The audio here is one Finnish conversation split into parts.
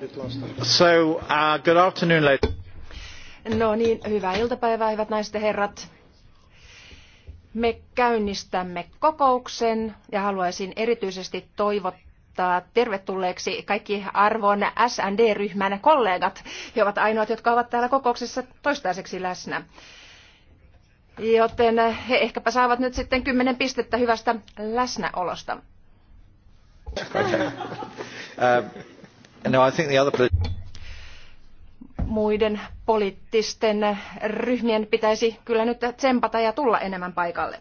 Uh, no niin, hyvää iltapäivää, hyvät naiset ja herrat. Me käynnistämme kokouksen ja haluaisin erityisesti toivottaa tervetulleeksi kaikki arvon SND-ryhmän kollegat. He ovat ainoat, jotka ovat täällä kokouksessa toistaiseksi läsnä. Joten he ehkäpä saavat nyt sitten kymmenen pistettä hyvästä läsnäolosta. Okay. Uh, Muiden poliittisten ryhmien pitäisi kyllä nyt tsempata ja tulla enemmän paikalle.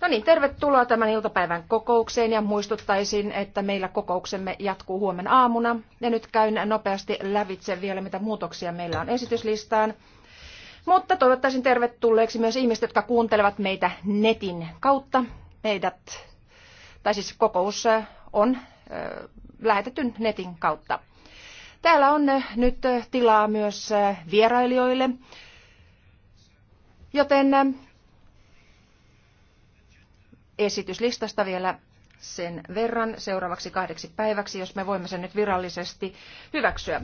No niin, tervetuloa tämän iltapäivän kokoukseen ja muistuttaisin, että meillä kokouksemme jatkuu huomenna aamuna. Ja nyt käyn nopeasti lävitse vielä, mitä muutoksia meillä on esityslistaan. Mutta toivottaisin tervetulleeksi myös ihmiset, jotka kuuntelevat meitä netin kautta. Meidät, tai siis kokous on lähetetyn netin kautta. Täällä on eh, nyt eh, tilaa myös eh, vierailijoille, joten esityslistasta vielä sen verran seuraavaksi kahdeksi päiväksi, jos me voimme sen nyt virallisesti hyväksyä.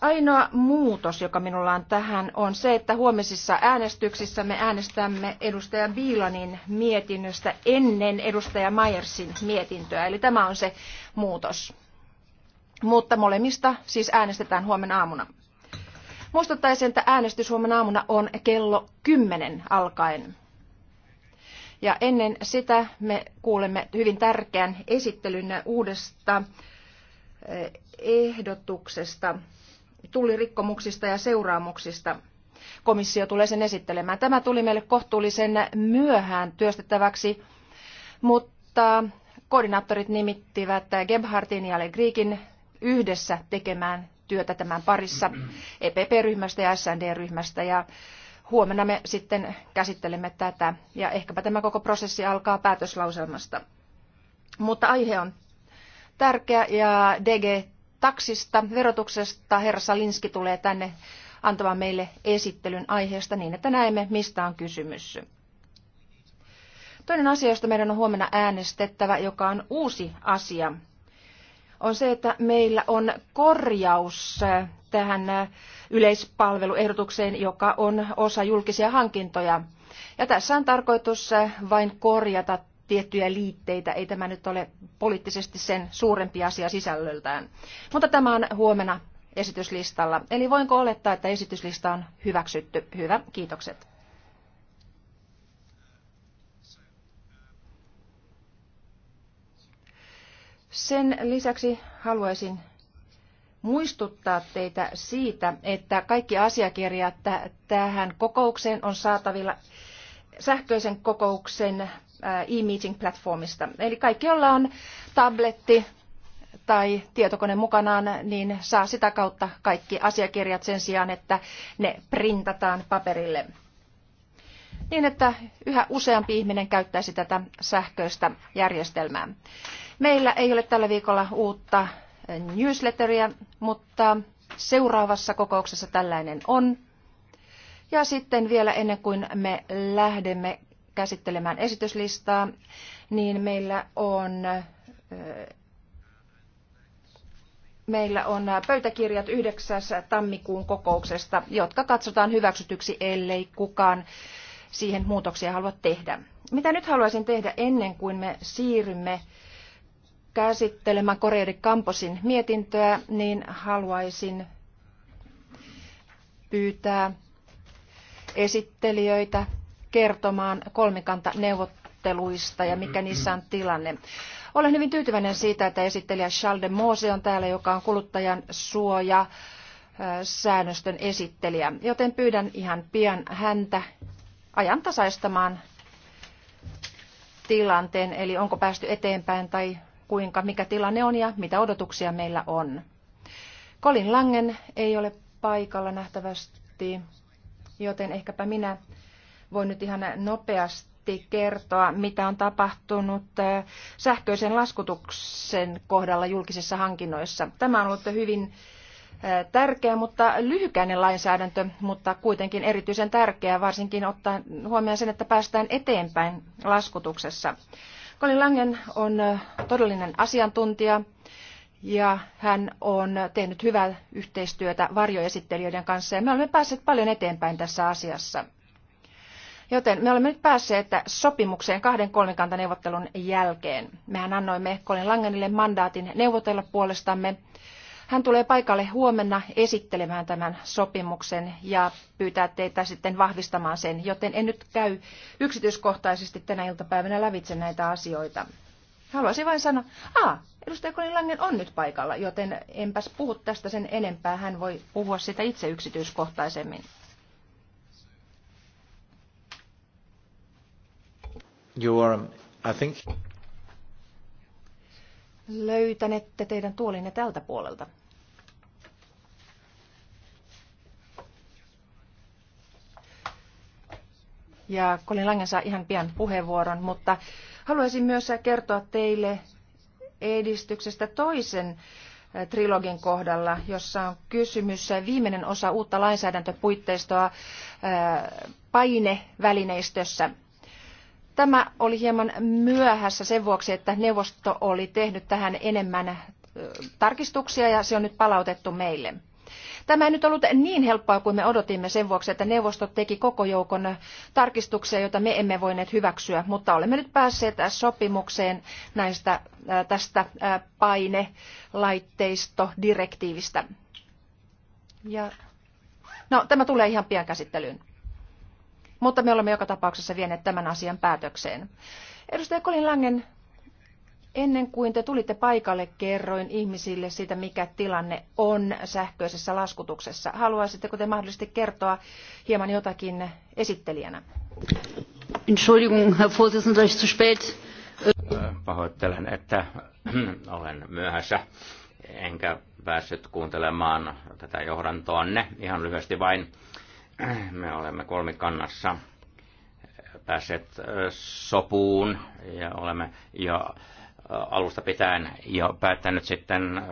Ainoa muutos, joka minulla on tähän, on se, että huomisissa äänestyksissä me äänestämme edustaja Biilanin mietinnöstä ennen edustaja Myersin mietintöä. Eli tämä on se muutos mutta molemmista siis äänestetään huomenna aamuna. Muistuttaisin, että äänestys huomenna aamuna on kello 10 alkaen. Ja ennen sitä me kuulemme hyvin tärkeän esittelyn uudesta eh, ehdotuksesta tullirikkomuksista ja seuraamuksista. Komissio tulee sen esittelemään. Tämä tuli meille kohtuullisen myöhään työstettäväksi, mutta koordinaattorit nimittivät Gebhardin ja Legriikin yhdessä tekemään työtä tämän parissa EPP-ryhmästä ja SND-ryhmästä ja huomenna me sitten käsittelemme tätä ja ehkäpä tämä koko prosessi alkaa päätöslauselmasta. Mutta aihe on tärkeä ja DG taksista, verotuksesta herra Salinski tulee tänne antamaan meille esittelyn aiheesta niin, että näemme, mistä on kysymys. Toinen asia, josta meidän on huomenna äänestettävä, joka on uusi asia on se, että meillä on korjaus tähän yleispalveluehdotukseen, joka on osa julkisia hankintoja. Ja tässä on tarkoitus vain korjata tiettyjä liitteitä. Ei tämä nyt ole poliittisesti sen suurempi asia sisällöltään. Mutta tämä on huomenna esityslistalla. Eli voinko olettaa, että esityslista on hyväksytty? Hyvä, kiitokset. Sen lisäksi haluaisin muistuttaa teitä siitä, että kaikki asiakirjat tähän kokoukseen on saatavilla sähköisen kokouksen e-meeting-platformista. Eli kaikki, joilla on tabletti tai tietokone mukanaan, niin saa sitä kautta kaikki asiakirjat sen sijaan, että ne printataan paperille. Niin, että yhä useampi ihminen käyttäisi tätä sähköistä järjestelmää. Meillä ei ole tällä viikolla uutta newsletteria, mutta seuraavassa kokouksessa tällainen on. Ja sitten vielä ennen kuin me lähdemme käsittelemään esityslistaa, niin meillä on, meillä on pöytäkirjat 9. tammikuun kokouksesta, jotka katsotaan hyväksytyksi, ellei kukaan siihen muutoksia halua tehdä. Mitä nyt haluaisin tehdä ennen kuin me siirrymme käsittelemään Koreeri Kamposin mietintöä, niin haluaisin pyytää esittelijöitä kertomaan kolmikanta neuvotteluista ja mikä niissä on tilanne. Olen hyvin tyytyväinen siitä, että esittelijä Charles de Mose on täällä, joka on kuluttajan suoja säännöstön esittelijä, joten pyydän ihan pian häntä ajantasaistamaan tilanteen, eli onko päästy eteenpäin tai kuinka, mikä tilanne on ja mitä odotuksia meillä on. Colin Langen ei ole paikalla nähtävästi, joten ehkäpä minä voin nyt ihan nopeasti kertoa, mitä on tapahtunut äh, sähköisen laskutuksen kohdalla julkisissa hankinnoissa. Tämä on ollut hyvin äh, tärkeä, mutta lyhykäinen lainsäädäntö, mutta kuitenkin erityisen tärkeä, varsinkin ottaen huomioon sen, että päästään eteenpäin laskutuksessa. Colin Langen on todellinen asiantuntija ja hän on tehnyt hyvää yhteistyötä varjoesittelijöiden kanssa ja me olemme päässeet paljon eteenpäin tässä asiassa. Joten me olemme nyt päässeet sopimukseen kahden kolmikantaneuvottelun jälkeen. Mehän annoimme Colin Langenille mandaatin neuvotella puolestamme hän tulee paikalle huomenna esittelemään tämän sopimuksen ja pyytää teitä sitten vahvistamaan sen, joten en nyt käy yksityiskohtaisesti tänä iltapäivänä lävitse näitä asioita. Haluaisin vain sanoa, aa, edustaja Konin Langen on nyt paikalla, joten enpäs puhu tästä sen enempää. Hän voi puhua sitä itse yksityiskohtaisemmin. You are, I think... Löytänette teidän tuolinne tältä puolelta. ja Colin Langen saa ihan pian puheenvuoron, mutta haluaisin myös kertoa teille edistyksestä toisen trilogin kohdalla, jossa on kysymys viimeinen osa uutta lainsäädäntöpuitteistoa painevälineistössä. Tämä oli hieman myöhässä sen vuoksi, että neuvosto oli tehnyt tähän enemmän tarkistuksia ja se on nyt palautettu meille. Tämä ei nyt ollut niin helppoa kuin me odotimme sen vuoksi, että neuvosto teki koko joukon tarkistuksia, joita me emme voineet hyväksyä, mutta olemme nyt päässeet sopimukseen näistä, tästä painelaitteistodirektiivistä. direktiivistä Ja, no, tämä tulee ihan pian käsittelyyn. Mutta me olemme joka tapauksessa vieneet tämän asian päätökseen. Edustaja Colin Langen Ennen kuin te tulitte paikalle, kerroin ihmisille siitä, mikä tilanne on sähköisessä laskutuksessa. Haluaisitteko te mahdollisesti kertoa hieman jotakin esittelijänä? Entschuldigung, Herr Vorsitzender, ich zu spät. Äh, pahoittelen, että olen myöhässä enkä päässyt kuuntelemaan tätä johdantoanne. Ihan lyhyesti vain, me olemme kolmikannassa päässeet äh, sopuun ja olemme jo alusta pitäen jo päättänyt sitten äh,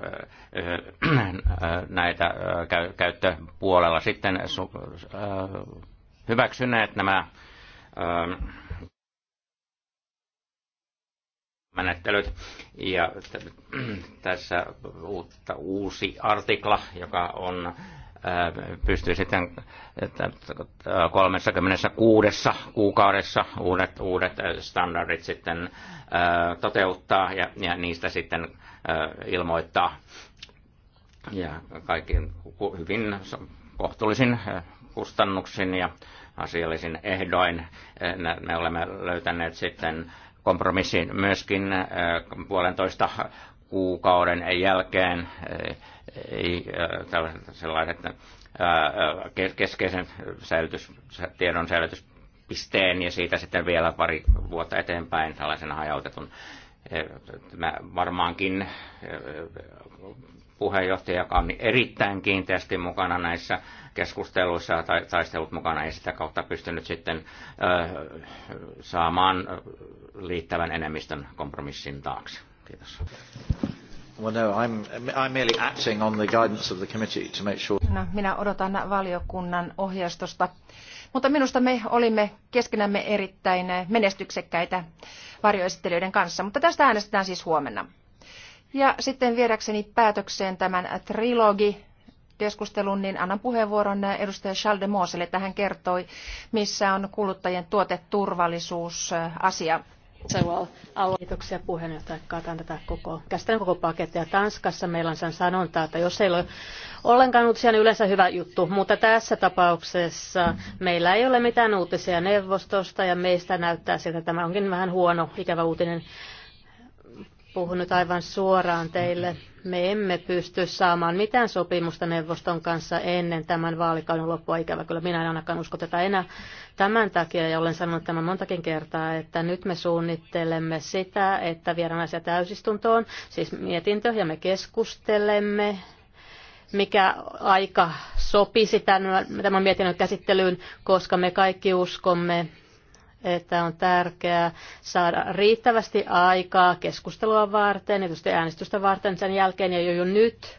äh, näitä äh, käyttöpuolella sitten hyväksyneet nämä menettelyt. Ja tässä uutta, uusi artikla, joka on pystyy sitten 36 kuukaudessa uudet, uudet standardit sitten toteuttaa ja, ja niistä sitten ilmoittaa. Ja kaikki hyvin kohtuullisin kustannuksin ja asiallisin ehdoin. Me olemme löytäneet sitten kompromissin myöskin puolentoista kuukauden jälkeen ei äh, sellaiset äh, äh, keskeisen säilytys, tiedon säilytyspisteen ja siitä sitten vielä pari vuotta eteenpäin tällaisen hajautetun. Mä varmaankin puheenjohtaja, joka on erittäin kiinteästi mukana näissä keskusteluissa tai taistelut mukana, ei sitä kautta pystynyt sitten saamaan liittävän enemmistön kompromissin taakse. Kiitos. Well, no, I'm, I'm merely acting on the guidance of the committee to make sure. minä odotan valiokunnan ohjeistosta. Mutta minusta me olimme keskenämme erittäin menestyksekkäitä varjoesittelijöiden kanssa. Mutta tästä äänestetään siis huomenna. Ja sitten viedäkseni päätökseen tämän trilogi keskustelun, niin annan puheenvuoron edustaja Charles de Moselle, että hän kertoi, missä on kuluttajien tuoteturvallisuusasia. Kiitoksia puheenjohtaja. Katan tätä koko, käsitän koko pakettia. Tanskassa meillä on sen sanonta, että jos ei ole ollenkaan uutisia, niin yleensä hyvä juttu. Mutta tässä tapauksessa meillä ei ole mitään uutisia neuvostosta ja meistä näyttää siltä, että tämä onkin vähän huono, ikävä uutinen. Puhun nyt aivan suoraan teille. Me emme pysty saamaan mitään sopimusta neuvoston kanssa ennen tämän vaalikauden loppua. Ikävä kyllä minä en ainakaan usko tätä enää tämän takia, ja olen sanonut tämän montakin kertaa, että nyt me suunnittelemme sitä, että viedään asia täysistuntoon, siis mietintö, ja me keskustelemme mikä aika sopisi tämän, tämän mietinnön käsittelyyn, koska me kaikki uskomme että on tärkeää saada riittävästi aikaa keskustelua varten, tietysti äänestystä varten sen jälkeen ja jo, jo nyt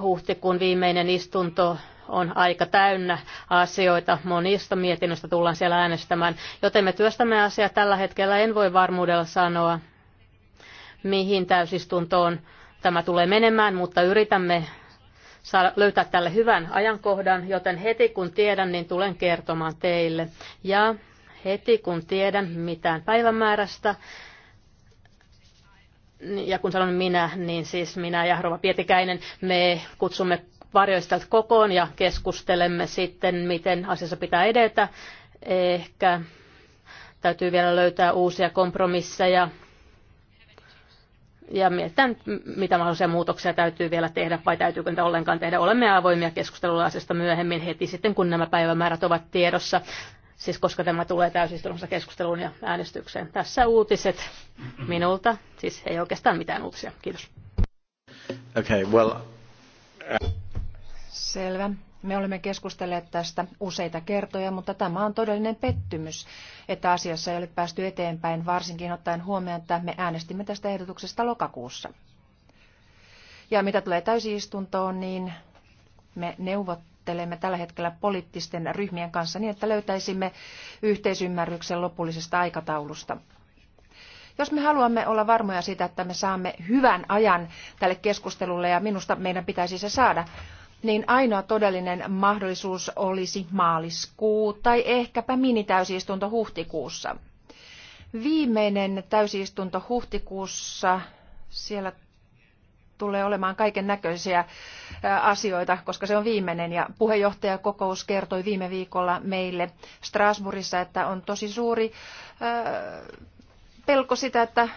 huhtikuun viimeinen istunto on aika täynnä asioita. Monista mietinnöstä tullaan siellä äänestämään, joten me työstämme asiaa tällä hetkellä. En voi varmuudella sanoa, mihin täysistuntoon tämä tulee menemään, mutta yritämme saada, löytää tälle hyvän ajankohdan, joten heti kun tiedän, niin tulen kertomaan teille. Ja heti kun tiedän mitään päivämäärästä, ja kun sanon minä, niin siis minä ja Rova Pietikäinen, me kutsumme varjoistelta kokoon ja keskustelemme sitten, miten asiassa pitää edetä. Ehkä täytyy vielä löytää uusia kompromisseja ja mietitään, mitä mahdollisia muutoksia täytyy vielä tehdä vai täytyykö niitä ollenkaan tehdä. Olemme avoimia keskustelulla asiasta myöhemmin heti sitten, kun nämä päivämäärät ovat tiedossa, siis koska tämä tulee täysistunnossa keskusteluun ja äänestykseen. Tässä uutiset minulta, siis ei oikeastaan mitään uutisia. Kiitos. Okay, well, uh... Selvä. Me olemme keskustelleet tästä useita kertoja, mutta tämä on todellinen pettymys, että asiassa ei ole päästy eteenpäin, varsinkin ottaen huomioon, että me äänestimme tästä ehdotuksesta lokakuussa. Ja mitä tulee täysistuntoon, niin me neuvottelemme tällä hetkellä poliittisten ryhmien kanssa niin, että löytäisimme yhteisymmärryksen lopullisesta aikataulusta. Jos me haluamme olla varmoja siitä, että me saamme hyvän ajan tälle keskustelulle ja minusta meidän pitäisi se saada, niin ainoa todellinen mahdollisuus olisi maaliskuu tai ehkäpä minitäysistunto huhtikuussa. Viimeinen täysistunto huhtikuussa siellä tulee olemaan kaiken näköisiä asioita, koska se on viimeinen. Ja puheenjohtajakokous kertoi viime viikolla meille Strasbourgissa, että on tosi suuri pelko sitä, että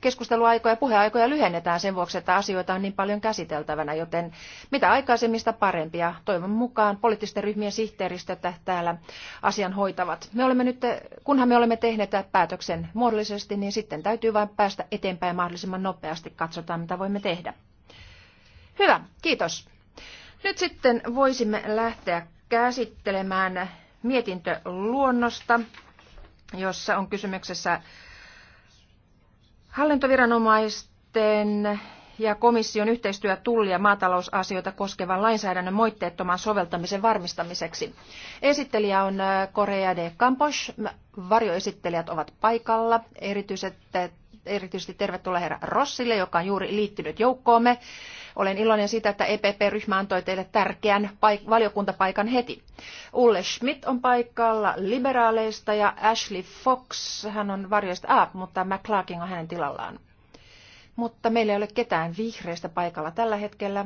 keskusteluaikoja ja puheaikoja lyhennetään sen vuoksi, että asioita on niin paljon käsiteltävänä, joten mitä aikaisemmista parempia. Toivon mukaan poliittisten ryhmien sihteeristöt täällä asian hoitavat. Me olemme nyt, kunhan me olemme tehneet päätöksen muodollisesti, niin sitten täytyy vain päästä eteenpäin mahdollisimman nopeasti. Katsotaan, mitä voimme tehdä. Hyvä, kiitos. Nyt sitten voisimme lähteä käsittelemään mietintöluonnosta, jossa on kysymyksessä Hallintoviranomaisten ja komission yhteistyö tulli- ja maatalousasioita koskevan lainsäädännön moitteettoman soveltamisen varmistamiseksi. Esittelijä on äh, Korea de Campos, varjoesittelijät ovat paikalla, erityiset äh, erityisesti tervetuloa herra Rossille, joka on juuri liittynyt joukkoomme. Olen iloinen siitä, että EPP-ryhmä antoi teille tärkeän paik- valiokuntapaikan heti. Ulle Schmidt on paikalla liberaaleista ja Ashley Fox, hän on varjoista A, ah, mutta McClarkin on hänen tilallaan. Mutta meillä ei ole ketään vihreistä paikalla tällä hetkellä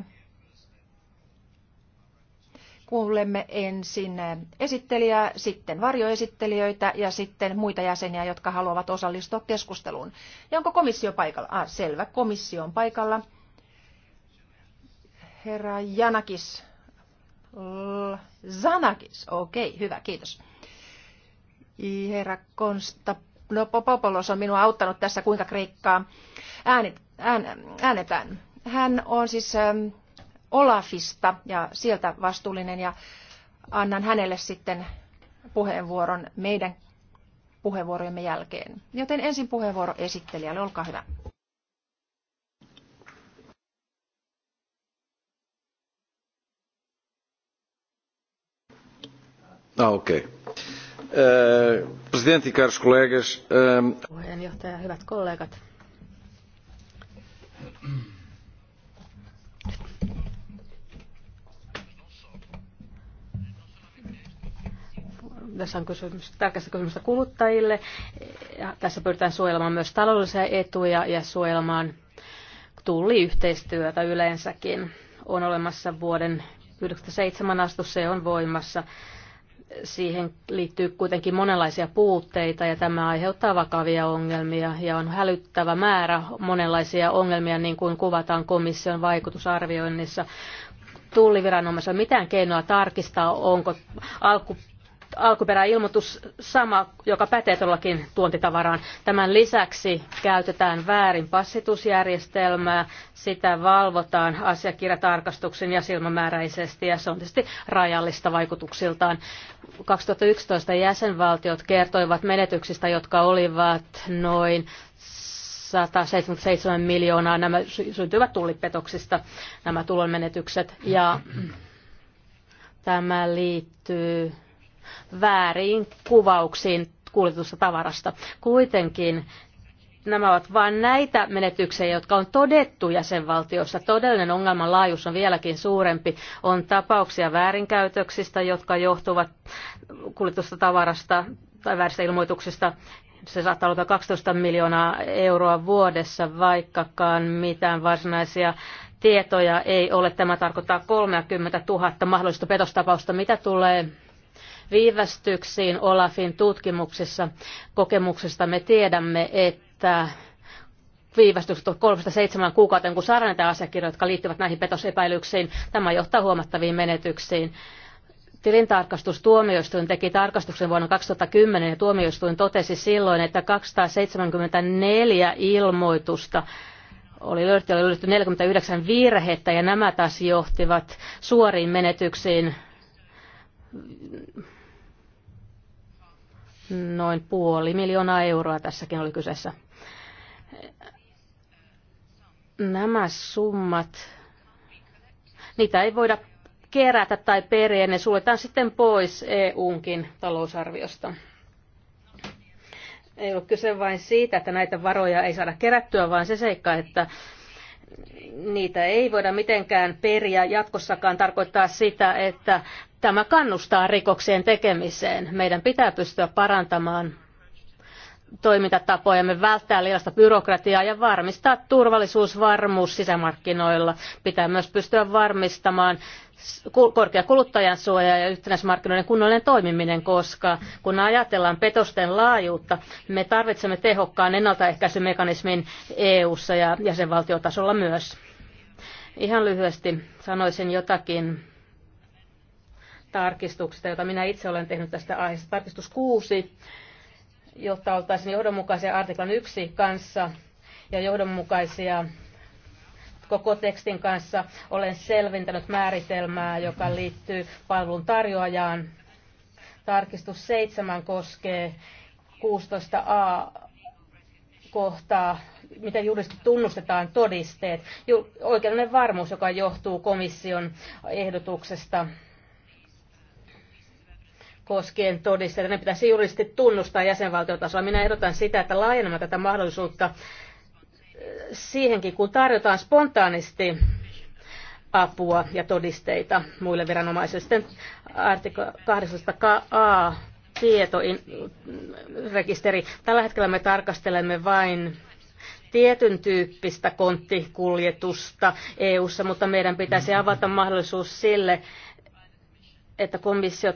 kuulemme ensin esittelijää, sitten varjoesittelijöitä ja sitten muita jäseniä, jotka haluavat osallistua keskusteluun. Ja onko komissio paikalla? Ah, selvä, komissio on paikalla. Herra Janakis. L Zanakis, okei, okay, hyvä, kiitos. Herra Konsta no, Popopolos on minua auttanut tässä, kuinka kreikkaa äänet, ään, äänetään. Hän on siis ähm, Olafista ja sieltä vastuullinen ja annan hänelle sitten puheenvuoron meidän puheenvuorojemme jälkeen. Joten ensin puheenvuoro esittelijälle, olkaa hyvä. Ah, okay. Eh, Presidentti, caros eh, Puheenjohtaja, hyvät kollegat. Tässä on kysymys, tärkeästä kysymystä kuluttajille. Ja tässä pyritään suojelemaan myös taloudellisia etuja ja suojelemaan tulliyhteistyötä yleensäkin. On olemassa vuoden 1997 astus, se on voimassa. Siihen liittyy kuitenkin monenlaisia puutteita ja tämä aiheuttaa vakavia ongelmia ja on hälyttävä määrä monenlaisia ongelmia, niin kuin kuvataan komission vaikutusarvioinnissa tulliviranomaisella mitään keinoa tarkistaa, onko alku, alkuperäilmoitus sama, joka pätee todellakin tuontitavaraan. Tämän lisäksi käytetään väärin passitusjärjestelmää, sitä valvotaan asiakirjatarkastuksen ja silmämääräisesti ja se on tietysti rajallista vaikutuksiltaan. 2011 jäsenvaltiot kertoivat menetyksistä, jotka olivat noin 177 miljoonaa. Nämä syntyivät tullipetoksista, nämä tulonmenetykset. Ja tämä liittyy vääriin kuvauksiin kuljetusta tavarasta. Kuitenkin nämä ovat vain näitä menetyksiä, jotka on todettu jäsenvaltiossa. Todellinen ongelman laajuus on vieläkin suurempi. On tapauksia väärinkäytöksistä, jotka johtuvat kuljetusta tavarasta tai vääristä ilmoituksista. Se saattaa olla 12 miljoonaa euroa vuodessa, vaikkakaan mitään varsinaisia tietoja ei ole. Tämä tarkoittaa 30 000 mahdollista petostapausta. Mitä tulee viivästyksiin Olafin tutkimuksissa. Kokemuksesta me tiedämme, että viivästykset ovat kolmesta seitsemän kuukauten, kun saadaan näitä asiakirjoja, jotka liittyvät näihin petosepäilyksiin. Tämä johtaa huomattaviin menetyksiin. Tilintarkastustuomioistuin teki tarkastuksen vuonna 2010 ja tuomioistuin totesi silloin, että 274 ilmoitusta oli löydetty, oli löydetty 49 virhettä ja nämä taas johtivat suoriin menetyksiin Noin puoli miljoonaa euroa tässäkin oli kyseessä. Nämä summat, niitä ei voida kerätä tai periä, ne suljetaan sitten pois EUnkin talousarviosta. Ei ole kyse vain siitä, että näitä varoja ei saada kerättyä, vaan se seikka, että niitä ei voida mitenkään periä jatkossakaan tarkoittaa sitä, että tämä kannustaa rikoksien tekemiseen. Meidän pitää pystyä parantamaan toimintatapojamme välttää liiallista byrokratiaa ja varmistaa turvallisuusvarmuus sisämarkkinoilla. Pitää myös pystyä varmistamaan korkea kuluttajansuoja ja yhtenäismarkkinoiden kunnollinen toimiminen, koska kun ajatellaan petosten laajuutta, me tarvitsemme tehokkaan ennaltaehkäisymekanismin EU-ssa ja jäsenvaltiotasolla myös. Ihan lyhyesti sanoisin jotakin tarkistuksista, jota minä itse olen tehnyt tästä aiheesta. Tarkistus kuusi jotta oltaisiin johdonmukaisia artiklan 1 kanssa ja johdonmukaisia koko tekstin kanssa. Olen selventänyt määritelmää, joka liittyy palvelun tarjoajaan. Tarkistus 7 koskee 16a kohtaa, miten juridisesti tunnustetaan todisteet. Oikeudellinen varmuus, joka johtuu komission ehdotuksesta koskien todisteita. Ne pitäisi juristit tunnustaa jäsenvaltiotasolla. Minä ehdotan sitä, että laajennamme tätä mahdollisuutta eh, siihenkin, kun tarjotaan spontaanisti apua ja todisteita muille viranomaisille. Sitten artikla 8a tietorekisteri. Tällä hetkellä me tarkastelemme vain tietyn tyyppistä konttikuljetusta EU-ssa, mutta meidän pitäisi avata mahdollisuus sille, että komissio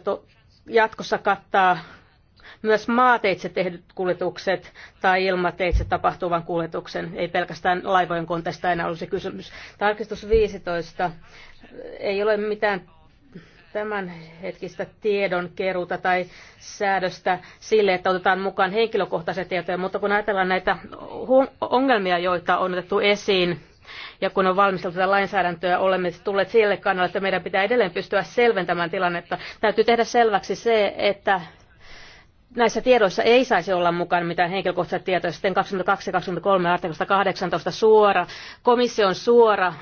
jatkossa kattaa myös maateitse tehdyt kuljetukset tai ilmateitse tapahtuvan kuljetuksen, ei pelkästään laivojen kontesta enää olisi kysymys. Tarkistus 15. Ei ole mitään tämänhetkistä tiedon keruuta tai säädöstä sille, että otetaan mukaan henkilökohtaisia tietoja, mutta kun ajatellaan näitä ongelmia, joita on otettu esiin ja kun on valmisteltu tätä lainsäädäntöä, olemme tulleet sille kannalle, että meidän pitää edelleen pystyä selventämään tilannetta. Täytyy tehdä selväksi se, että näissä tiedoissa ei saisi olla mukana mitään henkilökohtaisia tietoja. Sitten 22 ja 23 artiklasta 18 suora, komission suora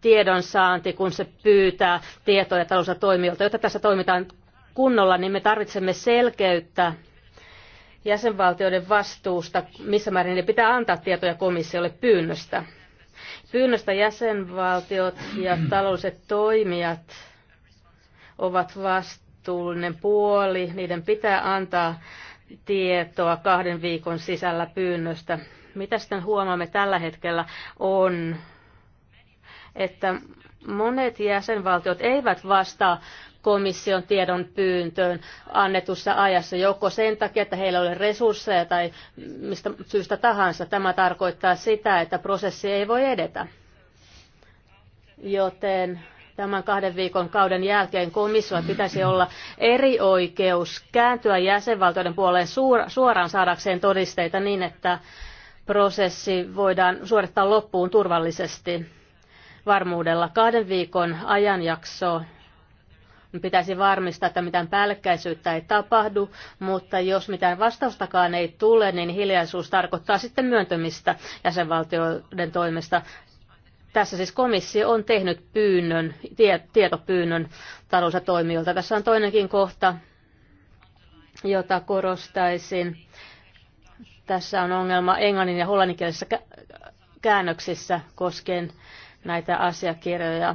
tiedonsaanti, kun se pyytää tietoja taloudellisilta toimijoilta. Jotta tässä toimitaan kunnolla, niin me tarvitsemme selkeyttä jäsenvaltioiden vastuusta, missä määrin ne pitää antaa tietoja komissiolle pyynnöstä. Pyynnöstä jäsenvaltiot ja taloudelliset toimijat ovat vastuullinen puoli. Niiden pitää antaa tietoa kahden viikon sisällä pyynnöstä. Mitä sitten huomaamme tällä hetkellä on, että monet jäsenvaltiot eivät vastaa komission tiedon pyyntöön annetussa ajassa, joko sen takia, että heillä ei ole resursseja tai mistä syystä tahansa. Tämä tarkoittaa sitä, että prosessi ei voi edetä. Joten tämän kahden viikon kauden jälkeen komissio pitäisi olla eri oikeus kääntyä jäsenvaltioiden puoleen suoraan saadakseen todisteita niin, että prosessi voidaan suorittaa loppuun turvallisesti varmuudella. Kahden viikon ajanjakso Pitäisi varmistaa, että mitään päällekkäisyyttä ei tapahdu, mutta jos mitään vastaustakaan ei tule, niin hiljaisuus tarkoittaa sitten myöntämistä jäsenvaltioiden toimesta. Tässä siis komissio on tehnyt pyynnön, tie, tietopyynnön talous- toimijoilta. Tässä on toinenkin kohta, jota korostaisin. Tässä on ongelma englannin ja hollanninkielisessä käännöksissä koskien näitä asiakirjoja.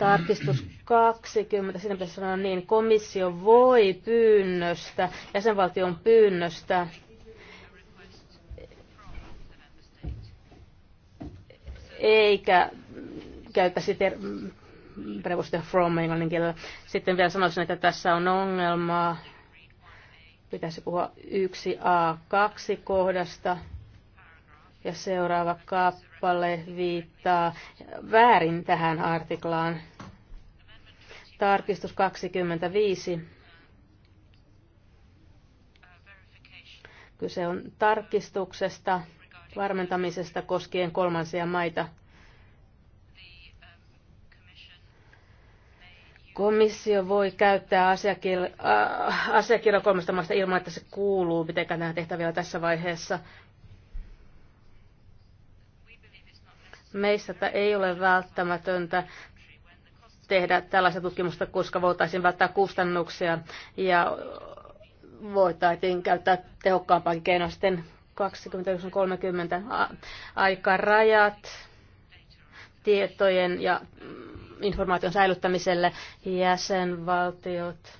Tarkistus 20, siinä pitäisi sanoa niin, komissio voi pyynnöstä, jäsenvaltion pyynnöstä eikä käyttäisi ter- prevoste from englannin kielellä. Sitten vielä sanoisin, että tässä on ongelmaa. Pitäisi puhua 1A2 kohdasta. Ja seuraava kappale viittaa väärin tähän artiklaan. Tarkistus 25. Kyse on tarkistuksesta, varmentamisesta koskien kolmansia maita. Komissio voi käyttää asiakirja, äh, kolmesta maasta ilman, että se kuuluu mitenkään nämä tehtäviä tässä vaiheessa. Meistä ei ole välttämätöntä tehdä tällaista tutkimusta, koska voitaisiin välttää kustannuksia ja voitaisiin käyttää tehokkaampaan keinoa sitten 30 aikarajat tietojen ja informaation säilyttämiselle jäsenvaltiot,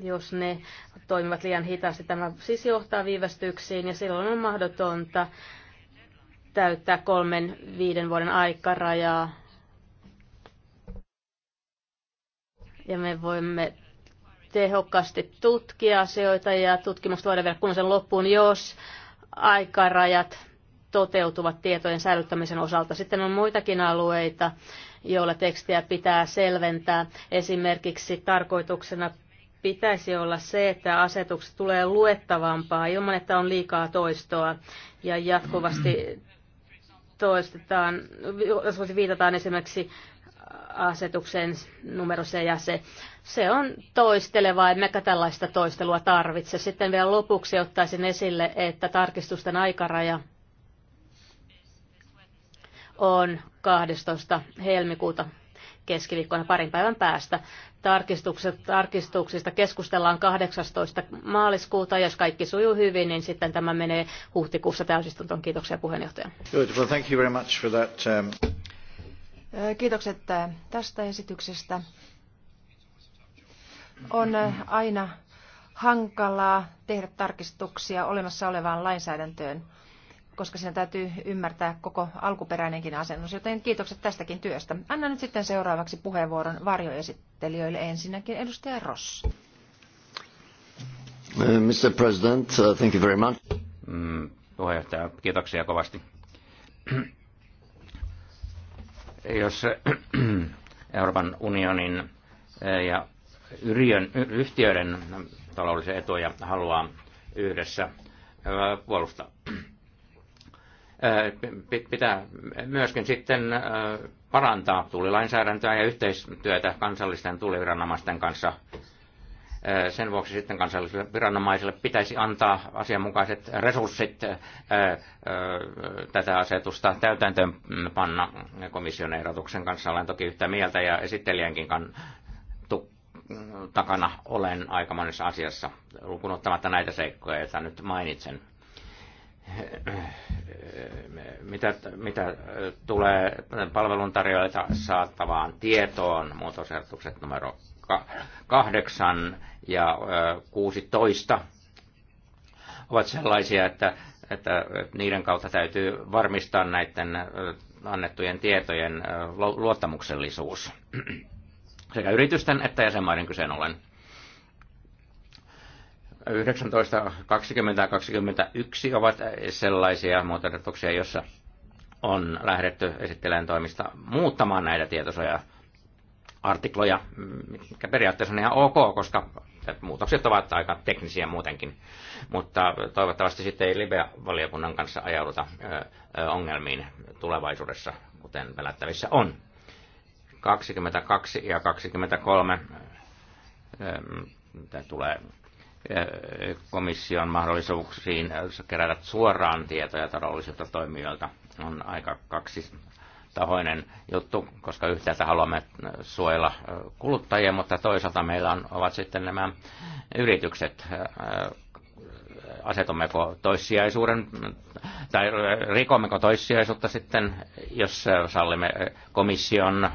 jos ne toimivat liian hitaasti. Tämä siis johtaa viivästyksiin ja silloin on mahdotonta täyttää kolmen viiden vuoden aikarajaa. Ja me voimme tehokkaasti tutkia asioita ja tutkimus voidaan viedä sen loppuun, jos aikarajat toteutuvat tietojen säilyttämisen osalta. Sitten on muitakin alueita, joilla tekstiä pitää selventää. Esimerkiksi tarkoituksena pitäisi olla se, että asetukset tulee luettavampaa ilman, että on liikaa toistoa ja jatkuvasti toistetaan, jos viitataan esimerkiksi asetuksen numero se ja se. Se on toisteleva, emmekä tällaista toistelua tarvitse. Sitten vielä lopuksi ottaisin esille, että tarkistusten aikaraja on 12. helmikuuta keskiviikkona parin päivän päästä. tarkistuksista keskustellaan 18. maaliskuuta. Jos kaikki sujuu hyvin, niin sitten tämä menee huhtikuussa täysistuntoon. Kiitoksia puheenjohtaja. Good. Well, thank you very much for that, um... Kiitokset tästä esityksestä. On aina hankalaa tehdä tarkistuksia olemassa olevaan lainsäädäntöön koska siinä täytyy ymmärtää koko alkuperäinenkin asennus, joten kiitokset tästäkin työstä. Anna nyt sitten seuraavaksi puheenvuoron varjoesittelijöille ensinnäkin edustaja Ross. Uh, Mr. President, uh, thank you very much. Mm, puheenjohtaja, kiitoksia kovasti. Jos Euroopan unionin eh, ja yriön, yhtiöiden taloudellisia etuja haluaa yhdessä eh, puolustaa pitää myöskin sitten parantaa tullilainsäädäntöä ja yhteistyötä kansallisten tulliviranomaisten kanssa. Sen vuoksi sitten kansallisille viranomaisille pitäisi antaa asianmukaiset resurssit tätä asetusta täytäntöön panna komission ehdotuksen kanssa. Olen toki yhtä mieltä ja esittelijänkin takana olen aika monessa asiassa, lukunottamatta näitä seikkoja, joita nyt mainitsen. mitä, mitä tulee palveluntarjoajilta saattavaan tietoon, muutosehdotukset numero 8 ja 16 ovat sellaisia, että, että niiden kautta täytyy varmistaa näiden annettujen tietojen luottamuksellisuus sekä yritysten että jäsenmaiden kyseen ollen 19, 20 ja 21 ovat sellaisia muotoehdotuksia, joissa on lähdetty esittelijän toimista muuttamaan näitä tietosuoja artikloja, mikä periaatteessa on ihan ok, koska muutokset ovat aika teknisiä muutenkin. Mutta toivottavasti sitten ei libea valiokunnan kanssa ajauduta ongelmiin tulevaisuudessa, kuten pelättävissä on. 22 ja 23 tämä tulee komission mahdollisuuksiin kerätä suoraan tietoja taloudellisilta toimijoilta on aika kaksi tahoinen juttu, koska yhtäältä haluamme suojella kuluttajia, mutta toisaalta meillä on, ovat sitten nämä yritykset. Asetummeko toissijaisuuden tai rikommeko toissijaisuutta sitten, jos sallimme komission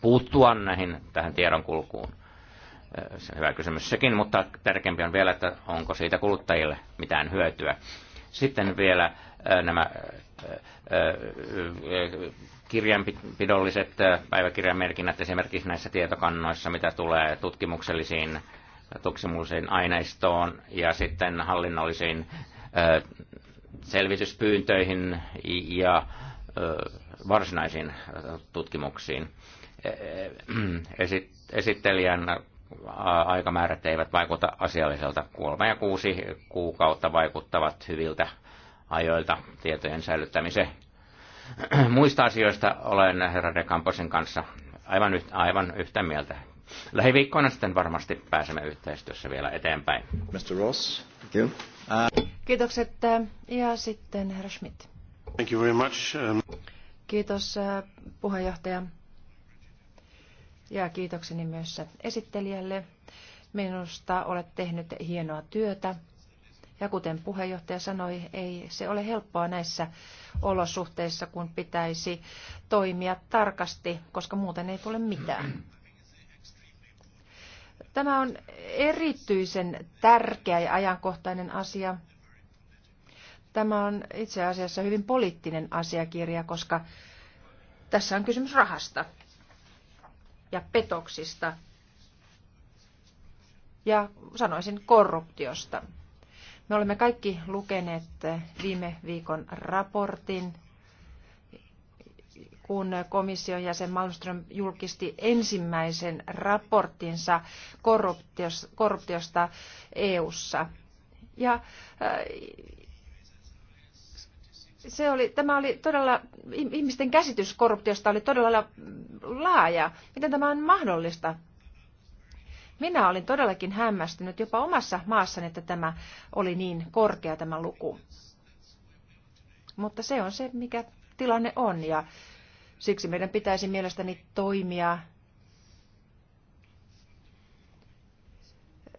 puuttua näihin, tähän tiedonkulkuun? hyvä kysymys sekin, mutta tärkeämpi on vielä, että onko siitä kuluttajille mitään hyötyä. Sitten vielä nämä kirjanpidolliset päiväkirjamerkinnät esimerkiksi näissä tietokannoissa, mitä tulee tutkimuksellisiin, tutkimuksellisiin aineistoon ja sitten hallinnollisiin selvityspyyntöihin ja varsinaisiin tutkimuksiin. Esittelijän aikamäärät eivät vaikuta asialliselta. Kolme ja kuusi kuukautta vaikuttavat hyviltä ajoilta tietojen säilyttämiseen. Muista asioista olen herra De Camposin kanssa aivan, yht, aivan yhtä mieltä. Lähiviikkoina sitten varmasti pääsemme yhteistyössä vielä eteenpäin. Mr. Ross, thank you. Uh... Kiitokset. Ja sitten herra Schmidt. Thank you very much. Um... Kiitos uh, puheenjohtaja ja kiitokseni myös esittelijälle. Minusta olet tehnyt hienoa työtä. Ja kuten puheenjohtaja sanoi, ei se ole helppoa näissä olosuhteissa, kun pitäisi toimia tarkasti, koska muuten ei tule mitään. Tämä on erityisen tärkeä ja ajankohtainen asia. Tämä on itse asiassa hyvin poliittinen asiakirja, koska tässä on kysymys rahasta ja petoksista ja sanoisin korruptiosta. Me olemme kaikki lukeneet viime viikon raportin, kun komission jäsen Malmström julkisti ensimmäisen raporttinsa korruptiosta EU:ssa. Ja äh, se oli, tämä oli todella, ihmisten käsitys korruptiosta oli todella laaja. Miten tämä on mahdollista? Minä olin todellakin hämmästynyt jopa omassa maassani, että tämä oli niin korkea tämä luku. Mutta se on se, mikä tilanne on ja siksi meidän pitäisi mielestäni toimia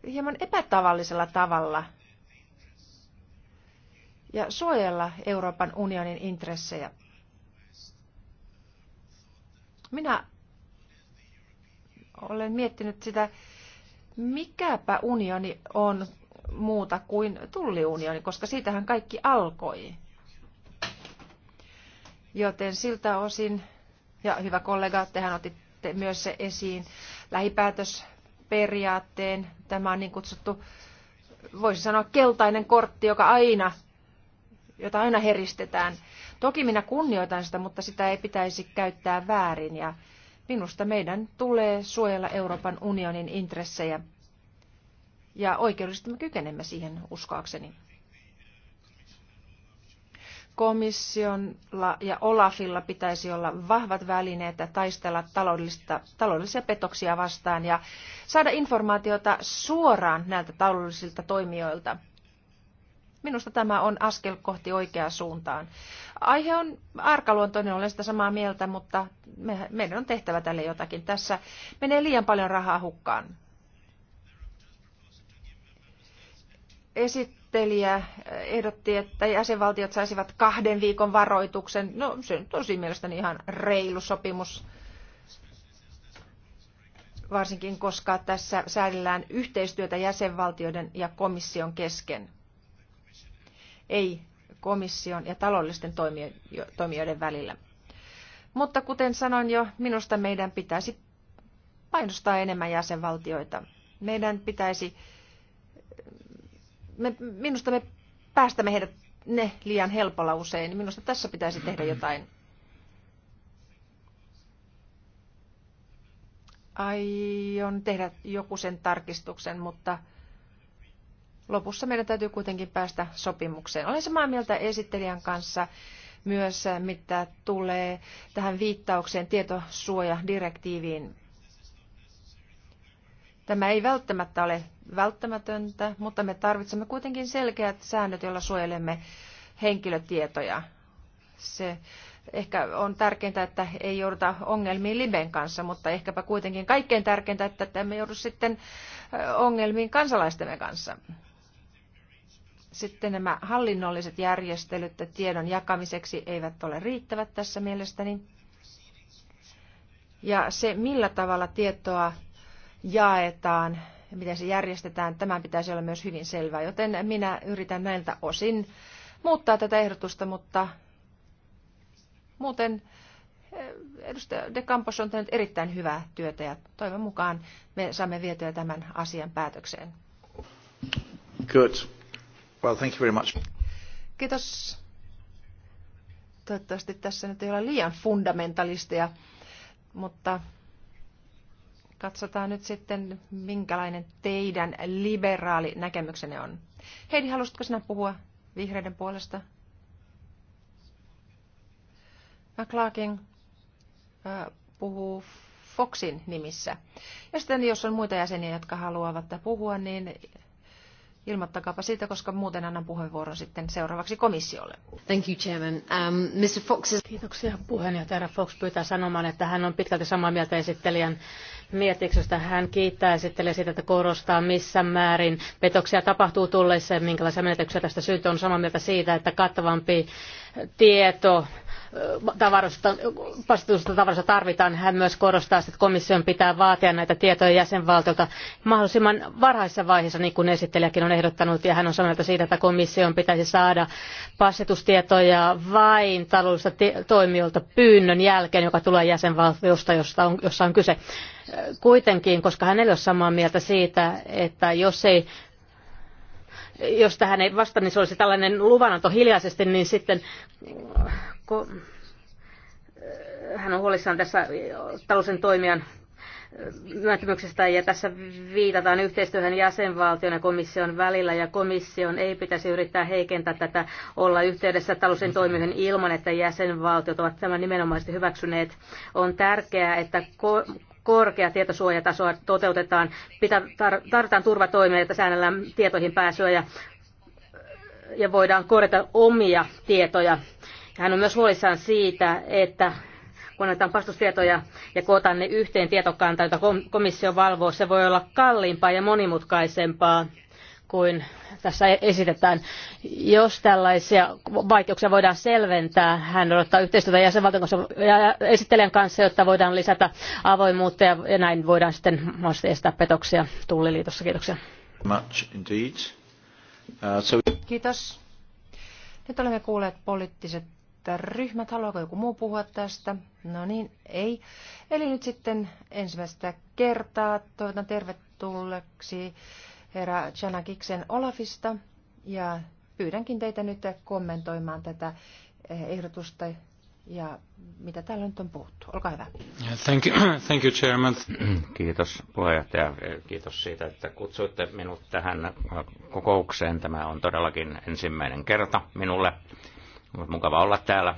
hieman epätavallisella tavalla – ja suojella Euroopan unionin intressejä. Minä olen miettinyt sitä, mikäpä unioni on muuta kuin tulliunioni, koska siitähän kaikki alkoi. Joten siltä osin, ja hyvä kollega, tehän otitte myös se esiin, lähipäätösperiaatteen, tämä on niin kutsuttu, voisi sanoa keltainen kortti, joka aina jota aina heristetään. Toki minä kunnioitan sitä, mutta sitä ei pitäisi käyttää väärin. Ja minusta meidän tulee suojella Euroopan unionin intressejä. Ja oikeudellisesti me kykenemme siihen uskoakseni. Komissiolla ja Olafilla pitäisi olla vahvat välineet taistella taloudellista, taloudellisia petoksia vastaan ja saada informaatiota suoraan näiltä taloudellisilta toimijoilta – Minusta tämä on askel kohti oikeaa suuntaan. Aihe on arkaluontoinen, olen sitä samaa mieltä, mutta me, meidän on tehtävä tälle jotakin. Tässä menee liian paljon rahaa hukkaan. Esittelijä ehdotti, että jäsenvaltiot saisivat kahden viikon varoituksen. No se on tosi mielestäni ihan reilu sopimus varsinkin koska tässä säädellään yhteistyötä jäsenvaltioiden ja komission kesken ei komission ja taloudellisten toimijoiden välillä. Mutta kuten sanoin jo, minusta meidän pitäisi painostaa enemmän jäsenvaltioita. Meidän pitäisi, me, minusta me päästämme heidät ne liian helpolla usein. Minusta tässä pitäisi tehdä jotain. Aion tehdä joku sen tarkistuksen, mutta lopussa meidän täytyy kuitenkin päästä sopimukseen. Olen samaa mieltä esittelijän kanssa myös, mitä tulee tähän viittaukseen tietosuojadirektiiviin. Tämä ei välttämättä ole välttämätöntä, mutta me tarvitsemme kuitenkin selkeät säännöt, joilla suojelemme henkilötietoja. Se ehkä on tärkeintä, että ei jouduta ongelmiin Liben kanssa, mutta ehkäpä kuitenkin kaikkein tärkeintä, että emme joudu sitten ongelmiin kansalaistemme kanssa. Sitten nämä hallinnolliset järjestelyt ja tiedon jakamiseksi eivät ole riittävät tässä mielestäni. Ja se, millä tavalla tietoa jaetaan ja miten se järjestetään, tämän pitäisi olla myös hyvin selvää. Joten minä yritän näiltä osin muuttaa tätä ehdotusta, mutta muuten eh, edustaja De Campos on tehnyt erittäin hyvää työtä ja toivon mukaan me saamme vietyä tämän asian päätökseen. Good. Well, thank you very much. Kiitos. Toivottavasti tässä nyt ei ole liian fundamentalisteja, mutta katsotaan nyt sitten, minkälainen teidän liberaali näkemyksenne on. Heidi, haluaisitko sinä puhua vihreiden puolesta? McClarkin puhuu Foxin nimissä. Ja sitten jos on muita jäseniä, jotka haluavat puhua, niin Ilmoittakaapa siitä, koska muuten annan puheenvuoron sitten seuraavaksi komissiolle. Thank you, Chairman. Um, Mr. Fox is... Kiitoksia puheenjohtaja. Fox pyytää sanomaan, että hän on pitkälti samaa mieltä esittelijän mietiksestä. Hän kiittää esittelijä siitä, että korostaa missä määrin petoksia tapahtuu tulleissa ja minkälaisia menetyksiä tästä syntyy. On samaa mieltä siitä, että kattavampi tieto vastuullisesta tavarasta tarvitaan. Hän myös korostaa, että komission pitää vaatia näitä tietoja jäsenvaltiolta mahdollisimman varhaisessa vaiheessa, niin kuin esittelijäkin on ehdottanut, ja hän on sanonut siitä, että komission pitäisi saada passitustietoja vain taloudellisilta toimijoilta pyynnön jälkeen, joka tulee jäsenvaltiosta, josta on, jossa on kyse. Kuitenkin, koska hän ei ole samaa mieltä siitä, että jos ei jos tähän ei vasta, niin se olisi tällainen luvananto hiljaisesti, niin sitten äh, kun äh, hän on huolissaan tässä äh, talousen toimijan myöntymyksestä ja tässä viitataan yhteistyöhön jäsenvaltion ja komission välillä ja komission ei pitäisi yrittää heikentää tätä olla yhteydessä talousen toimijoihin ilman, että jäsenvaltiot ovat tämän nimenomaisesti hyväksyneet. On tärkeää, että korkea tietosuojatasoa toteutetaan. Pitää, tar- tarvitaan turvatoimia, että säännellään tietoihin pääsyä ja, ja voidaan korjata omia tietoja. Ja hän on myös huolissaan siitä, että kun annetaan pastustietoja ja kootaan ne yhteen tietokantaan, jota komissio valvoo, se voi olla kalliimpaa ja monimutkaisempaa kuin tässä esitetään. Jos tällaisia vaikeuksia voidaan selventää, hän odottaa yhteistyötä jäsenvaltion kanssa ja esittelijän kanssa, jotta voidaan lisätä avoimuutta ja, näin voidaan sitten mahdollisesti estää petoksia Tulliliitossa. Kiitoksia. Much indeed. Uh, so... Kiitos. Nyt olemme kuulleet poliittiset ryhmät. Haluaako joku muu puhua tästä? No niin, ei. Eli nyt sitten ensimmäistä kertaa toivotan tervetulleeksi herra Janakiksen Olafista ja pyydänkin teitä nyt kommentoimaan tätä ehdotusta ja mitä täällä nyt on puhuttu. Olkaa hyvä. Thank you, thank you chairman. Kiitos puheenjohtaja. Kiitos siitä, että kutsuitte minut tähän kokoukseen. Tämä on todellakin ensimmäinen kerta minulle. On mukava olla täällä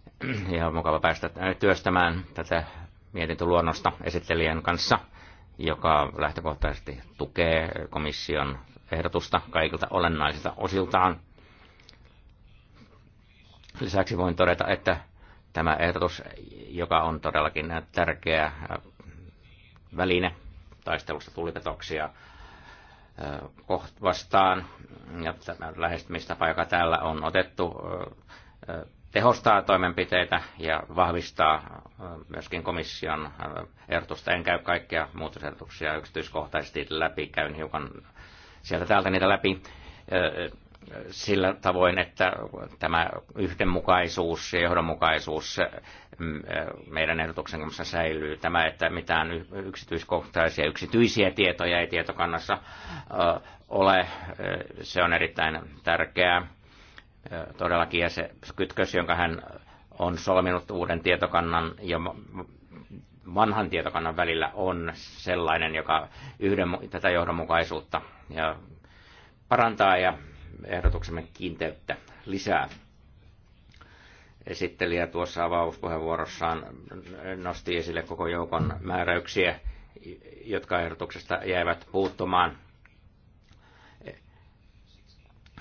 ja on mukava päästä työstämään tätä mietintöluonnosta esittelijän kanssa – joka lähtökohtaisesti tukee komission ehdotusta kaikilta olennaisilta osiltaan. Lisäksi voin todeta, että tämä ehdotus, joka on todellakin tärkeä äh, väline taistelusta tulipetoksia äh, vastaan, ja tämä lähestymistapa, joka täällä on otettu, äh, tehostaa toimenpiteitä ja vahvistaa myöskin komission ehdotusta. En käy kaikkia muutosehdotuksia yksityiskohtaisesti läpi, käyn hiukan sieltä täältä niitä läpi sillä tavoin, että tämä yhdenmukaisuus ja johdonmukaisuus meidän ehdotuksen kanssa säilyy. Tämä, että mitään yksityiskohtaisia, yksityisiä tietoja ei tietokannassa ole, se on erittäin tärkeää todellakin ja se kytkös, jonka hän on solminut uuden tietokannan ja vanhan tietokannan välillä on sellainen, joka yhden, tätä johdonmukaisuutta ja parantaa ja ehdotuksemme kiinteyttä lisää. Esittelijä tuossa avauspuheenvuorossaan nosti esille koko joukon määräyksiä, jotka ehdotuksesta jäivät puuttumaan –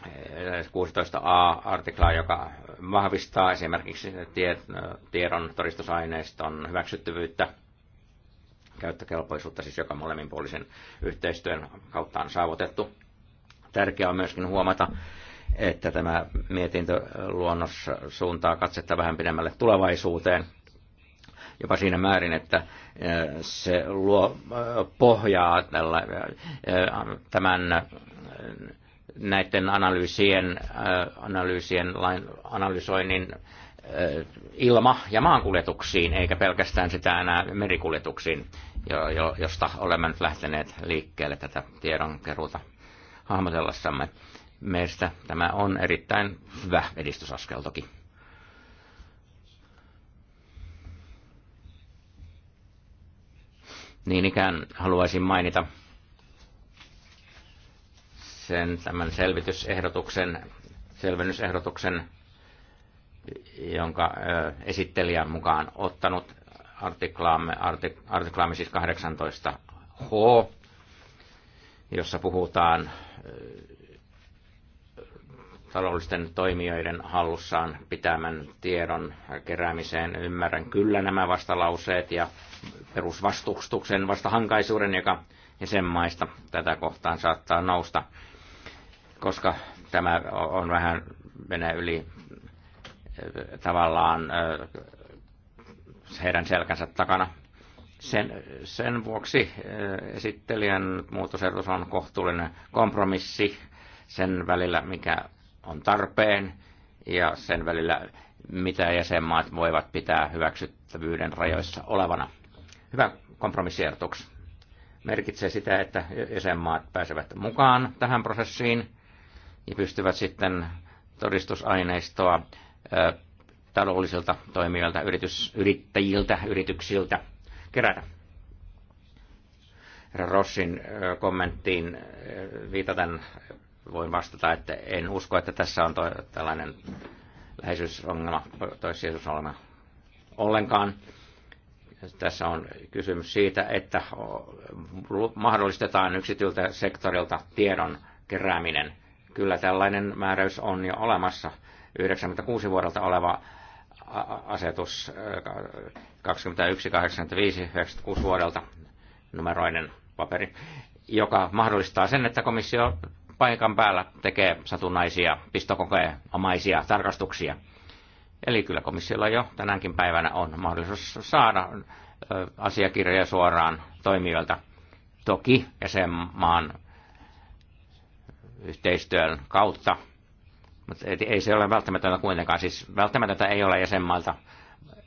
16a artiklaa, joka vahvistaa esimerkiksi tiedon todistusaineiston hyväksyttävyyttä, käyttökelpoisuutta, siis joka molemminpuolisen yhteistyön kautta on saavutettu. Tärkeää on myöskin huomata, että tämä mietintöluonnos suuntaa katsetta vähän pidemmälle tulevaisuuteen, jopa siinä määrin, että eh, se luo eh, pohjaa tällä, eh, tämän näiden analyysien, äh, analyysien analysoinnin äh, ilma- ja maankuljetuksiin, eikä pelkästään sitä enää merikuljetuksiin, josta olemme nyt lähteneet liikkeelle tätä tiedonkeruuta hahmotellessamme. Meistä tämä on erittäin hyvä edistysaskel toki. Niin ikään haluaisin mainita sen tämän selvitysehdotuksen, selvennysehdotuksen, jonka ö, esittelijä mukaan ottanut artiklaamme, artik, artiklaamme siis 18h, jossa puhutaan taloudellisten toimijoiden hallussaan pitämän tiedon keräämiseen. Ymmärrän kyllä nämä vastalauseet ja perusvastustuksen vastahankaisuuden, joka jäsenmaista tätä kohtaan saattaa nousta koska tämä on vähän menee yli eh, tavallaan eh, heidän selkänsä takana. Sen, sen vuoksi eh, esittelijän muutosehdotus on kohtuullinen kompromissi sen välillä, mikä on tarpeen, ja sen välillä, mitä jäsenmaat voivat pitää hyväksyttävyyden rajoissa olevana. Hyvä kompromissiehdotus merkitsee sitä, että jäsenmaat pääsevät mukaan tähän prosessiin ja pystyvät sitten todistusaineistoa taloudellisilta toimijoilta, yritys, yrittäjiltä, yrityksiltä kerätä. Herra Rossin kommenttiin viitaten voin vastata, että en usko, että tässä on toi, tällainen läheisyysongelma, toissijaisuusongelma ollenkaan. Tässä on kysymys siitä, että mahdollistetaan yksityiltä sektorilta tiedon kerääminen Kyllä tällainen määräys on jo olemassa. 96 vuodelta oleva asetus 2185-96 vuodelta numeroinen paperi, joka mahdollistaa sen, että komissio paikan päällä tekee satunnaisia, omaisia tarkastuksia. Eli kyllä komissiolla jo tänäänkin päivänä on mahdollisuus saada asiakirjoja suoraan toimijoilta. Toki jäsenmaan yhteistyön kautta, mutta ei se ole välttämätöntä kuitenkaan. Siis välttämätöntä ei ole jäsenmailta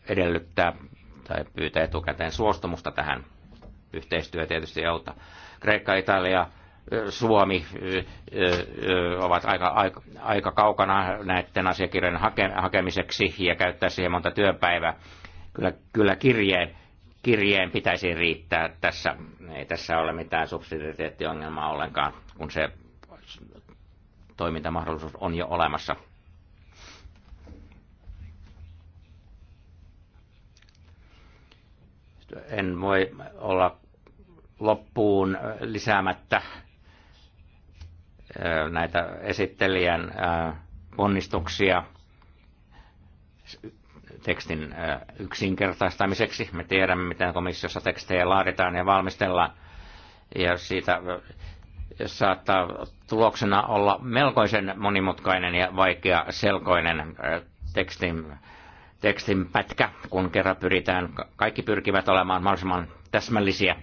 edellyttää tai pyytää etukäteen suostumusta tähän. yhteistyöhön tietysti auttaa. Kreikka, Italia, Suomi ovat aika, aika, aika kaukana näiden asiakirjojen hake, hakemiseksi ja käyttää siihen monta työpäivää. Kyllä, kyllä kirjeen, kirjeen pitäisi riittää tässä. Ei tässä ole mitään subsidiariteettiongelmaa ollenkaan, kun se toimintamahdollisuus on jo olemassa. En voi olla loppuun lisäämättä näitä esittelijän ponnistuksia tekstin yksinkertaistamiseksi. Me tiedämme, miten komissiossa tekstejä laaditaan ja valmistellaan. Ja siitä saattaa tuloksena olla melkoisen monimutkainen ja vaikea selkoinen äh, tekstin, tekstin pätkä, kun kerran pyritään, kaikki pyrkivät olemaan mahdollisimman täsmällisiä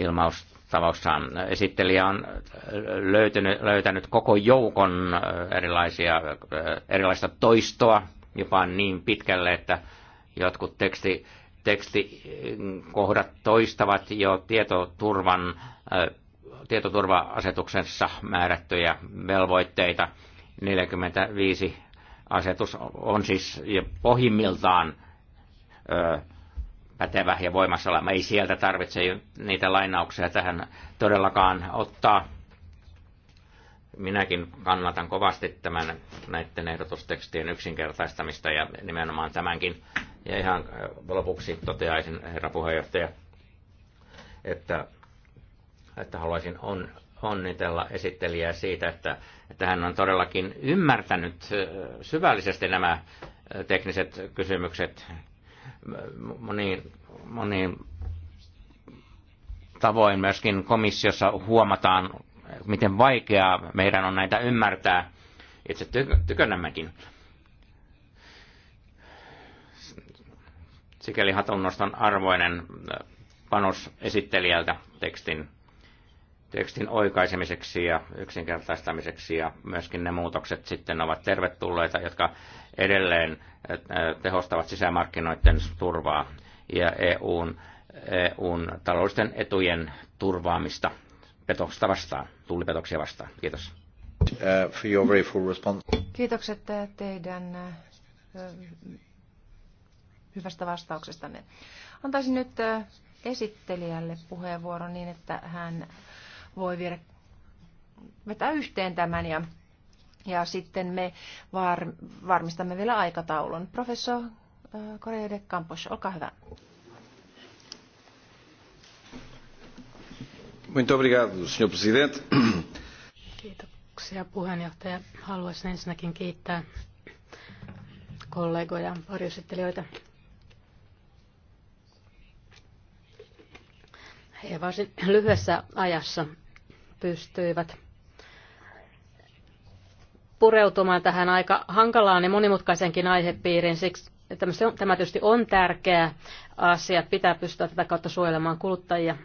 ilmaustavoissaan. Esittelijä on äh, löytänyt, löytänyt koko joukon äh, erilaisia, erilaista toistoa, jopa niin pitkälle, että jotkut teksti, tekstikohdat toistavat jo tietoturvan tietoturva-asetuksessa määrättyjä velvoitteita. 45 asetus on siis pohjimmiltaan ö, pätevä ja voimassa oleva. Ei sieltä tarvitse niitä lainauksia tähän todellakaan ottaa. Minäkin kannatan kovasti tämän näiden ehdotustekstien yksinkertaistamista ja nimenomaan tämänkin. Ja ihan lopuksi toteaisin, herra puheenjohtaja, että että haluaisin on, onnitella esittelijää siitä, että, että hän on todellakin ymmärtänyt syvällisesti nämä tekniset kysymykset moniin, moniin tavoin myöskin komissiossa huomataan, miten vaikeaa meidän on näitä ymmärtää itse tykönämmekin. Sikäli hatunnoston arvoinen panos esittelijältä tekstin tekstin oikaisemiseksi ja yksinkertaistamiseksi ja myöskin ne muutokset sitten ovat tervetulleita, jotka edelleen tehostavat sisämarkkinoiden turvaa ja EUn, EUn taloudellisten etujen turvaamista petosta vastaan, tullipetoksia vastaan. Kiitos. Uh, Kiitokset teidän hyvästä vastauksestanne. Antaisin nyt esittelijälle puheenvuoron niin, että hän voi viedä vetää yhteen tämän ja, ja sitten me var, varmistamme vielä aikataulun. Professor äh, Correa de Campos, olkaa hyvä. Muito obrigado, senhor presidente. Kiitoksia puheenjohtaja. Haluaisin ensinnäkin kiittää kollegoja, varjoesittelijöitä. He varsin lyhyessä ajassa pystyivät pureutumaan tähän aika hankalaan ja monimutkaisenkin aihepiiriin. Siksi tämä tietysti on tärkeä asia. Pitää pystyä tätä kautta suojelemaan kuluttajia.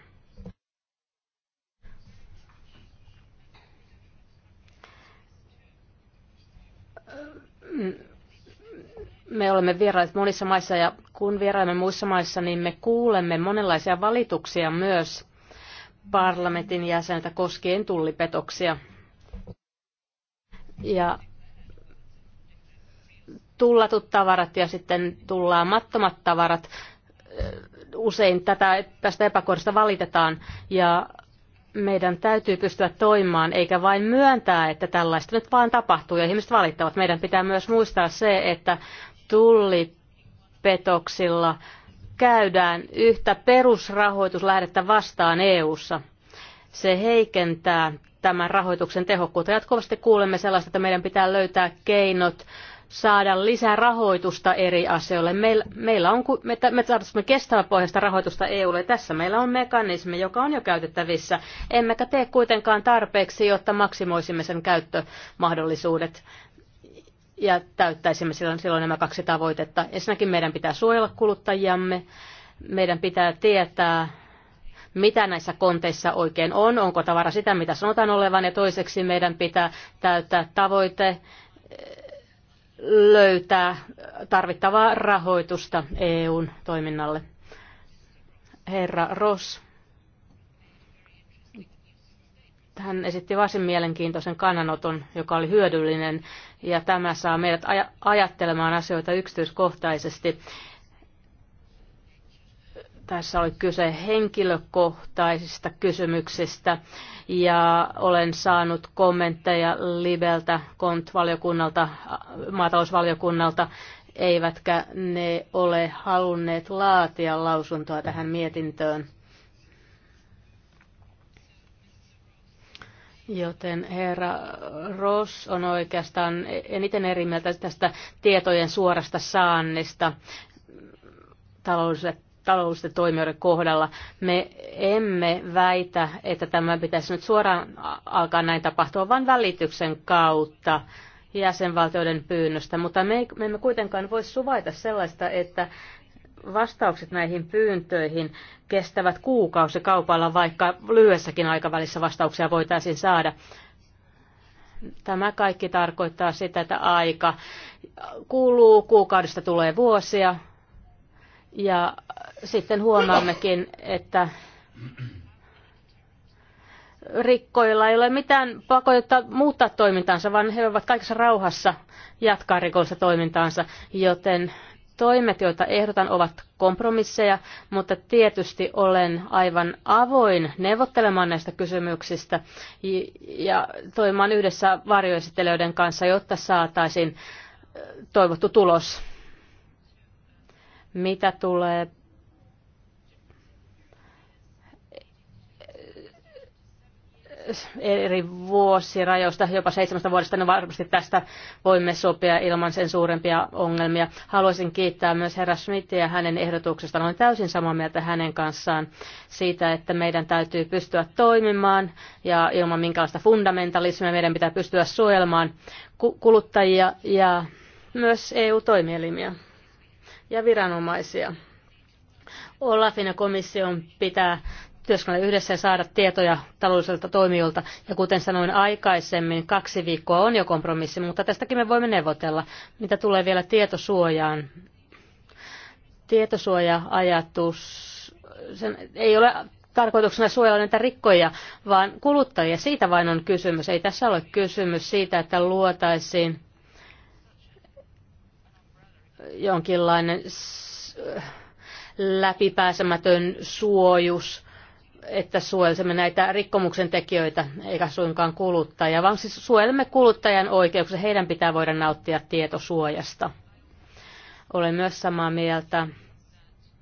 me olemme vierailleet monissa maissa ja kun vierailemme muissa maissa, niin me kuulemme monenlaisia valituksia myös parlamentin jäseneltä koskien tullipetoksia. Ja tullatut tavarat ja sitten tullaamattomat tavarat. Usein tätä, tästä epäkohdasta valitetaan ja meidän täytyy pystyä toimimaan, eikä vain myöntää, että tällaista nyt vaan tapahtuu ja ihmiset valittavat. Meidän pitää myös muistaa se, että tullipetoksilla käydään yhtä perusrahoituslähdettä vastaan EU:ssa. Se heikentää tämän rahoituksen tehokkuutta. Jatkuvasti kuulemme sellaista, että meidän pitää löytää keinot saada lisää rahoitusta eri asioille. Meillä, meillä on, me, me tarvitsemme kestävä pohjasta rahoitusta EUlle. Tässä meillä on mekanismi, joka on jo käytettävissä. Emmekä tee kuitenkaan tarpeeksi, jotta maksimoisimme sen käyttömahdollisuudet ja täyttäisimme silloin, silloin nämä kaksi tavoitetta. Ensinnäkin meidän pitää suojella kuluttajiamme, meidän pitää tietää, mitä näissä konteissa oikein on, onko tavara sitä, mitä sanotaan olevan, ja toiseksi meidän pitää täyttää tavoite löytää tarvittavaa rahoitusta EUn toiminnalle. Herra Ross hän esitti varsin mielenkiintoisen kannanoton, joka oli hyödyllinen, ja tämä saa meidät ajattelemaan asioita yksityiskohtaisesti. Tässä oli kyse henkilökohtaisista kysymyksistä, ja olen saanut kommentteja Libeltä, KONT-valiokunnalta, maatalousvaliokunnalta, eivätkä ne ole halunneet laatia lausuntoa tähän mietintöön Joten herra Ross on oikeastaan eniten eri mieltä tästä tietojen suorasta saannista taloudelliset taloudellisten toimijoiden kohdalla. Me emme väitä, että tämä pitäisi nyt suoraan alkaa näin tapahtua, vaan välityksen kautta jäsenvaltioiden pyynnöstä, mutta me, me emme kuitenkaan voi suvaita sellaista, että vastaukset näihin pyyntöihin kestävät kuukausi kaupalla, vaikka lyhyessäkin aikavälissä vastauksia voitaisiin saada. Tämä kaikki tarkoittaa sitä, että aika kuluu, kuukaudesta tulee vuosia ja sitten huomaammekin, että rikkoilla ei ole mitään pakotetta muuttaa toimintaansa, vaan he ovat kaikessa rauhassa jatkaa rikollista toimintaansa, joten Toimet, joita ehdotan, ovat kompromisseja, mutta tietysti olen aivan avoin neuvottelemaan näistä kysymyksistä ja toimimaan yhdessä varjoesittelijöiden kanssa, jotta saataisiin toivottu tulos. Mitä tulee eri vuosirajoista, jopa seitsemästä vuodesta, niin varmasti tästä voimme sopia ilman sen suurempia ongelmia. Haluaisin kiittää myös herra Smithia hänen ehdotuksestaan. Olen täysin samaa mieltä hänen kanssaan siitä, että meidän täytyy pystyä toimimaan ja ilman minkälaista fundamentalismia meidän pitää pystyä suojelmaan kuluttajia ja myös EU-toimielimiä ja viranomaisia. Olafin ja komission pitää työskennellä yhdessä ja saada tietoja taloudellisilta toimijoilta. Ja kuten sanoin aikaisemmin, kaksi viikkoa on jo kompromissi, mutta tästäkin me voimme neuvotella. Mitä tulee vielä tietosuojaan? Tietosuoja-ajatus sen ei ole tarkoituksena suojella näitä rikkoja, vaan kuluttajia. Siitä vain on kysymys. Ei tässä ole kysymys siitä, että luotaisiin jonkinlainen läpipääsemätön suojus että suojelisimme näitä rikkomuksen tekijöitä, eikä suinkaan kuluttajia, vaan siis suojelemme kuluttajan oikeuksia. Heidän pitää voida nauttia tietosuojasta. Olen myös samaa mieltä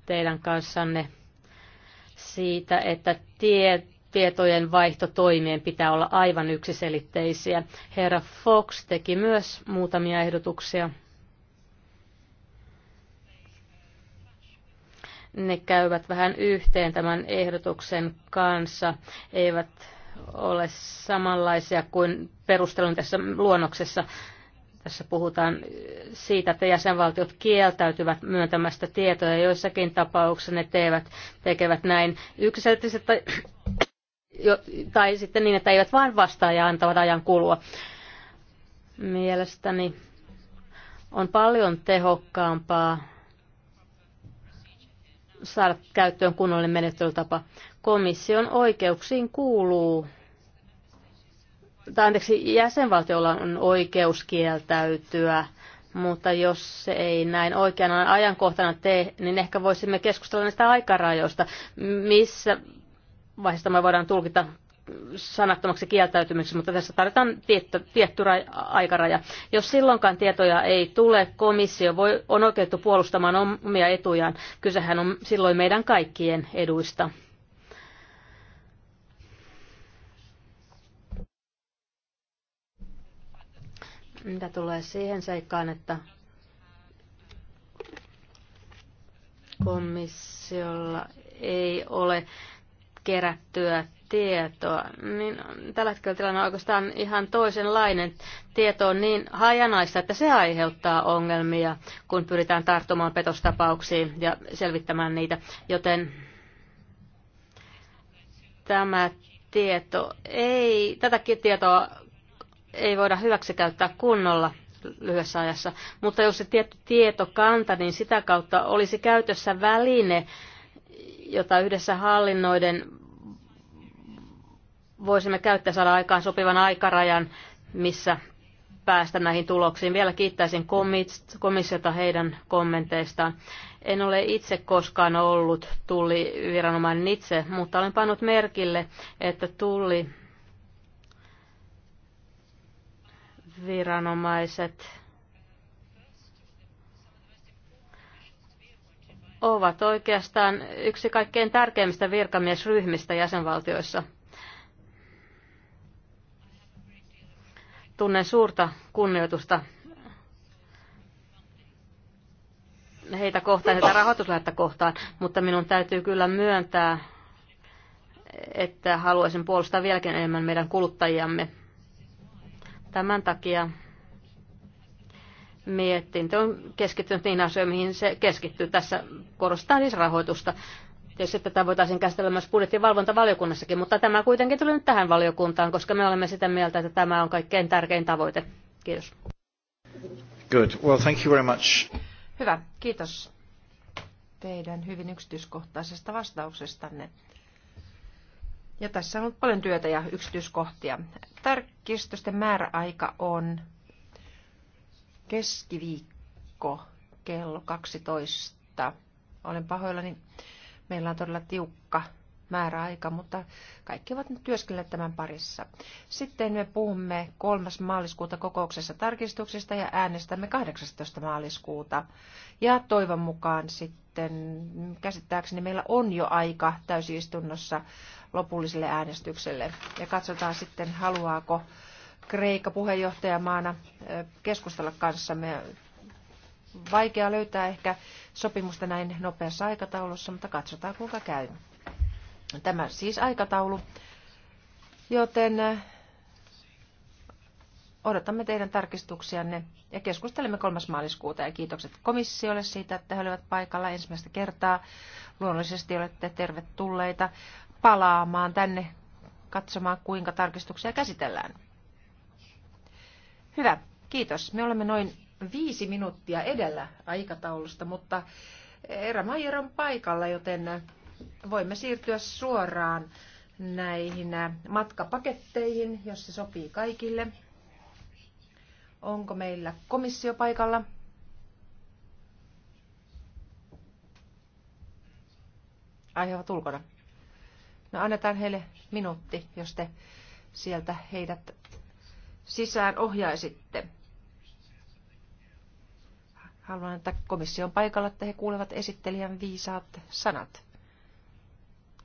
teidän kanssanne siitä, että tie, tietojen vaihtotoimien pitää olla aivan yksiselitteisiä. Herra Fox teki myös muutamia ehdotuksia ne käyvät vähän yhteen tämän ehdotuksen kanssa, eivät ole samanlaisia kuin perustelun tässä luonnoksessa. Tässä puhutaan siitä, että jäsenvaltiot kieltäytyvät myöntämästä tietoja. Joissakin tapauksissa ne teevät, tekevät näin yksiselitteisesti tai, tai sitten niin, että eivät vain vastaa ja antavat ajan kulua. Mielestäni on paljon tehokkaampaa saada käyttöön kunnollinen menettelytapa. Komission oikeuksiin kuuluu, tai anteeksi, jäsenvaltiolla on oikeus kieltäytyä, mutta jos se ei näin oikeana ajankohtana tee, niin ehkä voisimme keskustella näistä aikarajoista, missä vaiheessa me voidaan tulkita sanattomaksi kieltäytymiksi, mutta tässä tarvitaan tietty, tietty aikaraja. Jos silloinkaan tietoja ei tule, komissio voi, on oikeutettu puolustamaan omia etujaan. Kysehän on silloin meidän kaikkien eduista. Mitä tulee siihen seikkaan, että komissiolla ei ole kerättyä tietoa, niin tällä hetkellä tilanne on oikeastaan ihan toisenlainen. Tieto on niin hajanaista, että se aiheuttaa ongelmia, kun pyritään tarttumaan petostapauksiin ja selvittämään niitä, joten tämä tieto ei, tätäkin tietoa ei voida hyväksikäyttää kunnolla lyhyessä ajassa, mutta jos se tietty tietokanta, niin sitä kautta olisi käytössä väline, jota yhdessä hallinnoiden voisimme käyttää saada aikaan sopivan aikarajan, missä päästä näihin tuloksiin. Vielä kiittäisin komissiota heidän kommenteistaan. En ole itse koskaan ollut tulliviranomainen itse, mutta olen pannut merkille, että tulli viranomaiset ovat oikeastaan yksi kaikkein tärkeimmistä virkamiesryhmistä jäsenvaltioissa – tunnen suurta kunnioitusta heitä kohtaan, heitä rahoituslähettä kohtaan, mutta minun täytyy kyllä myöntää, että haluaisin puolustaa vieläkin enemmän meidän kuluttajiamme. Tämän takia mietintö on keskittynyt niin asioihin, mihin se keskittyy. Tässä korostaa siis rahoitusta. Tietysti tätä voitaisiin käsitellä myös valvontavaliokunnassakin, mutta tämä kuitenkin tuli nyt tähän valiokuntaan, koska me olemme sitä mieltä, että tämä on kaikkein tärkein tavoite. Kiitos. Good. Well, thank you very much. Hyvä, kiitos teidän hyvin yksityiskohtaisesta vastauksestanne. Ja tässä on ollut paljon työtä ja yksityiskohtia. Tarkistusten määräaika on keskiviikko kello 12. Olen pahoillani. Meillä on todella tiukka määräaika, mutta kaikki ovat nyt työskennelleet tämän parissa. Sitten me puhumme 3. maaliskuuta kokouksessa tarkistuksista ja äänestämme 18. maaliskuuta. Ja toivon mukaan sitten, käsittääkseni meillä on jo aika täysistunnossa lopulliselle äänestykselle. Ja katsotaan sitten, haluaako Kreikka puheenjohtajamaana keskustella kanssamme vaikea löytää ehkä sopimusta näin nopeassa aikataulussa, mutta katsotaan kuinka käy. Tämä siis aikataulu, joten eh, odotamme teidän tarkistuksianne ja keskustelemme 3. maaliskuuta ja kiitokset komissiolle siitä, että he olivat paikalla ensimmäistä kertaa. Luonnollisesti olette tervetulleita palaamaan tänne katsomaan, kuinka tarkistuksia käsitellään. Hyvä, kiitos. Me olemme noin viisi minuuttia edellä aikataulusta, mutta Eera Maijer on paikalla, joten voimme siirtyä suoraan näihin matkapaketteihin, jos se sopii kaikille. Onko meillä komissio paikalla? Ai, ovat ulkona. No annetaan heille minuutti, jos te sieltä heidät sisään ohjaisitte. Haluan, että komissio on paikalla, että he kuulevat esittelijän viisaat sanat.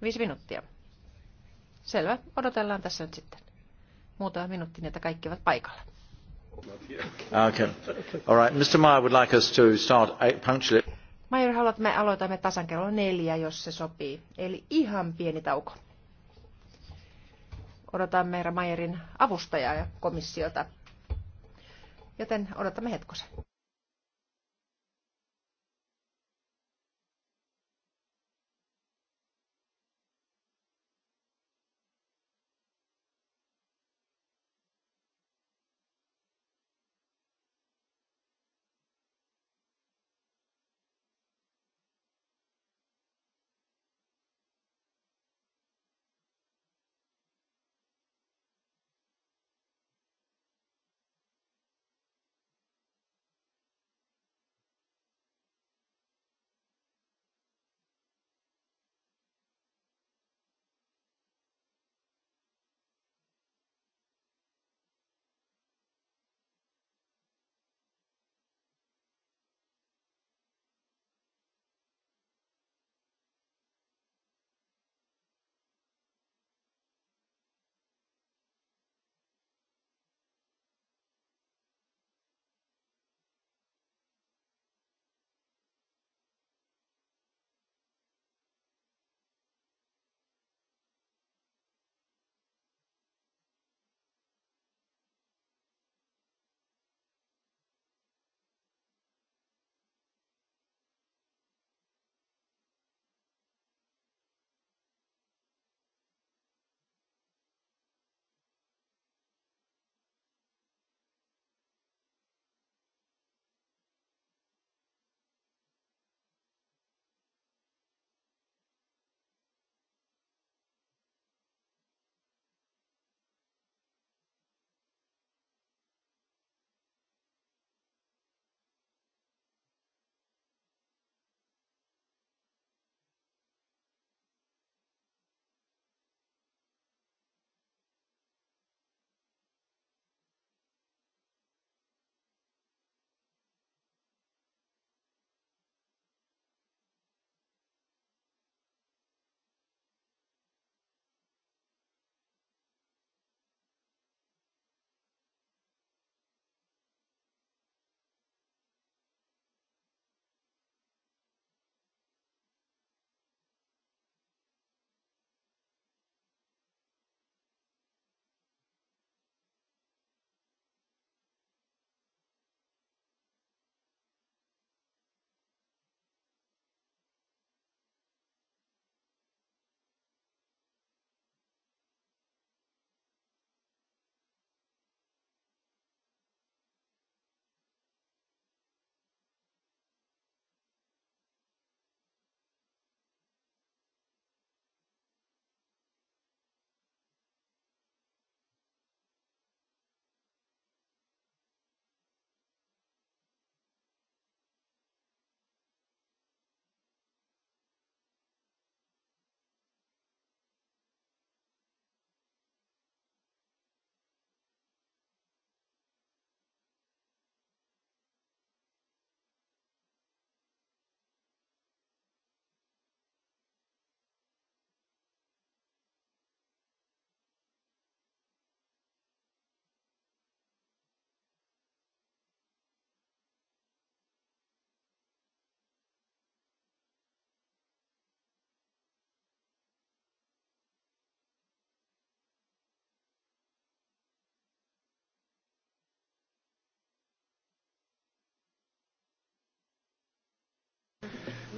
Viisi minuuttia. Selvä, odotellaan tässä nyt sitten. Muutama minuutti, että kaikki ovat paikalla. Okay. All right. Mr. Meyer would like us to start punctually. Meyer haluat, me aloitamme tasan kello neljä, jos se sopii. Eli ihan pieni tauko. Odotamme meidän Meyerin avustajaa ja komissiota. Joten odotamme hetkosen.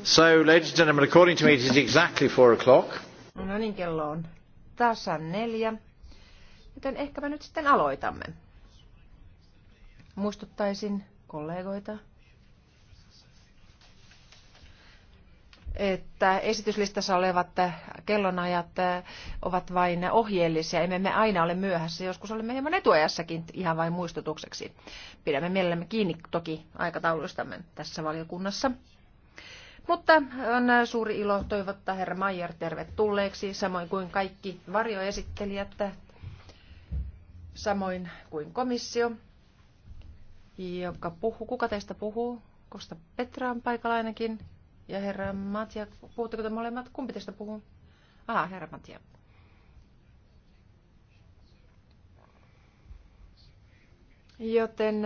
So, ladies and gentlemen, according to me, it is exactly four o'clock. No niin, kello on tasan neljä. Joten ehkä me nyt sitten aloitamme. Muistuttaisin kollegoita, että esityslistassa olevat kellonajat ovat vain ohjeellisia. Emme me aina ole myöhässä, joskus olemme hieman etuajassakin ihan vain muistutukseksi. Pidämme mielellämme kiinni toki aikatauluistamme tässä valiokunnassa. Mutta on suuri ilo toivottaa herra Mayer tervetulleeksi, samoin kuin kaikki varjoesittelijät, samoin kuin komissio, joka puhuu. Kuka teistä puhuu? Kosta Petra on paikalla ainakin. Ja herra Matja, puhutteko te molemmat? Kumpi teistä puhuu? Ah, herra Matja. Joten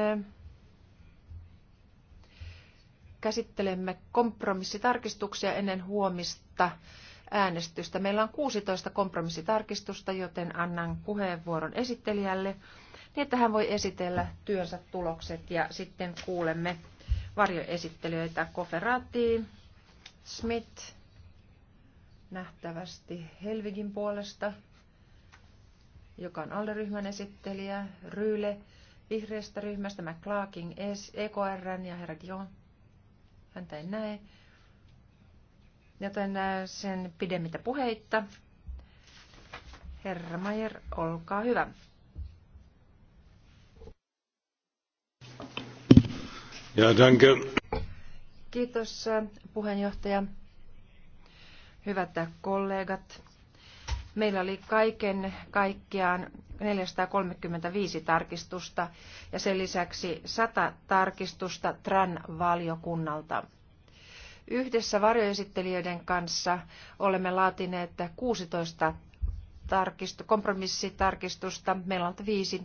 käsittelemme kompromissitarkistuksia ennen huomista äänestystä. Meillä on 16 kompromissitarkistusta, joten annan puheenvuoron esittelijälle, niin että hän voi esitellä työnsä tulokset ja sitten kuulemme varjoesittelijöitä Koferati, Smith, nähtävästi Helvigin puolesta, joka on alderyhmän esittelijä, Ryyle, vihreästä ryhmästä, McClarkin, EKRn ja herra Dion Häntä en näe. Joten äh, sen pidemmittä puheitta. Herra Mayer, olkaa hyvä. Ja, danke. Kiitos äh, puheenjohtaja. Hyvät äh, kollegat. Meillä oli kaiken kaikkiaan 435 tarkistusta ja sen lisäksi 100 tarkistusta TRAN-valiokunnalta. Yhdessä varjoesittelijöiden kanssa olemme laatineet 16 tarkistu, kompromissitarkistusta. Meillä on viisi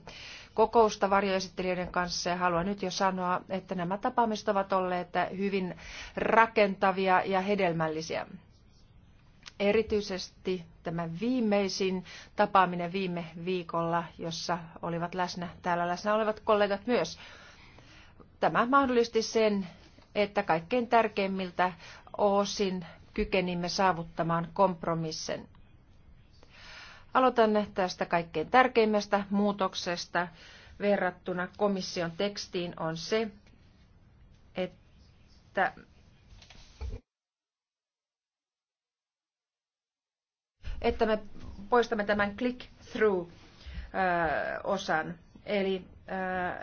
kokousta varjoesittelijöiden kanssa ja haluan nyt jo sanoa, että nämä tapaamiset ovat olleet hyvin rakentavia ja hedelmällisiä. Erityisesti tämä viimeisin tapaaminen viime viikolla, jossa olivat läsnä, täällä läsnä olevat kollegat myös. Tämä mahdollisti sen, että kaikkein tärkeimmiltä osin kykenimme saavuttamaan kompromissen. Aloitan tästä kaikkein tärkeimmästä muutoksesta verrattuna komission tekstiin on se, että että me poistamme tämän click-through-osan. Äh, Eli äh,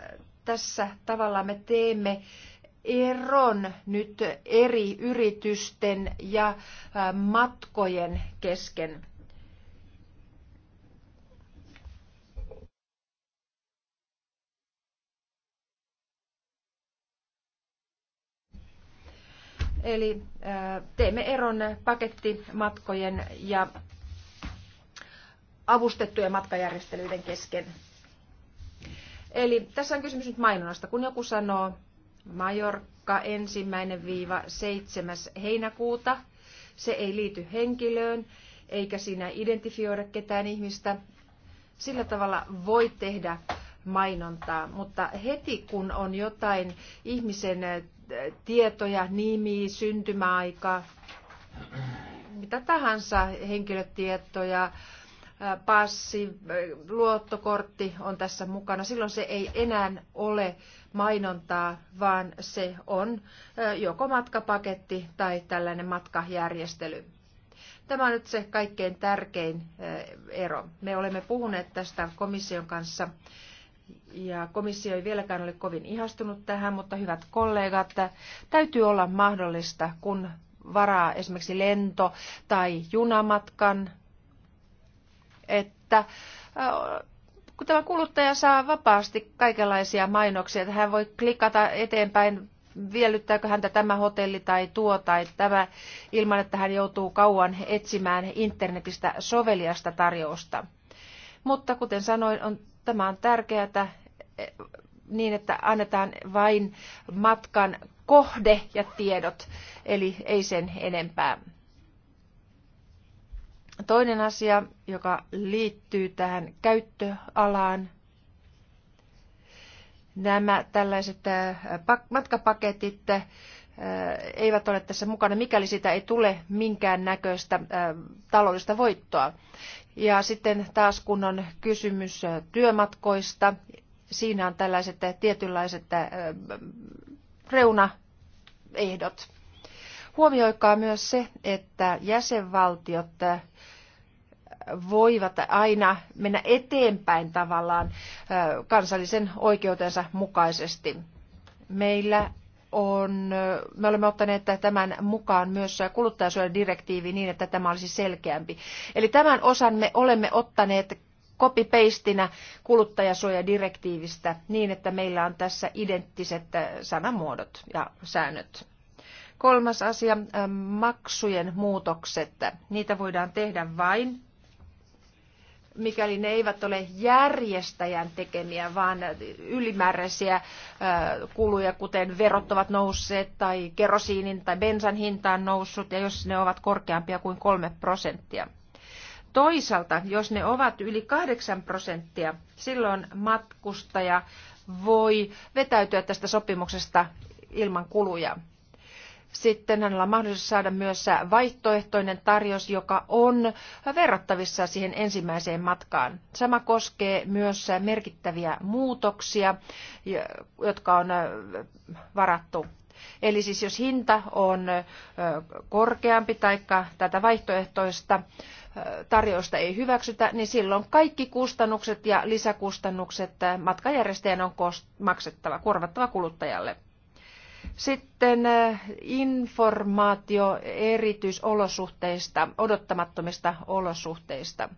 tässä tavalla me teemme eron nyt eri yritysten ja äh, matkojen kesken. Eli teemme eron pakettimatkojen ja avustettujen matkajärjestelyiden kesken. Eli tässä on kysymys nyt mainonnasta. Kun joku sanoo Majorka ensimmäinen viiva 7. heinäkuuta, se ei liity henkilöön, eikä siinä identifioida ketään ihmistä. Sillä tavalla voi tehdä mainontaa, mutta heti kun on jotain ihmisen tietoja, nimi, syntymäaika, mitä tahansa henkilötietoja, passi, luottokortti on tässä mukana. Silloin se ei enää ole mainontaa, vaan se on joko matkapaketti tai tällainen matkajärjestely. Tämä on nyt se kaikkein tärkein ero. Me olemme puhuneet tästä komission kanssa ja komissio ei vieläkään ole kovin ihastunut tähän, mutta hyvät kollegat, täytyy olla mahdollista, kun varaa esimerkiksi lento- tai junamatkan että kun tämä kuluttaja saa vapaasti kaikenlaisia mainoksia, että hän voi klikata eteenpäin, viellyttääkö häntä tämä hotelli tai tuo tai tämä, ilman että hän joutuu kauan etsimään internetistä soveliasta tarjousta. Mutta kuten sanoin, on, tämä on tärkeää e, niin, että annetaan vain matkan kohde ja tiedot, eli ei sen enempää. Toinen asia, joka liittyy tähän käyttöalaan, nämä tällaiset äh, matkapaketit äh, eivät ole tässä mukana, mikäli sitä ei tule minkään näköistä äh, taloudellista voittoa. Ja sitten taas kun on kysymys työmatkoista, siinä on tällaiset tietynlaiset reunaehdot. Huomioikaa myös se, että jäsenvaltiot voivat aina mennä eteenpäin tavallaan kansallisen oikeutensa mukaisesti. Meillä on, me olemme ottaneet tämän mukaan myös kuluttajasuojadirektiivi niin, että tämä olisi selkeämpi. Eli tämän osan me olemme ottaneet copy-pastinä kuluttajasuojadirektiivistä niin, että meillä on tässä identtiset sanamuodot ja säännöt. Kolmas asia, maksujen muutokset. Niitä voidaan tehdä vain mikäli ne eivät ole järjestäjän tekemiä, vaan ylimääräisiä kuluja, kuten verot ovat nousseet tai kerosiinin tai bensan hinta on noussut, ja jos ne ovat korkeampia kuin kolme prosenttia. Toisaalta, jos ne ovat yli 8 prosenttia, silloin matkustaja voi vetäytyä tästä sopimuksesta ilman kuluja sitten hänellä on mahdollisuus saada myös vaihtoehtoinen tarjous, joka on verrattavissa siihen ensimmäiseen matkaan. Sama koskee myös merkittäviä muutoksia, jotka on varattu. Eli siis jos hinta on korkeampi tai tätä vaihtoehtoista tarjousta ei hyväksytä, niin silloin kaikki kustannukset ja lisäkustannukset matkajärjestäjän on maksettava, korvattava kuluttajalle. Sitten äh, informaatio erityisolosuhteista, odottamattomista olosuhteista.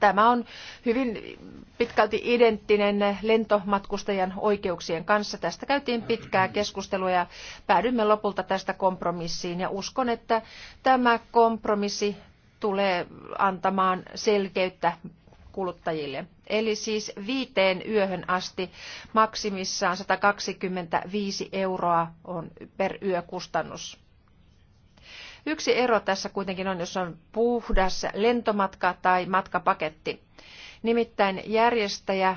Tämä on hyvin pitkälti identtinen lentomatkustajan oikeuksien kanssa. Tästä käytiin pitkää keskustelua ja päädymme lopulta tästä kompromissiin. Ja uskon, että tämä kompromissi tulee antamaan selkeyttä kuluttajille eli siis viiteen yöhön asti maksimissaan 125 euroa on per yökustannus. Yksi ero tässä kuitenkin on, jos on puhdas lentomatka tai matkapaketti. Nimittäin järjestäjä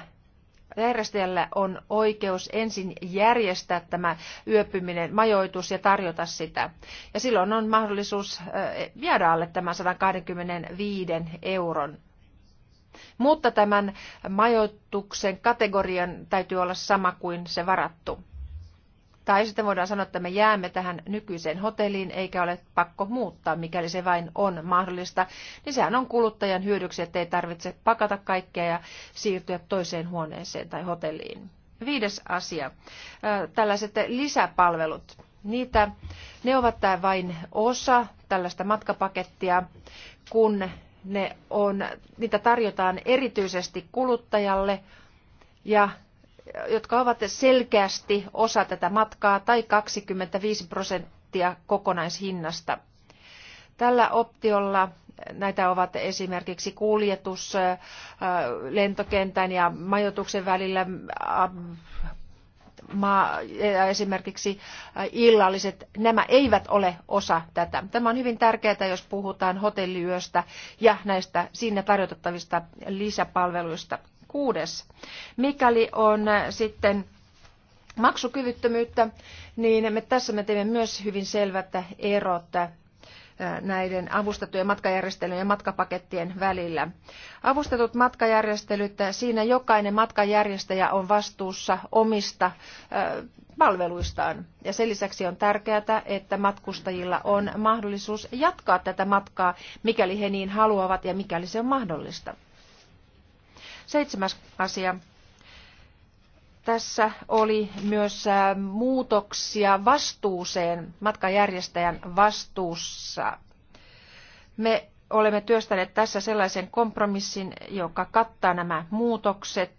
järjestäjällä on oikeus ensin järjestää tämä yöpyminen, majoitus ja tarjota sitä. Ja silloin on mahdollisuus viedä alle tämän 125 euron. Mutta tämän majoituksen kategorian täytyy olla sama kuin se varattu. Tai sitten voidaan sanoa, että me jäämme tähän nykyiseen hotelliin eikä ole pakko muuttaa, mikäli se vain on mahdollista. Niin sehän on kuluttajan hyödyksi, että ei tarvitse pakata kaikkea ja siirtyä toiseen huoneeseen tai hotelliin. Viides asia. Tällaiset lisäpalvelut. Niitä, ne ovat tämä vain osa tällaista matkapakettia, kun ne on, niitä tarjotaan erityisesti kuluttajalle ja jotka ovat selkeästi osa tätä matkaa tai 25 prosenttia kokonaishinnasta. Tällä optiolla näitä ovat esimerkiksi kuljetus lentokentän ja majoituksen välillä, maa, esimerkiksi äh, illalliset, nämä eivät ole osa tätä. Tämä on hyvin tärkeää, jos puhutaan hotelliyöstä ja näistä sinne tarjotettavista lisäpalveluista. Kuudes, mikäli on äh, sitten maksukyvyttömyyttä, niin me tässä me teemme myös hyvin selvät erot äh, näiden avustettujen matkajärjestelyjen ja matkapakettien välillä. Avustetut matkajärjestelyt, siinä jokainen matkajärjestäjä on vastuussa omista palveluistaan. Ja sen lisäksi on tärkeää, että matkustajilla on mahdollisuus jatkaa tätä matkaa, mikäli he niin haluavat ja mikäli se on mahdollista. Seitsemäs asia tässä oli myös äh, muutoksia vastuuseen, matkajärjestäjän vastuussa. Me olemme työstäneet tässä sellaisen kompromissin, joka kattaa nämä muutokset,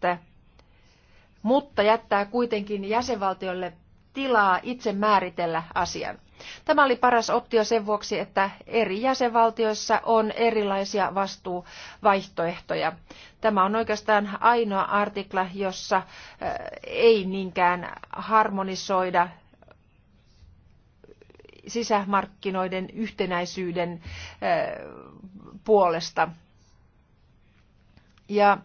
mutta jättää kuitenkin jäsenvaltiolle tilaa itse määritellä asian. Tämä oli paras optio sen vuoksi, että eri jäsenvaltioissa on erilaisia vastuuvaihtoehtoja. Tämä on oikeastaan ainoa artikla, jossa eh, ei niinkään harmonisoida sisämarkkinoiden yhtenäisyyden eh, puolesta. Ja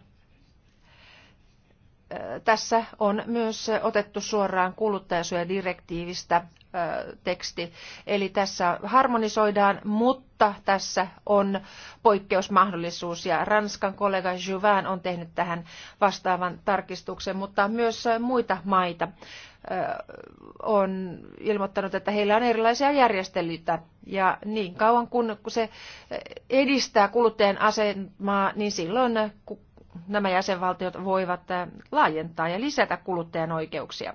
tässä on myös otettu suoraan kuluttajasuojadirektiivistä teksti. Eli tässä harmonisoidaan, mutta tässä on poikkeusmahdollisuus ja Ranskan kollega Juvin on tehnyt tähän vastaavan tarkistuksen, mutta myös muita maita on ilmoittanut, että heillä on erilaisia järjestelyitä ja niin kauan kun se edistää kuluttajan asemaa, niin silloin nämä jäsenvaltiot voivat eh, laajentaa ja lisätä kuluttajan oikeuksia.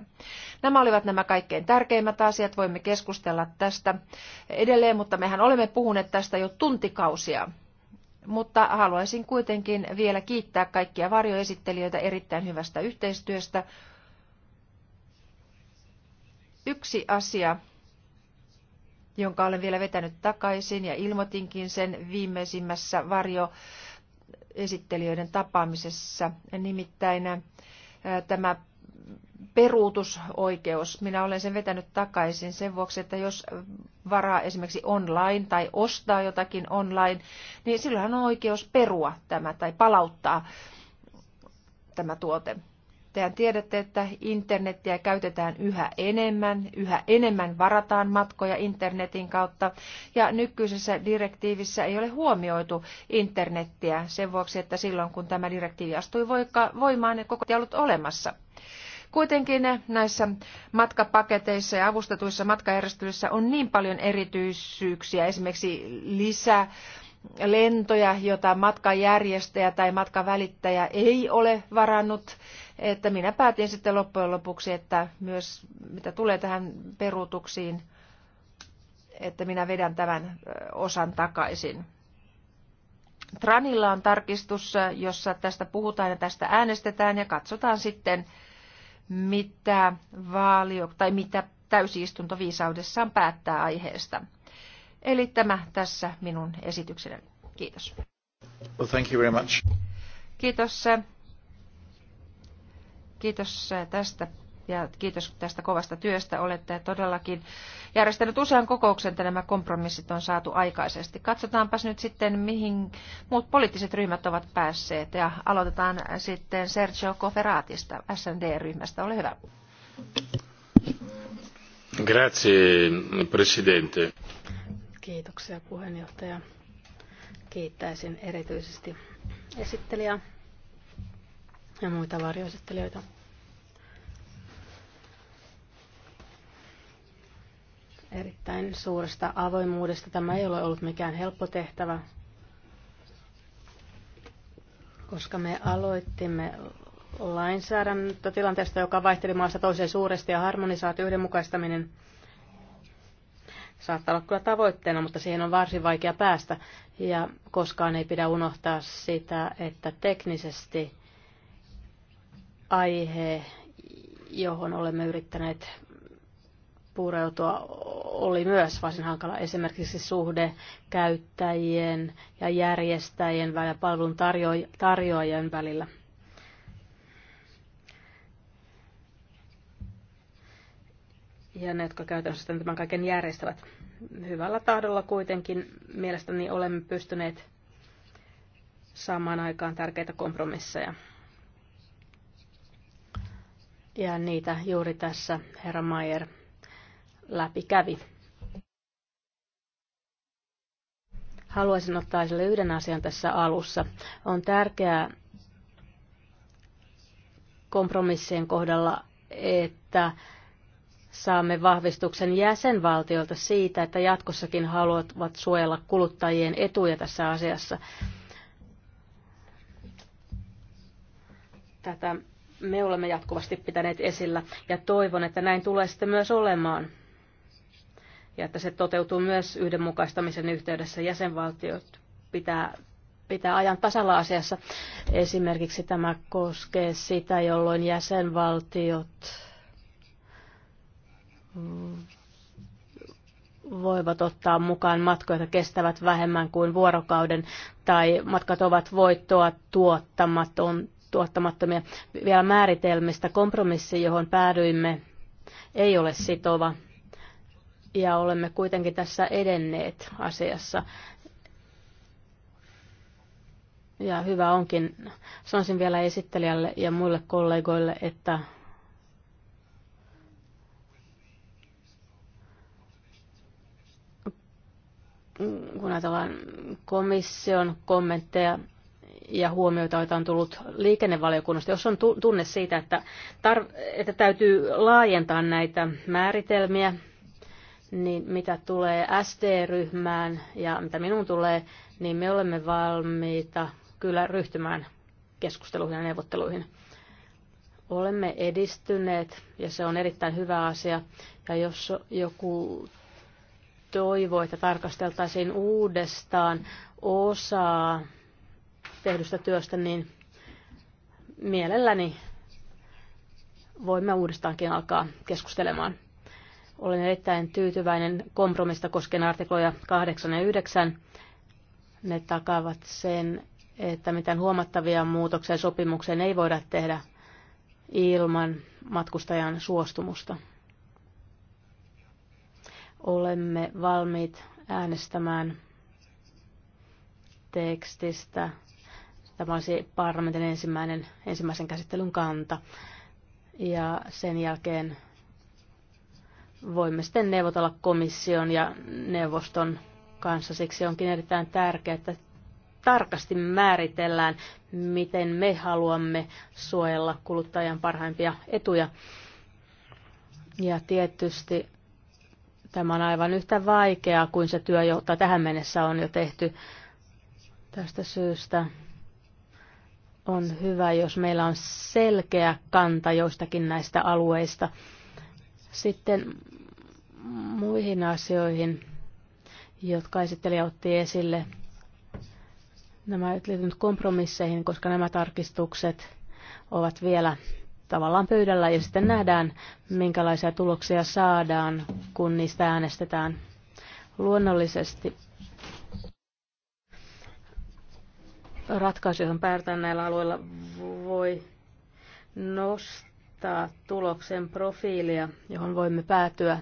Nämä olivat nämä kaikkein tärkeimmät asiat. Voimme keskustella tästä edelleen, mutta mehän olemme puhuneet tästä jo tuntikausia. Mutta haluaisin kuitenkin vielä kiittää kaikkia varjoesittelijöitä erittäin hyvästä yhteistyöstä. Yksi asia, jonka olen vielä vetänyt takaisin ja ilmoitinkin sen viimeisimmässä varjo esittelijöiden tapaamisessa, nimittäin tämä peruutusoikeus. Minä olen sen vetänyt takaisin sen vuoksi, että jos varaa esimerkiksi online tai ostaa jotakin online, niin silloinhan on oikeus perua tämä tai palauttaa tämä tuote. Tehän tiedätte, että internettiä käytetään yhä enemmän, yhä enemmän varataan matkoja internetin kautta ja nykyisessä direktiivissä ei ole huomioitu internettiä sen vuoksi, että silloin kun tämä direktiivi astui voimaan, ne niin koko ei ollut olemassa. Kuitenkin näissä matkapaketeissa ja avustetuissa matkajärjestelyissä on niin paljon erityisyyksiä, esimerkiksi lisää lentoja, joita matkajärjestäjä tai matkavälittäjä ei ole varannut että minä päätin sitten loppujen lopuksi, että myös mitä tulee tähän peruutuksiin, että minä vedän tämän osan takaisin. Tranilla on tarkistus, jossa tästä puhutaan ja tästä äänestetään ja katsotaan sitten, mitä, vaalio, tai mitä täysistunto viisaudessaan päättää aiheesta. Eli tämä tässä minun esitykseni. Kiitos. Well, thank you very much. Kiitos. Kiitos tästä ja kiitos tästä kovasta työstä. Olette todellakin järjestänyt usean kokouksen, että nämä kompromissit on saatu aikaisesti. Katsotaanpas nyt sitten, mihin muut poliittiset ryhmät ovat päässeet. Ja aloitetaan sitten Sergio Coferatista, SND-ryhmästä. Ole hyvä. Grazie, presidente. Kiitoksia puheenjohtaja. Kiittäisin erityisesti esittelijää ja muita varjoesittelijöitä. Erittäin suuresta avoimuudesta. Tämä ei ole ollut mikään helppo tehtävä, koska me aloittimme lainsäädäntötilanteesta, joka vaihteli maassa toiseen suuresti ja harmonisaatio yhdenmukaistaminen saattaa olla kyllä tavoitteena, mutta siihen on varsin vaikea päästä. Ja koskaan ei pidä unohtaa sitä, että teknisesti aihe, johon olemme yrittäneet puureutua, oli myös varsin hankala. Esimerkiksi suhde käyttäjien ja järjestäjien ja palvelun tarjoajien välillä. ja ne, jotka käytännössä sitten tämän kaiken järjestävät. Hyvällä tahdolla kuitenkin mielestäni olemme pystyneet saamaan aikaan tärkeitä kompromisseja ja niitä juuri tässä herra Mayer läpi kävi. Haluaisin ottaa esille yhden asian tässä alussa. On tärkeää kompromissien kohdalla, että saamme vahvistuksen jäsenvaltioilta siitä, että jatkossakin haluavat suojella kuluttajien etuja tässä asiassa. Tätä me olemme jatkuvasti pitäneet esillä ja toivon, että näin tulee sitten myös olemaan ja että se toteutuu myös yhdenmukaistamisen yhteydessä. Jäsenvaltiot pitää, pitää ajan tasalla asiassa. Esimerkiksi tämä koskee sitä, jolloin jäsenvaltiot voivat ottaa mukaan matkoja, jotka kestävät vähemmän kuin vuorokauden, tai matkat ovat voittoa tuottamaton, tuottamattomia. Vielä määritelmistä kompromissi, johon päädyimme, ei ole sitova. Ja olemme kuitenkin tässä edenneet asiassa. Ja hyvä onkin, sanoisin vielä esittelijälle ja muille kollegoille, että kun ajatellaan komission kommentteja ja huomioita, joita on tullut liikennevaliokunnasta, jos on tunne siitä, että, tar- että täytyy laajentaa näitä määritelmiä, niin mitä tulee SD-ryhmään ja mitä minun tulee, niin me olemme valmiita kyllä ryhtymään keskusteluihin ja neuvotteluihin. Olemme edistyneet ja se on erittäin hyvä asia. Ja jos joku toivoo, että tarkasteltaisiin uudestaan osaa tehdystä työstä, niin mielelläni voimme uudestaankin alkaa keskustelemaan. Olen erittäin tyytyväinen kompromista koskien artikloja 8 ja 9. Ne takaavat sen, että mitään huomattavia muutoksia sopimukseen ei voida tehdä ilman matkustajan suostumusta. Olemme valmiit äänestämään tekstistä Tämä olisi parlamentin ensimmäinen, ensimmäisen käsittelyn kanta. Ja sen jälkeen voimme sitten neuvotella komission ja neuvoston kanssa. Siksi onkin erittäin tärkeää, että tarkasti määritellään, miten me haluamme suojella kuluttajan parhaimpia etuja. Ja tietysti tämä on aivan yhtä vaikeaa kuin se työ, jota tähän mennessä on jo tehty tästä syystä on hyvä, jos meillä on selkeä kanta joistakin näistä alueista. Sitten muihin asioihin, jotka esittelijä otti esille. Nämä liittyvät kompromisseihin, koska nämä tarkistukset ovat vielä tavallaan pöydällä ja sitten nähdään, minkälaisia tuloksia saadaan, kun niistä äänestetään. Luonnollisesti ratkaisujen päätään näillä alueilla, voi nostaa tuloksen profiilia, johon voimme päätyä,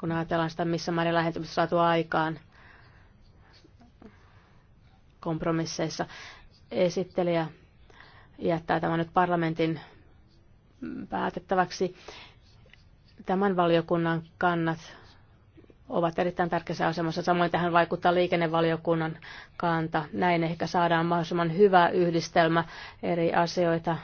kun ajatellaan sitä, missä maiden lähentymistä saatu aikaan kompromisseissa. Esittelijä jättää tämän nyt parlamentin päätettäväksi. Tämän valiokunnan kannat ovat erittäin tärkeässä asemassa. Samoin tähän vaikuttaa liikennevaliokunnan kanta. Näin ehkä saadaan mahdollisimman hyvä yhdistelmä eri asioita.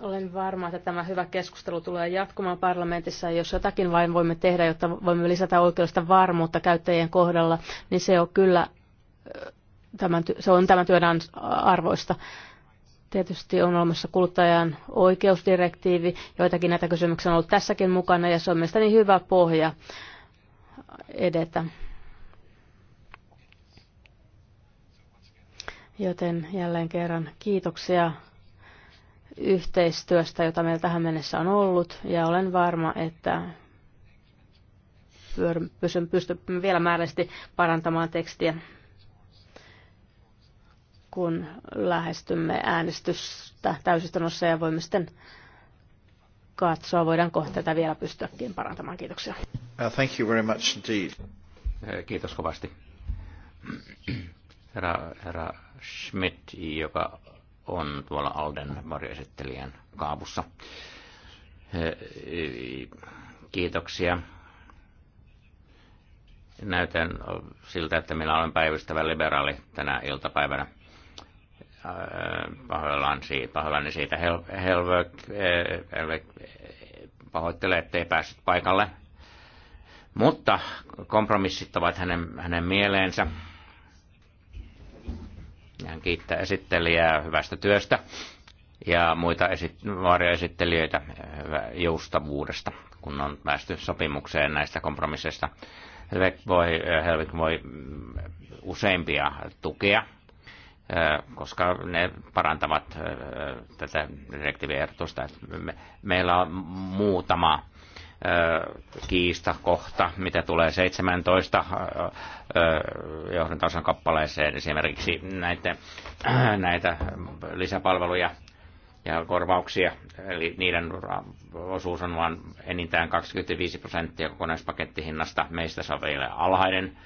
Olen varma, että tämä hyvä keskustelu tulee jatkumaan parlamentissa. Jos jotakin vain voimme tehdä, jotta voimme lisätä oikeudesta varmuutta käyttäjien kohdalla, niin se on kyllä tämän, se on tämän työn arvoista. Tietysti on olemassa kuluttajan oikeusdirektiivi, joitakin näitä kysymyksiä on ollut tässäkin mukana ja se on mielestäni hyvä pohja edetä. Joten jälleen kerran kiitoksia yhteistyöstä, jota meillä tähän mennessä on ollut, ja olen varma, että pystymme vielä määrällisesti parantamaan tekstiä kun lähestymme äänestystä täysistunnossa ja voimme sitten katsoa, voidaanko tätä vielä pystyäkin parantamaan. Kiitoksia. Uh, thank you very much indeed. Eh, kiitos kovasti. Herra, herra Schmidt, joka on tuolla Alden varjoesittelijän kaavussa. Eh, kiitoksia. Näytän siltä, että minä olen päivystävä liberaali tänä iltapäivänä pahoillani, pahoillani siitä. Hel, Helvök, e, Helvök e, pahoittelee, ettei päässyt paikalle. Mutta kompromissit ovat hänen, hänen mieleensä. Hän kiittää esittelijää hyvästä työstä ja muita esit- varjoesittelijöitä joustavuudesta, kun on päästy sopimukseen näistä kompromisseista. Helvik voi, Helvik voi mm, useimpia tukea koska ne parantavat tätä direktiiviehdotusta. Meillä on muutama kiista kohta, mitä tulee 17 johdantaosan kappaleeseen esimerkiksi näitä, näitä lisäpalveluja ja korvauksia, eli niiden osuus on vain enintään 25 prosenttia kokonaispakettihinnasta. Meistä se on vielä alhainen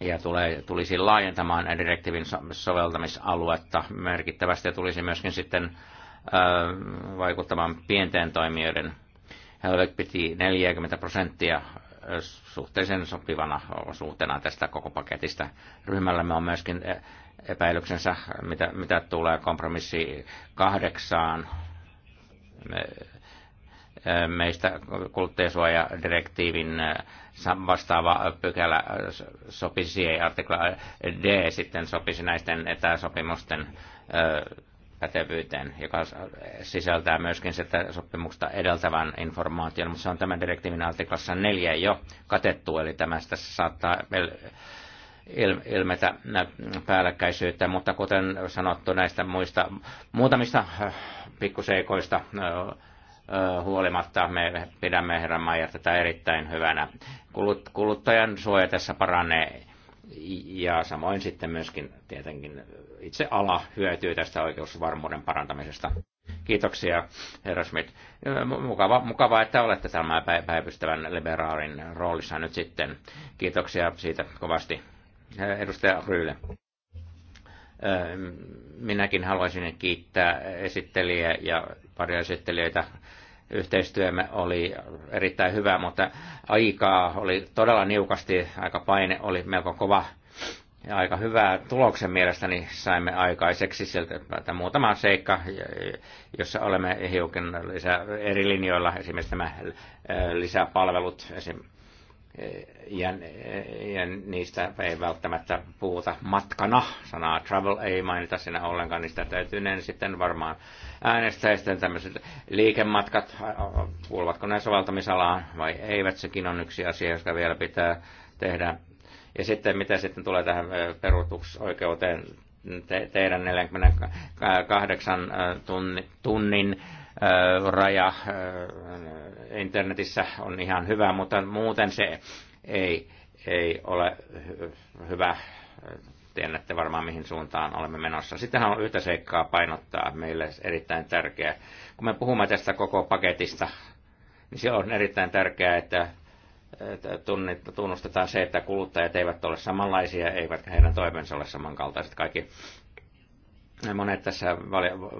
ja tulee, tulisi laajentamaan direktiivin soveltamisaluetta merkittävästi ja tulisi myöskin sitten vaikuttamaan pienten toimijoiden. Helvet piti 40 prosenttia suhteellisen sopivana osuutena tästä koko paketista. Ryhmällämme on myöskin epäilyksensä, mitä, mitä tulee kompromissi kahdeksaan meistä kuluttajasuojadirektiivin äh, vastaava pykälä sopisi, ei artikla D sitten sopisi näisten etäsopimusten äh, pätevyyteen, joka sisältää myöskin sitä sopimusta edeltävän informaation, mutta se on tämän direktiivin artiklassa neljä jo katettu, eli tämästä saattaa ilmetä päällekkäisyyttä, mutta kuten sanottu näistä muista muutamista äh, pikkuseikoista no, huolimatta me pidämme herran Maijer tätä erittäin hyvänä. Kuluttajan suoja tässä paranee ja samoin sitten myöskin tietenkin itse ala hyötyy tästä oikeusvarmuuden parantamisesta. Kiitoksia, herra Schmidt. Mukava, mukava että olette tämän päivystävän liberaalin roolissa nyt sitten. Kiitoksia siitä kovasti. Edustaja Ryyle. Minäkin haluaisin kiittää esittelijä ja pari esittelijöitä yhteistyömme oli erittäin hyvä, mutta aikaa oli todella niukasti, aika paine oli melko kova ja aika hyvää tuloksen mielestäni saimme aikaiseksi sieltä että muutama seikka, jossa olemme hiukan lisää eri linjoilla, esimerkiksi nämä lisäpalvelut, esim ja, ja niistä ei välttämättä puhuta matkana. Sanaa travel ei mainita sinä ollenkaan, niistä täytyy ne sitten varmaan äänestää. Sitten tämmöiset liikematkat, kuuluvatko ne soveltamisalaan vai eivät, sekin on yksi asia, josta vielä pitää tehdä. Ja sitten mitä sitten tulee tähän perutuksoikeuteen te, teidän 48 tunnin raja internetissä on ihan hyvä, mutta muuten se ei, ei ole hyvä. Tiedätte varmaan, mihin suuntaan olemme menossa. Sitähän on yhtä seikkaa painottaa meille erittäin tärkeää. Kun me puhumme tästä koko paketista, niin se on erittäin tärkeää, että tunnustetaan se, että kuluttajat eivät ole samanlaisia, eivät heidän toimensa ole samankaltaiset. Kaikki monet tässä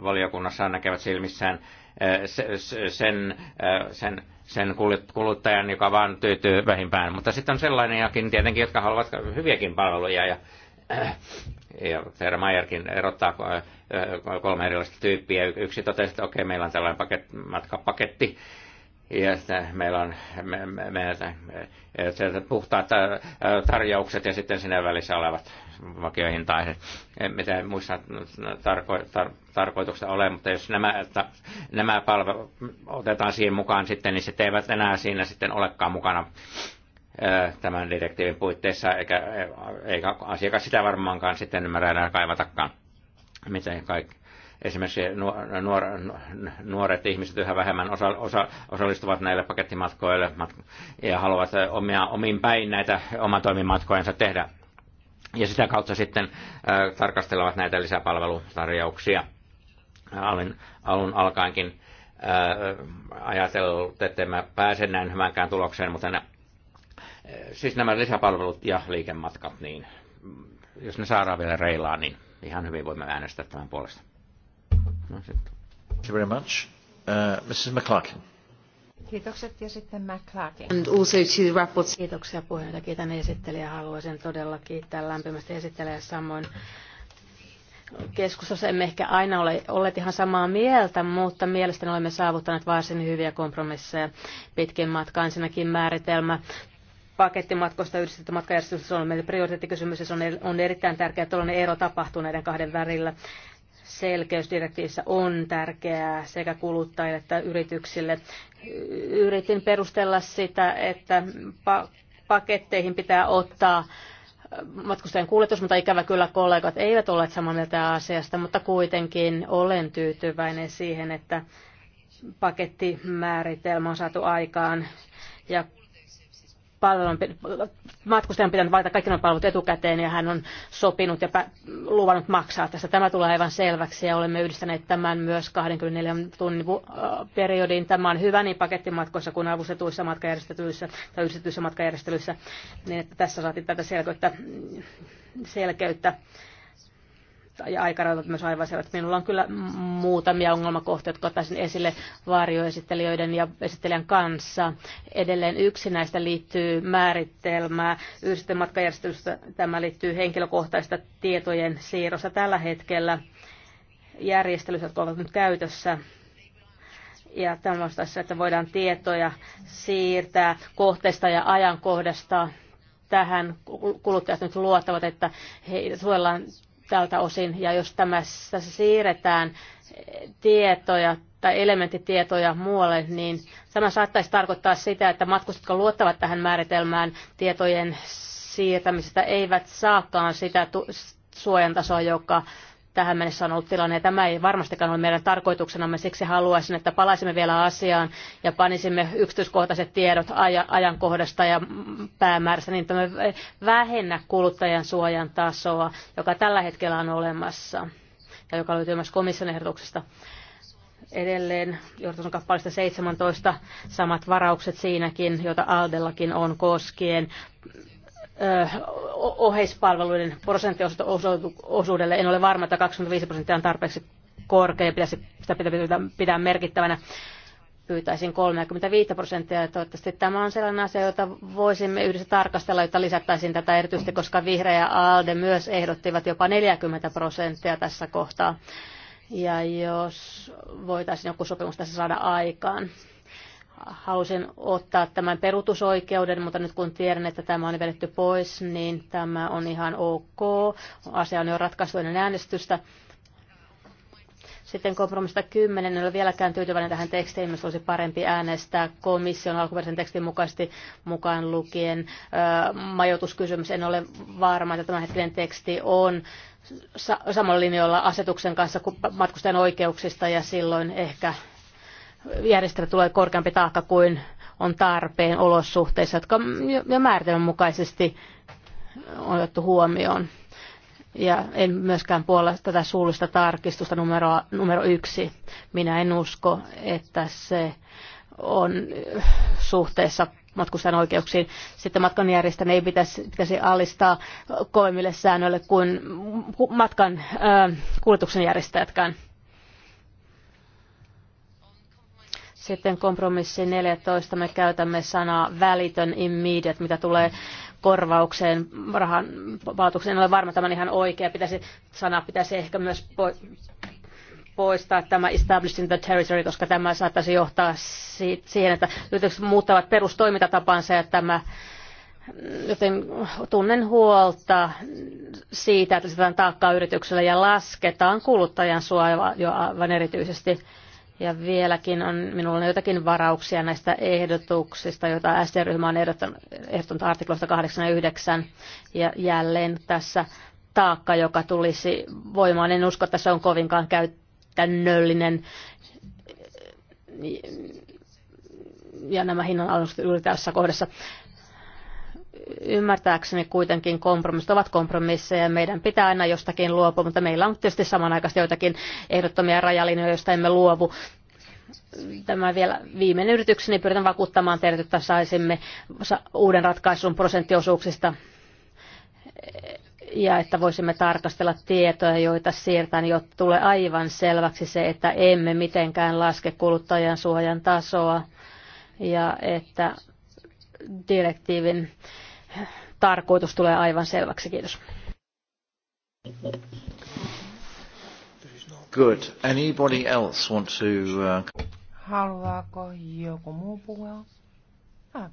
valiokunnassa näkevät silmissään sen, sen, sen kuluttajan, joka vaan tyytyy vähimpään. Mutta sitten on jakin tietenkin, jotka haluavat hyviäkin palveluja ja ja Herra Mayerkin erottaa kolme erilaista tyyppiä. Yksi totesi, että okei, meillä on tällainen paket, matkapaketti, ja sitten meillä on me, me, me, me, puhtaat tarjoukset ja sitten sinne välissä olevat tai mitä muissa no, tarko, tar, tarkoituksesta ole, mutta jos nämä, ta, nämä palvelut otetaan siihen mukaan sitten, niin sitten eivät enää siinä sitten olekaan mukana tämän direktiivin puitteissa, eikä, eikä asiakas sitä varmaankaan sitten ymmärrä enää kaivatakaan. Miten kaikki, esimerkiksi nuor, nuoret ihmiset yhä vähemmän osa, osa, osallistuvat näille pakettimatkoille mat, ja haluavat omia, omin päin näitä omatoimimatkojensa tehdä ja sitä kautta sitten tarkastelevat näitä lisäpalvelutarjouksia alun, alun alkaenkin ajatellut, että mä pääsen näin hyvänkään tulokseen, mutta ne, siis nämä lisäpalvelut ja liikematkat, niin jos ne saadaan vielä reilaan, niin ihan hyvin voimme äänestää tämän puolesta. No, Thank you very much. Uh, Mrs. McClarkin. Kiitokset ja sitten McClarkin. Kiitoksia puheenjohtaja. Kiitän esittelijä. Haluaisin todella kiittää lämpimästi esittelijä samoin keskustossa emme ehkä aina ole olleet ihan samaa mieltä, mutta mielestäni olemme saavuttaneet varsin hyviä kompromisseja pitkin matkaan. Ensinnäkin määritelmä pakettimatkoista yhdistetty matkajärjestelmä on meille prioriteettikysymys ja se on, on erittäin tärkeä tuollainen ero tapahtuu näiden kahden välillä selkeysdirektiivissä on tärkeää sekä kuluttajille että yrityksille. Yritin perustella sitä, että paketteihin pitää ottaa matkustajan kuljetus, mutta ikävä kyllä kollegat eivät ole samaa mieltä asiasta, mutta kuitenkin olen tyytyväinen siihen, että pakettimääritelmä on saatu aikaan ja palvelun, matkustajan pitänyt valita kaikki nämä palvelut etukäteen ja hän on sopinut ja luvannut maksaa tästä. Tämä tulee aivan selväksi ja olemme yhdistäneet tämän myös 24 tunnin periodiin. Tämä on hyvä niin pakettimatkoissa kuin avustetuissa matkajärjestelyissä tai yksityisissä matkajärjestelyissä, niin että tässä saatiin tätä selkeyttä. selkeyttä ja aikarautat myös että Minulla on kyllä muutamia ongelmakohtia, jotka ottaisin esille varjoesittelijöiden ja esittelijän kanssa. Edelleen yksi näistä liittyy määritelmää yhdisten matkajärjestelystä. Tämä liittyy henkilökohtaista tietojen siirrossa tällä hetkellä järjestelyt, jotka ovat nyt käytössä ja tämmöistä, että voidaan tietoja siirtää kohteesta ja ajankohdasta tähän kuluttajat nyt luottavat, että he suojellaan tältä osin. Ja jos tässä siirretään tietoja tai elementtitietoja muualle, niin tämä saattaisi tarkoittaa sitä, että matkustajat, jotka luottavat tähän määritelmään tietojen siirtämisestä, eivät saakaan sitä suojantasoa, joka tähän mennessä on ollut tilanne. Ja tämä ei varmastikaan ole meidän tarkoituksenamme, siksi haluaisin, että palaisimme vielä asiaan ja panisimme yksityiskohtaiset tiedot ajankohdasta ja päämäärästä, niin että me vähennä kuluttajan suojan tasoa, joka tällä hetkellä on olemassa ja joka löytyy myös komission ehdotuksesta edelleen johtoson kappaleesta 17 samat varaukset siinäkin, joita Aldellakin on koskien oheispalveluiden prosenttiosuudelle. En ole varma, että 25 prosenttia on tarpeeksi korkea ja pitäisi, sitä pitää pitää merkittävänä pyytäisin 35 prosenttia. Ja toivottavasti tämä on sellainen asia, jota voisimme yhdessä tarkastella, jotta lisättäisiin tätä erityisesti, koska Vihreä ja ALDE myös ehdottivat jopa 40 prosenttia tässä kohtaa. Ja jos voitaisiin joku sopimus tässä saada aikaan halusin ottaa tämän perutusoikeuden, mutta nyt kun tiedän, että tämä on vedetty pois, niin tämä on ihan ok. Asia on jo ratkaistu ennen äänestystä. Sitten kompromista 10, en ole vieläkään tyytyväinen tähän tekstiin, jos olisi parempi äänestää komission alkuperäisen tekstin mukaisesti mukaan lukien öö, majoituskysymys. En ole varma, että tämä hetkinen teksti on sa- samalla linjoilla asetuksen kanssa matkustajan oikeuksista ja silloin ehkä järjestelmä tulee korkeampi taakka kuin on tarpeen olosuhteissa, jotka jo määritelmän mukaisesti on otettu huomioon. Ja en myöskään puolla tätä suullista tarkistusta numero, numero yksi. Minä en usko, että se on suhteessa matkustajan oikeuksiin. Sitten matkan järjestäjän ei pitäisi, pitäisi alistaa kovemmille säännöille kuin matkan äh, kuljetuksen järjestäjätkään. Sitten kompromissi 14 me käytämme sanaa välitön immediate, mitä tulee korvaukseen, rahan palautukseen. En ole varma, tämä on ihan oikea. Pitäisi, sana pitäisi ehkä myös poistaa tämä establishing the territory, koska tämä saattaisi johtaa siihen, että yritykset muuttavat perustoimintatapansa ja tämä joten tunnen huolta siitä, että sitä taakkaa yritykselle ja lasketaan kuluttajan jo aivan erityisesti ja vieläkin on, minulla on jotakin varauksia näistä ehdotuksista, joita sd ryhmä on ehdottanut, ehdottanut artiklosta 8 ja 9. Ja jälleen tässä taakka, joka tulisi voimaan, en usko, että se on kovinkaan käytännöllinen. Ja nämä hinnanalennukset juuri tässä kohdassa ymmärtääkseni kuitenkin kompromissit ovat kompromisseja ja meidän pitää aina jostakin luopua, mutta meillä on tietysti samanaikaisesti joitakin ehdottomia rajalinjoja, joista emme luovu. Tämä vielä viimeinen yritykseni niin pyritän vakuuttamaan teidät, että saisimme uuden ratkaisun prosenttiosuuksista ja että voisimme tarkastella tietoja, joita siirtään, jotta tulee aivan selväksi se, että emme mitenkään laske kuluttajan suojan tasoa ja että direktiivin tarkoitus tulee aivan selväksi. Kiitos. Good. Anybody else want to... Uh... Haluaako joku muu puhua? Ah,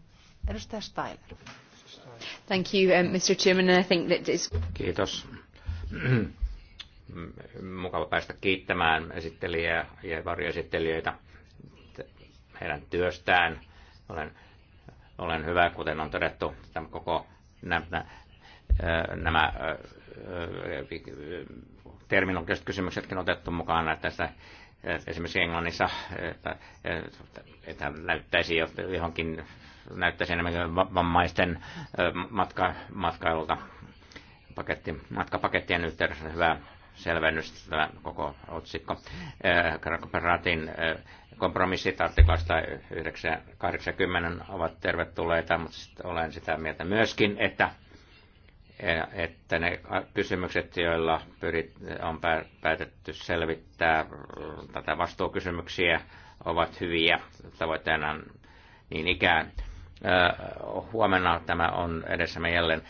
edustaja Steiner. Thank you, um, Mr. Chairman. I think that is... Kiitos. Mukava päästä kiittämään esittelijää ja varjoesittelijöitä heidän työstään. Olen olen hyvä, kuten on todettu, tämä koko nämä, nämä terminologiset kysymyksetkin otettu mukaan, että tässä esimerkiksi Englannissa että, että näyttäisi johonkin näyttäisi enemmän vammaisten matka, matkailulta paketti, matkapakettien yhteydessä hyvä selvennys tämä koko otsikko. Karakoperaatin kompromissit artiklasta 80 ovat tervetulleita, mutta olen sitä mieltä myöskin, että, e, että ne kysymykset, joilla pyrit, on päätetty selvittää mm, tätä vastuukysymyksiä, ovat hyviä tavoitteena niin ikään Äh, huomenna tämä on edessämme jälleen.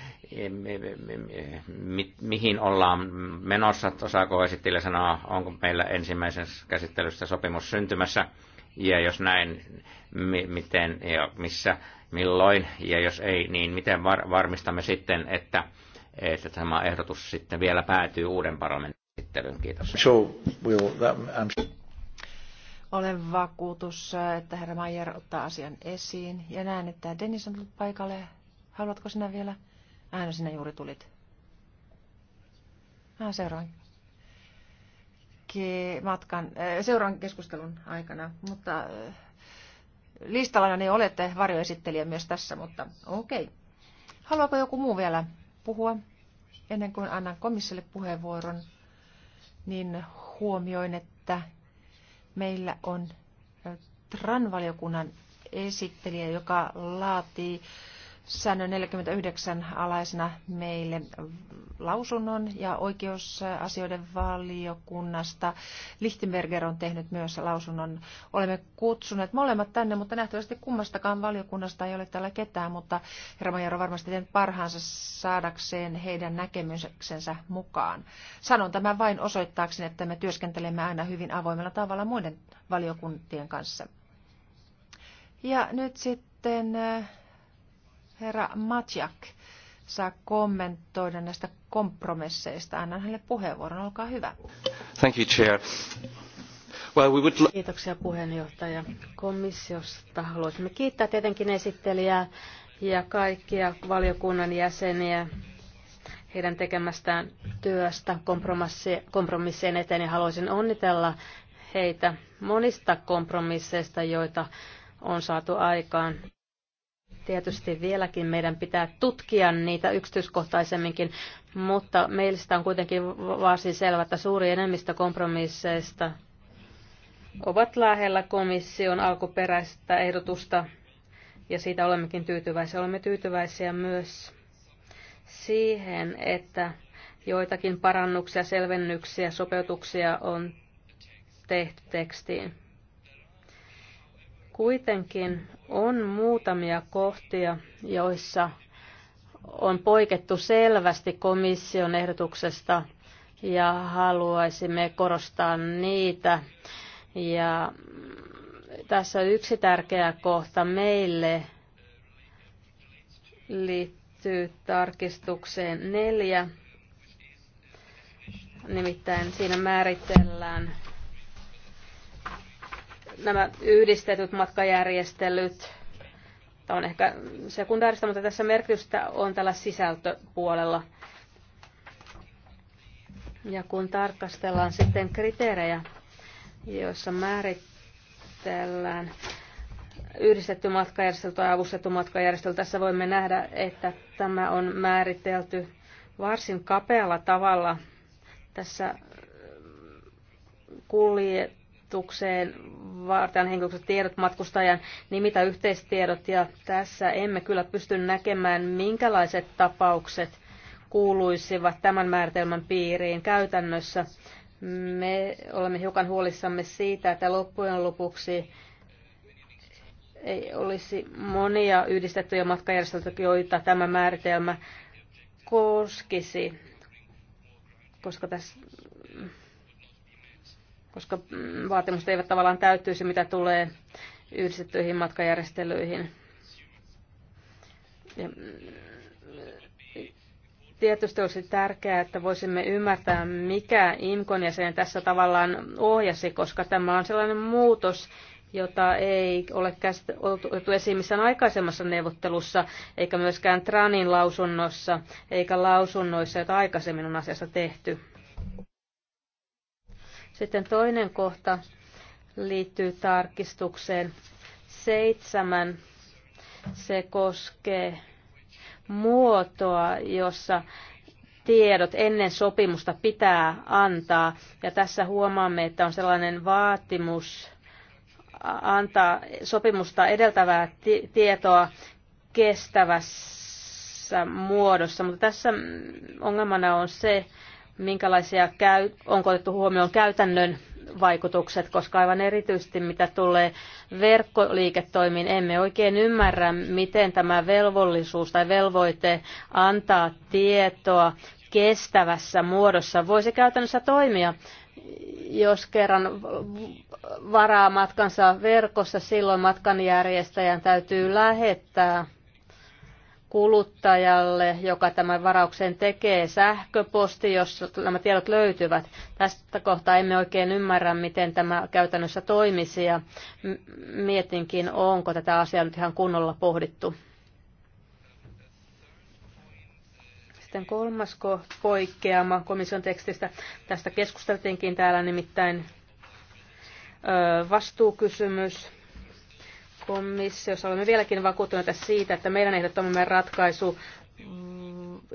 Mihin ollaan menossa? Osaako esittelijä sanoa, onko meillä ensimmäisessä käsittelyssä sopimus syntymässä? Ja jos näin, miten ja missä, milloin? Ja jos ei, niin miten varmistamme sitten, että, että tämä ehdotus sitten vielä päätyy uuden parlamentin käsittelyyn? Kiitos. So, we'll, that, olen vakuutus, että herra Mayer ottaa asian esiin. Ja näen, että Dennis on tullut paikalle. Haluatko sinä vielä? Äänä sinä juuri tulit. Mä seuraan matkan, äh, seuraan keskustelun aikana, mutta äh, listalla ne niin olette varjoesittelijä myös tässä, mutta okei. Okay. Haluaako joku muu vielä puhua? Ennen kuin annan komissiolle puheenvuoron, niin huomioin, että meillä on TRAN-valiokunnan esittelijä, joka laatii säännön 49 alaisena meille lausunnon ja oikeusasioiden valiokunnasta. Lichtenberger on tehnyt myös lausunnon. Olemme kutsuneet molemmat tänne, mutta nähtävästi kummastakaan valiokunnasta ei ole täällä ketään, mutta herra on varmasti tehnyt parhaansa saadakseen heidän näkemyksensä mukaan. Sanon tämän vain osoittaakseni, että me työskentelemme aina hyvin avoimella tavalla muiden valiokuntien kanssa. Ja nyt sitten herra Matjak saa kommentoida näistä kompromisseista. Annan hänelle puheenvuoron. Olkaa hyvä. Thank you, Chair. Well, we would... Kiitoksia puheenjohtaja komissiosta. Haluaisimme kiittää tietenkin esittelijää ja kaikkia valiokunnan jäseniä heidän tekemästään työstä kompromissien eteen ja haluaisin onnitella heitä monista kompromisseista, joita on saatu aikaan. Tietysti vieläkin meidän pitää tutkia niitä yksityiskohtaisemminkin, mutta meistä on kuitenkin varsin selvä, että suuri enemmistö kompromisseista ovat lähellä komission alkuperäistä ehdotusta ja siitä olemmekin tyytyväisiä. Olemme tyytyväisiä myös siihen, että joitakin parannuksia, selvennyksiä, sopeutuksia on tehty tekstiin. Kuitenkin on muutamia kohtia, joissa on poikettu selvästi komission ehdotuksesta ja haluaisimme korostaa niitä. Ja tässä yksi tärkeä kohta meille liittyy tarkistukseen neljä. Nimittäin siinä määritellään nämä yhdistetyt matkajärjestelyt, tämä on ehkä sekundaarista, mutta tässä merkitystä on tällä sisältöpuolella. Ja kun tarkastellaan sitten kriteerejä, joissa määritellään yhdistetty matkajärjestely tai avustettu matkajärjestely, tässä voimme nähdä, että tämä on määritelty varsin kapealla tavalla. Tässä kulje matkustukseen varten henkilökohtaiset tiedot matkustajan nimitä yhteistiedot ja tässä emme kyllä pysty näkemään minkälaiset tapaukset kuuluisivat tämän määritelmän piiriin käytännössä. Me olemme hiukan huolissamme siitä, että loppujen lopuksi ei olisi monia yhdistettyjä matkajärjestelmiä, joita tämä määritelmä koskisi, koska tässä koska mm, vaatimukset eivät tavallaan täyttyisi, mitä tulee yhdistettyihin matkajärjestelyihin. Ja, mm, tietysti olisi tärkeää, että voisimme ymmärtää, mikä IMKON jäsen tässä tavallaan ohjasi, koska tämä on sellainen muutos, jota ei ole otettu esiin missään aikaisemmassa neuvottelussa, eikä myöskään Tranin lausunnossa, eikä lausunnoissa, joita aikaisemmin on asiassa tehty. Sitten toinen kohta liittyy tarkistukseen seitsemän. Se koskee muotoa, jossa tiedot ennen sopimusta pitää antaa. Ja tässä huomaamme, että on sellainen vaatimus antaa sopimusta edeltävää tietoa kestävässä muodossa. Mutta tässä ongelmana on se, minkälaisia käy, onko otettu huomioon käytännön vaikutukset, koska aivan erityisesti mitä tulee verkkoliiketoimiin, emme oikein ymmärrä, miten tämä velvollisuus tai velvoite antaa tietoa kestävässä muodossa voisi käytännössä toimia, jos kerran varaa matkansa verkossa, silloin matkanjärjestäjän täytyy lähettää kuluttajalle, joka tämän varauksen tekee, sähköposti, jos nämä tiedot löytyvät. Tästä kohtaa emme oikein ymmärrä, miten tämä käytännössä toimisi ja mietinkin, onko tätä asiaa nyt ihan kunnolla pohdittu. Sitten kolmas poikkeama komission tekstistä. Tästä keskusteltiinkin täällä nimittäin vastuukysymys komissiossa olemme vieläkin vakuuttuneita siitä, että meidän ehdottamamme ratkaisu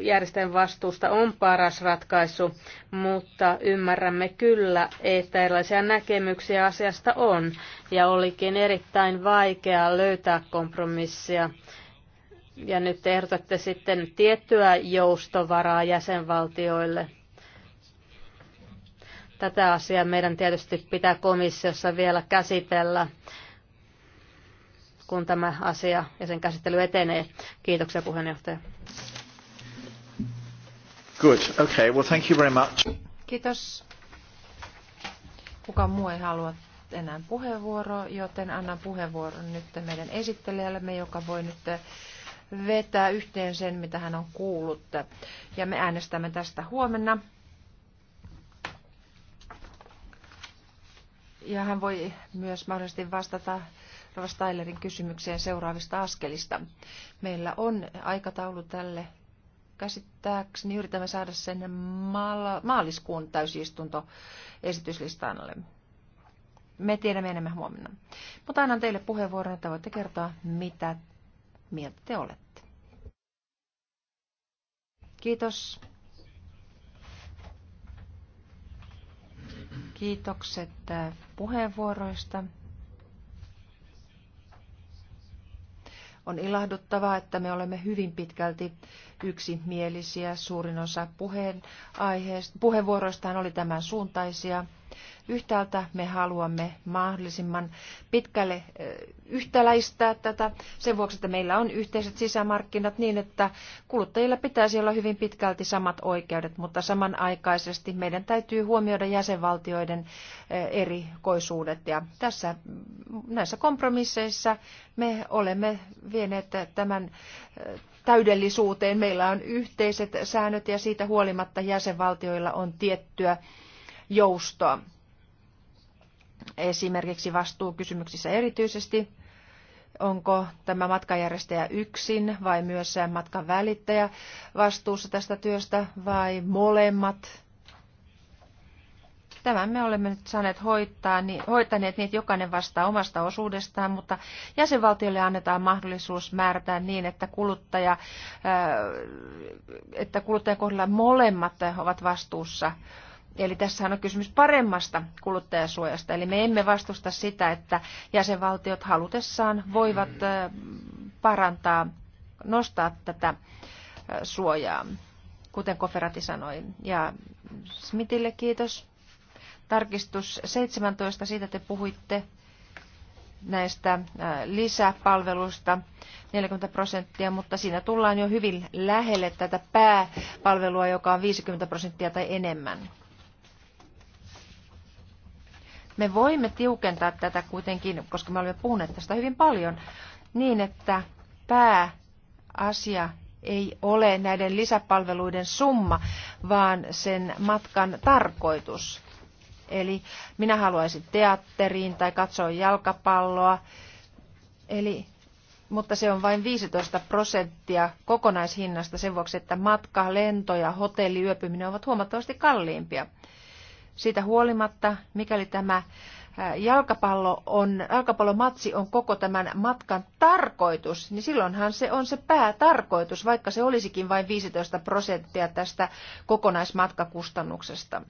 järjestäjän vastuusta on paras ratkaisu, mutta ymmärrämme kyllä, että erilaisia näkemyksiä asiasta on ja olikin erittäin vaikeaa löytää kompromissia. Ja nyt ehdotatte sitten tiettyä joustovaraa jäsenvaltioille. Tätä asiaa meidän tietysti pitää komissiossa vielä käsitellä kun tämä asia ja sen käsittely etenee. Kiitoksia puheenjohtaja. Good. Okay. Well, thank you very much. Kiitos. Kuka muu ei halua enää puheenvuoroa, joten annan puheenvuoron nyt meidän esittelijällemme, joka voi nyt vetää yhteen sen, mitä hän on kuullut. Ja me äänestämme tästä huomenna. Ja hän voi myös mahdollisesti vastata Rova kysymykseen seuraavista askelista. Meillä on aikataulu tälle käsittääkseni. Yritämme saada sen maaliskuun täysistunto esityslistalle. Me tiedämme enemmän huomenna. Mutta annan teille puheenvuoron, että voitte kertoa, mitä mieltä te olette. Kiitos. Kiitokset äh, puheenvuoroista. On ilahduttavaa, että me olemme hyvin pitkälti yksimielisiä. Suurin osa puheen aiheesta, puheenvuoroistaan oli tämän suuntaisia. Yhtäältä me haluamme mahdollisimman pitkälle yhtäläistää tätä sen vuoksi, että meillä on yhteiset sisämarkkinat niin, että kuluttajilla pitäisi olla hyvin pitkälti samat oikeudet, mutta samanaikaisesti meidän täytyy huomioida jäsenvaltioiden erikoisuudet. Ja tässä mm, näissä kompromisseissa me olemme vieneet tämän täydellisuuteen. Meillä on yhteiset säännöt ja siitä huolimatta jäsenvaltioilla on tiettyä joustoa. Esimerkiksi vastuukysymyksissä erityisesti, onko tämä matkajärjestäjä yksin vai myös matkan välittäjä vastuussa tästä työstä vai molemmat. Tämän me olemme nyt saaneet hoitaa, niin, hoitaneet niin, että jokainen vastaa omasta osuudestaan, mutta jäsenvaltiolle annetaan mahdollisuus määrätä niin, että, kuluttaja, että kuluttajan kohdalla molemmat ovat vastuussa Eli tässä on kysymys paremmasta kuluttajasuojasta. Eli me emme vastusta sitä, että jäsenvaltiot halutessaan voivat mm. parantaa, nostaa tätä suojaa, kuten Koferati sanoi. Ja Smithille kiitos. Tarkistus 17, siitä te puhuitte näistä lisäpalveluista 40 prosenttia, mutta siinä tullaan jo hyvin lähelle tätä pääpalvelua, joka on 50 prosenttia tai enemmän. Me voimme tiukentaa tätä kuitenkin, koska me olemme puhuneet tästä hyvin paljon, niin että pääasia ei ole näiden lisäpalveluiden summa, vaan sen matkan tarkoitus. Eli minä haluaisin teatteriin tai katsoa jalkapalloa. Eli, mutta se on vain 15 prosenttia kokonaishinnasta sen vuoksi, että matka, lento ja hotelli, yöpyminen ovat huomattavasti kalliimpia. Siitä huolimatta, mikäli tämä jalkapallo on, jalkapallomatsi on koko tämän matkan tarkoitus, niin silloinhan se on se päätarkoitus, vaikka se olisikin vain 15 prosenttia tästä kokonaismatkakustannuksesta.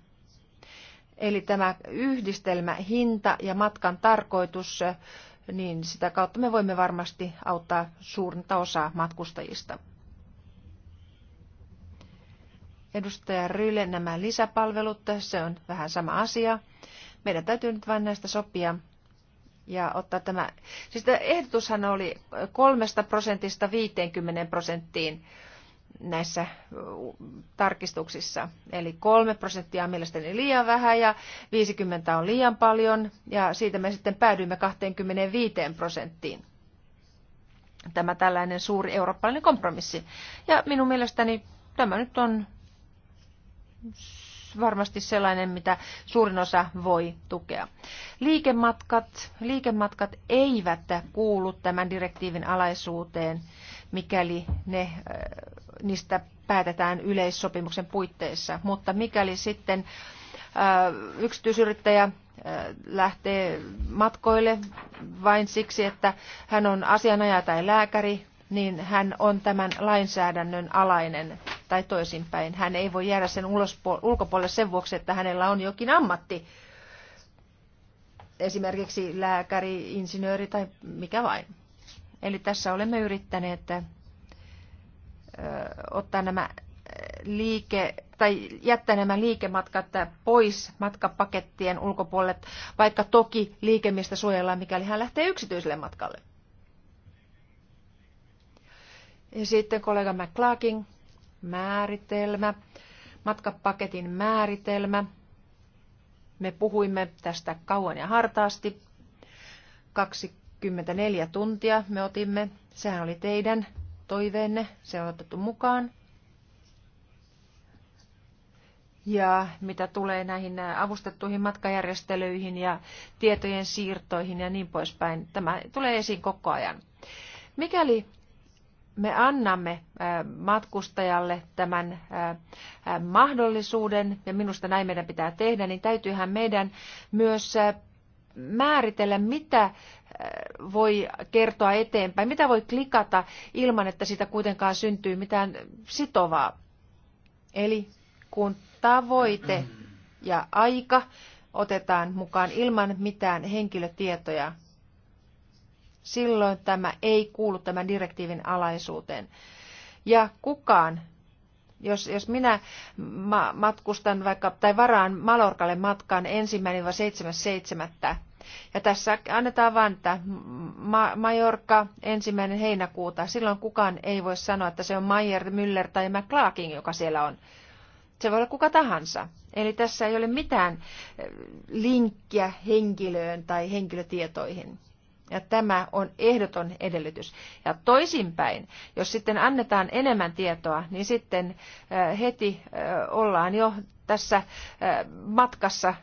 Eli tämä yhdistelmä, hinta ja matkan tarkoitus, niin sitä kautta me voimme varmasti auttaa suurinta osaa matkustajista edustaja Rylle nämä lisäpalvelut, se on vähän sama asia. Meidän täytyy nyt vain näistä sopia ja ottaa tämä. Siis tämä ehdotushan oli kolmesta prosentista 50 prosenttiin näissä tarkistuksissa. Eli kolme prosenttia on mielestäni liian vähän ja 50 on liian paljon ja siitä me sitten päädyimme 25 prosenttiin. Tämä tällainen suuri eurooppalainen kompromissi. Ja minun mielestäni tämä nyt on varmasti sellainen, mitä suurin osa voi tukea. Liikematkat, liikematkat eivät kuulu tämän direktiivin alaisuuteen, mikäli ne, äh, niistä päätetään yleissopimuksen puitteissa. Mutta mikäli sitten äh, yksityisyrittäjä äh, lähtee matkoille vain siksi, että hän on asianajaja tai lääkäri, niin hän on tämän lainsäädännön alainen tai toisinpäin. Hän ei voi jäädä sen ulkopuolelle sen vuoksi, että hänellä on jokin ammatti, esimerkiksi lääkäri, insinööri tai mikä vain. Eli tässä olemme yrittäneet että, ottaa nämä liike, tai jättää nämä liikematkat pois matkapakettien ulkopuolelle, vaikka toki liikemistä suojellaan, mikäli hän lähtee yksityiselle matkalle. Ja sitten kollega McClarkin määritelmä, matkapaketin määritelmä. Me puhuimme tästä kauan ja hartaasti. 24 tuntia me otimme. Sehän oli teidän toiveenne, se on otettu mukaan. Ja mitä tulee näihin avustettuihin matkajärjestelyihin ja tietojen siirtoihin ja niin poispäin, tämä tulee esiin koko ajan. Mikäli me annamme matkustajalle tämän mahdollisuuden, ja minusta näin meidän pitää tehdä, niin täytyyhän meidän myös määritellä, mitä voi kertoa eteenpäin, mitä voi klikata ilman, että sitä kuitenkaan syntyy mitään sitovaa. Eli kun tavoite ja aika otetaan mukaan ilman mitään henkilötietoja, silloin tämä ei kuulu tämän direktiivin alaisuuteen. Ja kukaan, jos, jos minä matkustan vaikka, tai varaan Malorkalle matkaan ensimmäinen vai seitsemäs seitsemättä, ja tässä annetaan vain, että Majorka ensimmäinen heinäkuuta, silloin kukaan ei voi sanoa, että se on Mayer, Müller tai McClarkin, joka siellä on. Se voi olla kuka tahansa. Eli tässä ei ole mitään eh, linkkiä henkilöön tai henkilötietoihin. Ja tämä on ehdoton edellytys. Ja toisinpäin, jos sitten annetaan enemmän tietoa, niin sitten heti ollaan jo tässä matkassa,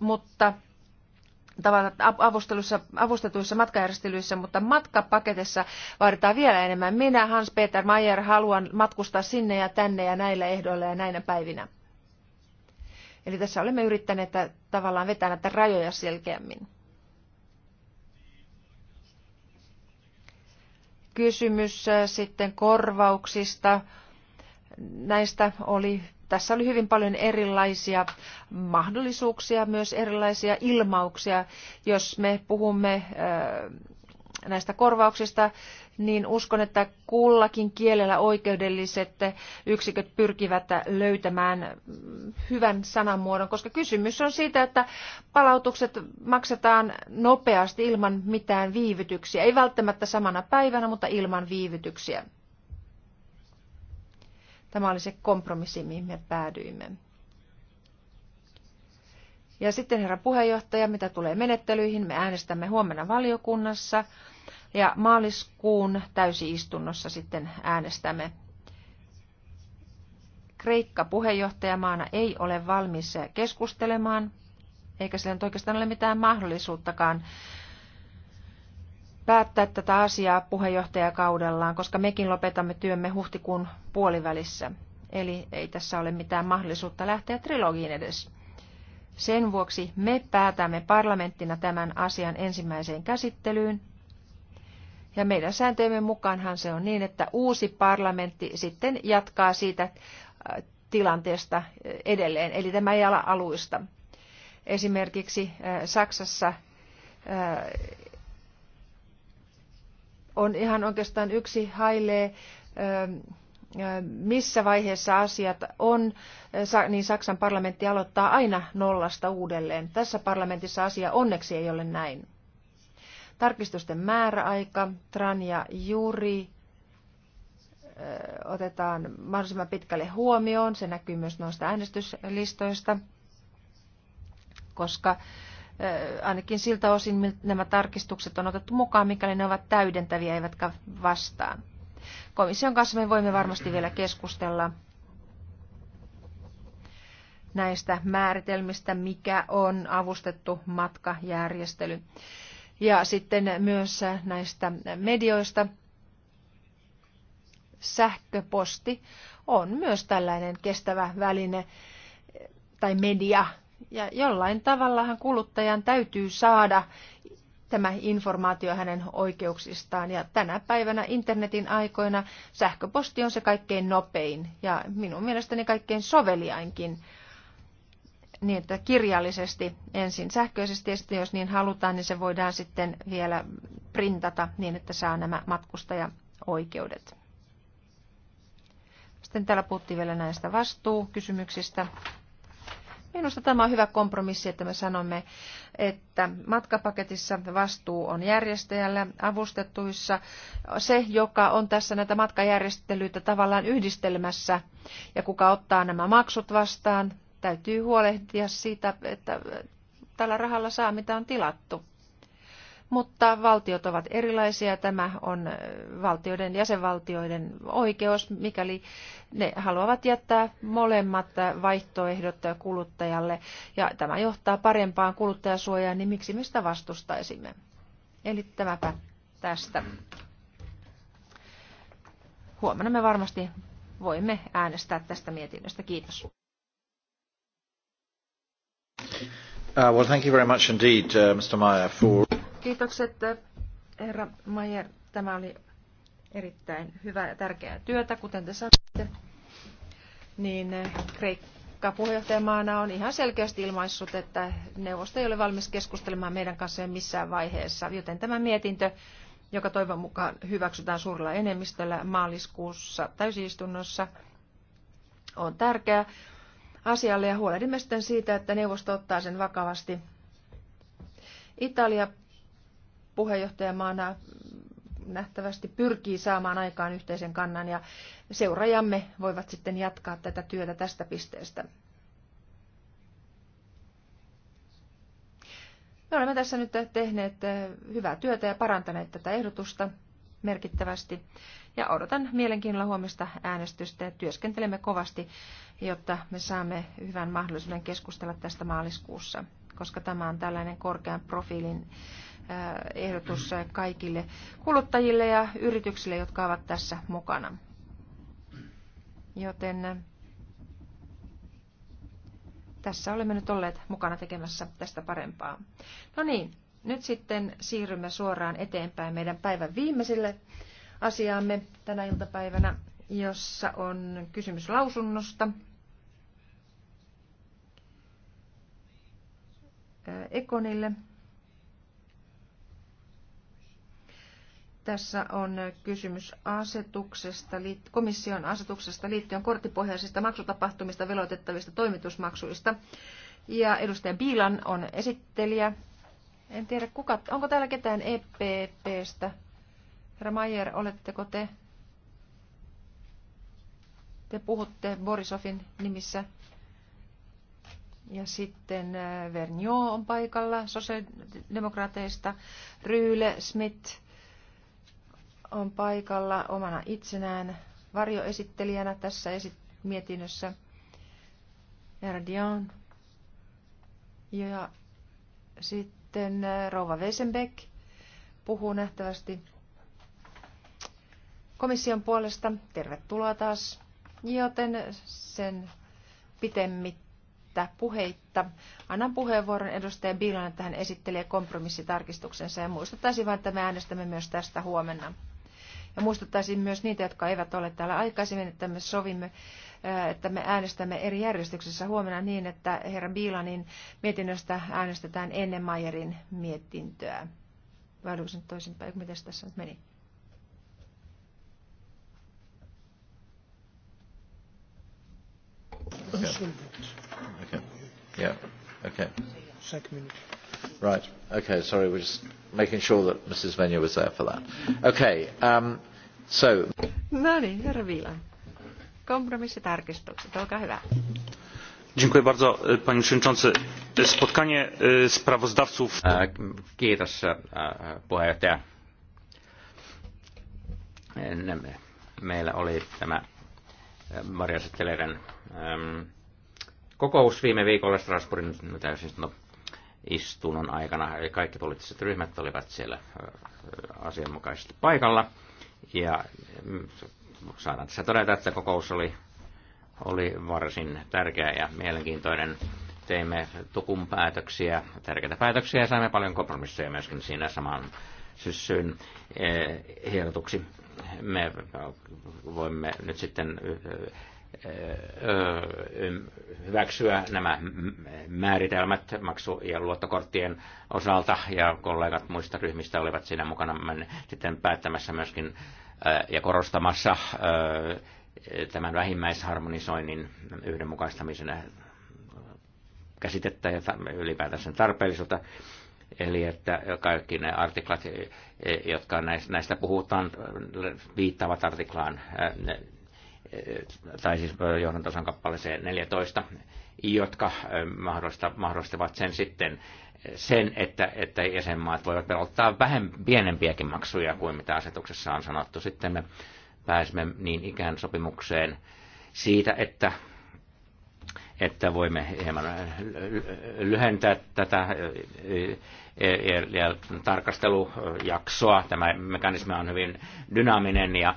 mutta avustetuissa matkajärjestelyissä, mutta matkapaketissa vaaditaan vielä enemmän. Minä, Hans-Peter Mayer, haluan matkustaa sinne ja tänne ja näillä ehdoilla ja näinä päivinä. Eli tässä olemme yrittäneet tavallaan vetää näitä rajoja selkeämmin. kysymys äh, sitten korvauksista. Näistä oli, tässä oli hyvin paljon erilaisia mahdollisuuksia, myös erilaisia ilmauksia. Jos me puhumme äh, näistä korvauksista, niin uskon, että kullakin kielellä oikeudelliset yksiköt pyrkivät löytämään hyvän sanamuodon, koska kysymys on siitä, että palautukset maksetaan nopeasti ilman mitään viivytyksiä. Ei välttämättä samana päivänä, mutta ilman viivytyksiä. Tämä oli se kompromissi, mihin me päädyimme. Ja sitten herra puheenjohtaja, mitä tulee menettelyihin, me äänestämme huomenna valiokunnassa ja maaliskuun täysiistunnossa sitten äänestämme. Kreikka puheenjohtajamaana ei ole valmis keskustelemaan, eikä sillä nyt oikeastaan ole mitään mahdollisuuttakaan päättää tätä asiaa puheenjohtajakaudellaan, koska mekin lopetamme työmme huhtikuun puolivälissä. Eli ei tässä ole mitään mahdollisuutta lähteä trilogiin edes. Sen vuoksi me päätämme parlamenttina tämän asian ensimmäiseen käsittelyyn. Ja meidän sääntöjemme mukaanhan se on niin, että uusi parlamentti sitten jatkaa siitä äh, tilanteesta äh, edelleen. Eli tämä ei ala aluista. Esimerkiksi äh, Saksassa on ihan oikeastaan yksi hailee missä vaiheessa asiat on, niin Saksan parlamentti aloittaa aina nollasta uudelleen. Tässä parlamentissa asia onneksi ei ole näin. Tarkistusten määräaika, Tran ja Juri otetaan mahdollisimman pitkälle huomioon. Se näkyy myös noista äänestyslistoista, koska ainakin siltä osin nämä tarkistukset on otettu mukaan, mikäli ne ovat täydentäviä eivätkä vastaan komission kanssa me voimme varmasti vielä keskustella näistä määritelmistä, mikä on avustettu matkajärjestely. Ja sitten myös näistä medioista. Sähköposti on myös tällainen kestävä väline tai media. Ja jollain tavallahan kuluttajan täytyy saada tämä informaatio hänen oikeuksistaan. Ja tänä päivänä internetin aikoina sähköposti on se kaikkein nopein ja minun mielestäni kaikkein soveliainkin niin, että kirjallisesti ensin sähköisesti ja sitten jos niin halutaan, niin se voidaan sitten vielä printata niin, että saa nämä matkustajaoikeudet. Sitten täällä puhuttiin vielä näistä vastuukysymyksistä. Minusta tämä on hyvä kompromissi, että me sanomme, että matkapaketissa vastuu on järjestäjällä, avustettuissa se, joka on tässä näitä matkajärjestelyitä tavallaan yhdistelmässä ja kuka ottaa nämä maksut vastaan, täytyy huolehtia siitä, että tällä rahalla saa mitä on tilattu mutta valtiot ovat erilaisia. Tämä on äh, valtioiden, jäsenvaltioiden oikeus, mikäli ne haluavat jättää molemmat äh, vaihtoehdot äh, kuluttajalle ja tämä johtaa parempaan kuluttajasuojaan, niin miksi me sitä vastustaisimme? Eli tämäpä tästä. Huomenna me varmasti voimme äänestää tästä mietinnöstä. Kiitos. Uh, well, thank you very much indeed, uh, Mr. Meyer, for... Kiitokset, herra Mayer. Tämä oli erittäin hyvä, ja tärkeää työtä, kuten te sanoitte. Niin eh, Kreikka puheenjohtajamaana on ihan selkeästi ilmaissut, että neuvosto ei ole valmis keskustelemaan meidän kanssa missään vaiheessa, joten tämä mietintö, joka toivon mukaan hyväksytään suurella enemmistöllä maaliskuussa täysistunnossa, on tärkeä asialle ja huolehdimme sitten siitä, että neuvosto ottaa sen vakavasti. Italia puheenjohtajamaana nähtävästi pyrkii saamaan aikaan yhteisen kannan ja seuraajamme voivat sitten jatkaa tätä työtä tästä pisteestä. Me olemme tässä nyt tehneet eh, hyvää työtä ja parantaneet tätä ehdotusta merkittävästi. Ja odotan mielenkiinnolla huomista äänestystä ja työskentelemme kovasti, jotta me saamme hyvän mahdollisuuden keskustella tästä maaliskuussa, koska tämä on tällainen korkean profiilin Äh, ehdotus kaikille kuluttajille ja yrityksille, jotka ovat tässä mukana. Joten äh, tässä olemme nyt olleet mukana tekemässä tästä parempaa. No niin, nyt sitten siirrymme suoraan eteenpäin meidän päivän viimeiselle asiaamme tänä iltapäivänä, jossa on kysymys lausunnosta. Äh, Ekonille. Tässä on kysymys asetuksesta, komission asetuksesta liittyen korttipohjaisista maksutapahtumista veloitettavista toimitusmaksuista. Ja edustaja Biilan on esittelijä. En tiedä, kuka, onko täällä ketään EPPstä? Herra Mayer, oletteko te? Te puhutte Borisovin nimissä. Ja sitten äh, Vernio on paikalla sosiaalidemokraateista, Ryyle, Smith, on paikalla omana itsenään varjoesittelijänä tässä esit- mietinnössä. Erdian. Ja sitten äh, Rouva Wesenbeck puhuu nähtävästi komission puolesta. Tervetuloa taas. Joten sen pitemmittä puheitta. Annan puheenvuoron edustaja Biilan, että hän esittelee kompromissitarkistuksensa ja muistuttaisin vain, että me äänestämme myös tästä huomenna. Ja muistuttaisin myös niitä, jotka eivät ole täällä aikaisemmin, että me sovimme, äh, että me äänestämme eri järjestyksessä huomenna niin, että herra Biilanin mietinnöstä äänestetään ennen Mayerin mietintöä. Vai oliko se nyt toisinpäin? Miten tässä nyt meni? Okay. Okay. Yeah. Okay. Right. Okay. Sorry, we're just making sure that Mrs. Venya was there for that. Okay. Um, so. No niin, herra Viilan. Kompromissitarkistukset, olkaa hyvä. Dziękuję bardzo, panie przewodniczący. Spotkanie sprawozdawców. E, kiitos, e, e, puheenjohtaja. Meillä oli tämä Maria Setteleiden kokous viime viikolla Strasbourgin täysistunto istunnon aikana. Eli kaikki poliittiset ryhmät olivat siellä asianmukaisesti paikalla. Ja mm, saadaan tässä todeta, että kokous oli, oli varsin tärkeä ja mielenkiintoinen. Teimme tukun päätöksiä, tärkeitä päätöksiä ja saimme paljon kompromisseja myöskin siinä samaan syssyn e, ehdotuksi. Me voimme nyt sitten hyväksyä nämä määritelmät maksu- ja luottokorttien osalta, ja kollegat muista ryhmistä olivat siinä mukana sitten päättämässä myöskin ja korostamassa tämän vähimmäisharmonisoinnin yhdenmukaistamisen käsitettä ja ylipäätään sen tarpeellisuutta. Eli että kaikki ne artiklat, e, jotka näistä puhutaan, viittaavat artiklaan Eh, tai siis johdantason kappaleeseen 14, jotka eh, mahdollistavat sen sitten eh, sen, että, että jäsenmaat voivat velottaa vähän pienempiäkin maksuja kuin mitä asetuksessa on sanottu. Sitten me pääsemme niin ikään sopimukseen siitä, että että voimme hieman lyhentää tätä tarkastelujaksoa. Tämä mekanismi on hyvin dynaaminen ja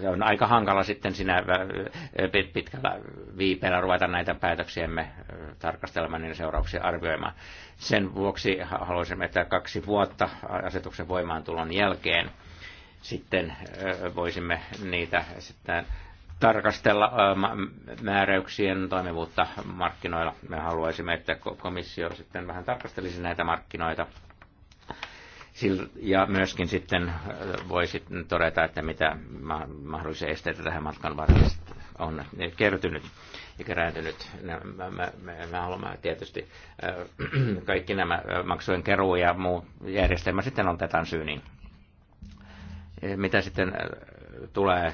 se on aika hankala sitten sinä pitkällä viipeellä ruveta näitä päätöksiämme tarkastelemaan niin seurauksia arvioimaan. Sen vuoksi haluaisimme, että kaksi vuotta asetuksen voimaantulon jälkeen sitten voisimme niitä sitten tarkastella määräyksien toimivuutta markkinoilla. Me haluaisimme, että komissio sitten vähän tarkastelisi näitä markkinoita ja myöskin sitten voisi todeta, että mitä mahdollisia esteitä tähän matkan varrella on kertynyt ja kerääntynyt. Me, me, me, haluamme tietysti kaikki nämä maksujen keruu ja muu järjestelmä sitten on tätä syyniin. Mitä sitten tulee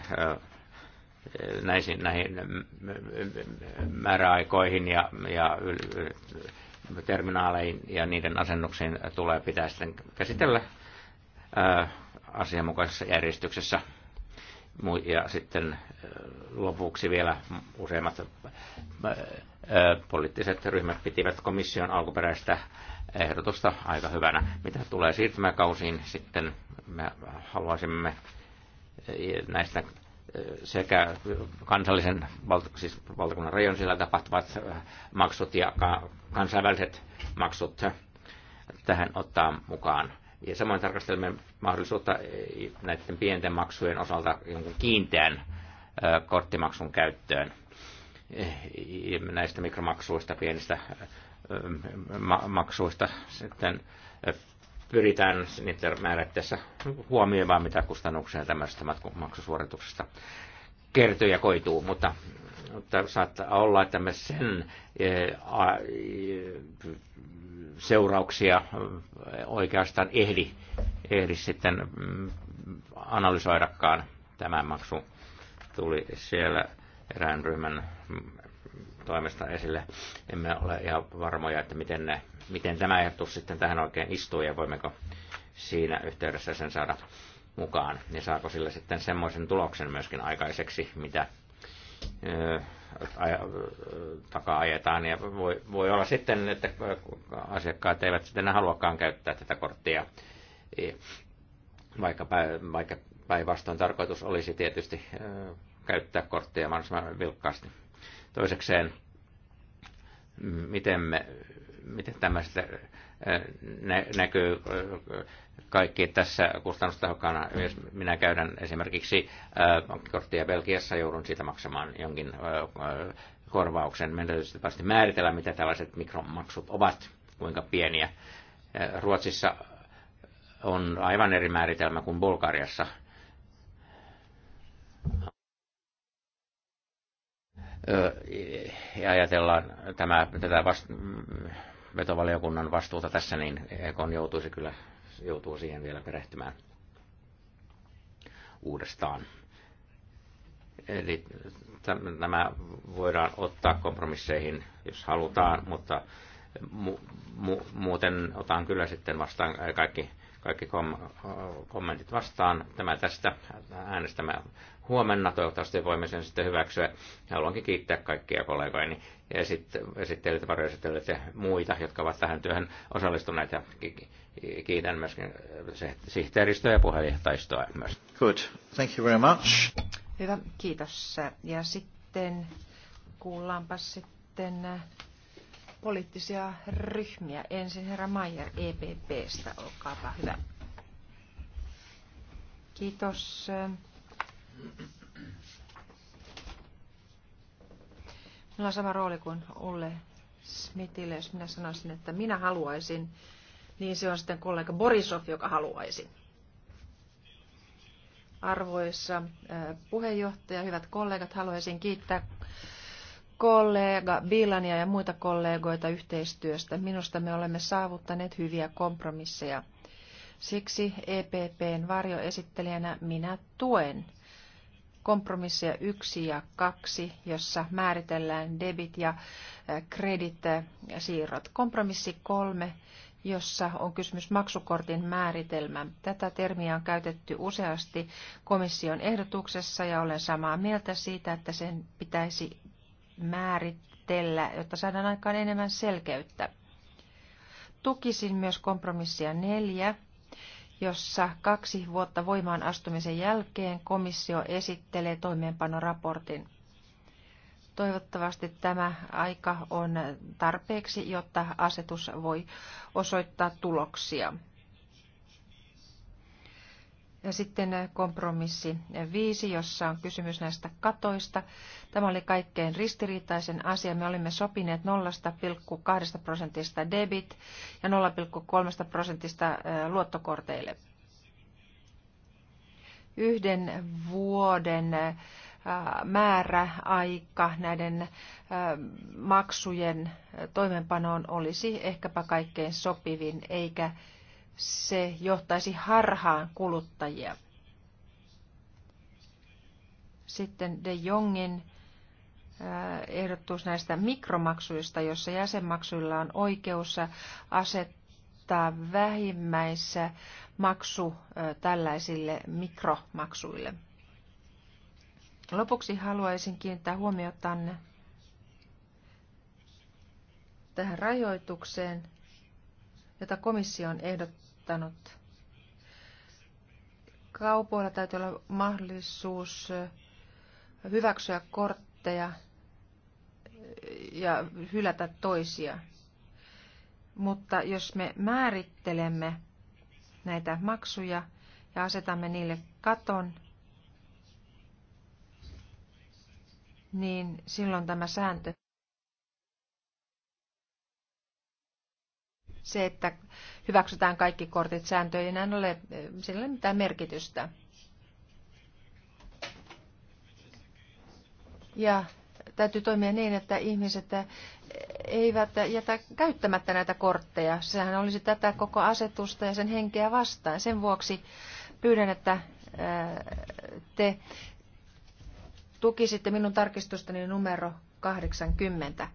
näihin, näihin määräaikoihin ja, ja terminaaleihin ja niiden asennuksiin tulee pitää sitten käsitellä asianmukaisessa järjestyksessä. Ja sitten lopuksi vielä useimmat poliittiset ryhmät pitivät komission alkuperäistä ehdotusta aika hyvänä. Mitä tulee siirtymäkausiin, sitten me haluaisimme näistä sekä kansallisen siis valtakunnan rajan sillä tapahtuvat äh, maksut ja kansainväliset maksut tähän ottaa mukaan. Ja samoin tarkastelemme mahdollisuutta äh, näiden pienten maksujen osalta jonkun kiinteän äh, korttimaksun käyttöön näistä mikromaksuista, pienistä maksuista sitten pyritään niiden määrätteessä huomioimaan, mitä kustannuksia tämmöisestä maksusuorituksesta kertyy ja koituu, mutta, mutta saattaa olla, että me sen eh, eh, seurauksia eh, oikeastaan ehdi, ehdi sitten mm, analysoidakaan tämän maksu tuli siellä erään ryhmän mm, toimesta esille. Emme ole ihan varmoja, että miten, ne, miten tämä ehdotus sitten tähän oikein istuu ja voimmeko siinä yhteydessä sen saada mukaan. Ja saako sillä sitten semmoisen tuloksen myöskin aikaiseksi, mitä takaa ajetaan. Ja voi, voi olla sitten, että asiakkaat eivät sitten haluakaan käyttää tätä korttia, vaikka, vaikka päinvastoin tarkoitus olisi tietysti käyttää korttia mahdollisimman vilkkaasti Toisekseen, miten, me, miten tämä äh, sitten näkyy äh, kaikki tässä kustannustehokkaana. Jos minä käydän esimerkiksi äh, pankkikorttia Belgiassa, joudun siitä maksamaan jonkin korvauksen. Meidän täytyy määritellä, mitä tällaiset mikromaksut ovat, kuinka pieniä. Ruotsissa on aivan eri määritelmä kuin Bulgariassa ja ajatellaan tämä, tätä vast, vetovaliokunnan vastuuta tässä, niin EKon joutuisi kyllä, joutuu siihen vielä perehtymään uudestaan. Eli nämä voidaan ottaa kompromisseihin, jos halutaan, mutta mu- mu- muuten otan kyllä sitten vastaan kaikki, kaikki kom- kommentit vastaan. Tämä tästä äänestämme huomenna. Toivottavasti voimme sen sitten hyväksyä. Haluankin kiittää kaikkia kollegoini esittelyt, varjoesittelyt ja muita, jotka ovat tähän työhön osallistuneet. Ja kiitän myöskin sihteeristöä ja puheenjohtajistoa myös. Good. Thank you very much. Hyvä, kiitos. Ja sitten kuullaanpa sitten poliittisia ryhmiä. Ensin herra Mayer EPPstä, olkaapa hyvä. Kiitos Minulla on sama rooli kuin Ulle Smithille, jos minä sanoisin, että minä haluaisin, niin se on sitten kollega Borisov, joka haluaisi. Arvoissa äh, puheenjohtaja, hyvät kollegat, haluaisin kiittää kollega Bilania ja muita kollegoita yhteistyöstä. Minusta me olemme saavuttaneet hyviä kompromisseja. Siksi EPPn varjoesittelijänä minä tuen kompromisseja yksi ja kaksi, jossa määritellään debit- ja kredit-siirrot. Kompromissi kolme, jossa on kysymys maksukortin määritelmä. Tätä termiä on käytetty useasti komission ehdotuksessa ja olen samaa mieltä siitä, että sen pitäisi määritellä, jotta saadaan aikaan enemmän selkeyttä. Tukisin myös kompromissia neljä, jossa kaksi vuotta voimaan astumisen jälkeen komissio esittelee toimeenpanoraportin. Toivottavasti tämä aika on tarpeeksi, jotta asetus voi osoittaa tuloksia. Ja sitten eh, kompromissi viisi, jossa on kysymys näistä katoista. Tämä oli kaikkein ristiriitaisen asia. Me olimme sopineet 0,2 prosentista debit ja 0,3 prosentista eh, luottokorteille. Yhden vuoden eh, määräaika näiden maksujen toimenpanoon olisi ehkäpä kaikkein sopivin, eikä se johtaisi harhaan kuluttajia. Sitten De Jongin äh, ehdotus näistä mikromaksuista, jossa jäsenmaksuilla on oikeus asettaa vähimmäissä maksu äh, tällaisille mikromaksuille. Lopuksi haluaisin kiinnittää huomiota tähän rajoitukseen, jota komissio on ehdottanut ehdottanut. Kaupoilla täytyy olla mahdollisuus hyväksyä kortteja ja hylätä toisia. Mutta jos me määrittelemme näitä maksuja ja asetamme niille katon, niin silloin tämä sääntö, se, että hyväksytään kaikki kortit sääntöön, niin ole, sillä ei mitään merkitystä. Ja täytyy toimia niin, että ihmiset eivät jätä käyttämättä näitä kortteja. Sehän olisi tätä koko asetusta ja sen henkeä vastaan. Sen vuoksi pyydän, että te tukisitte minun tarkistustani numero 80.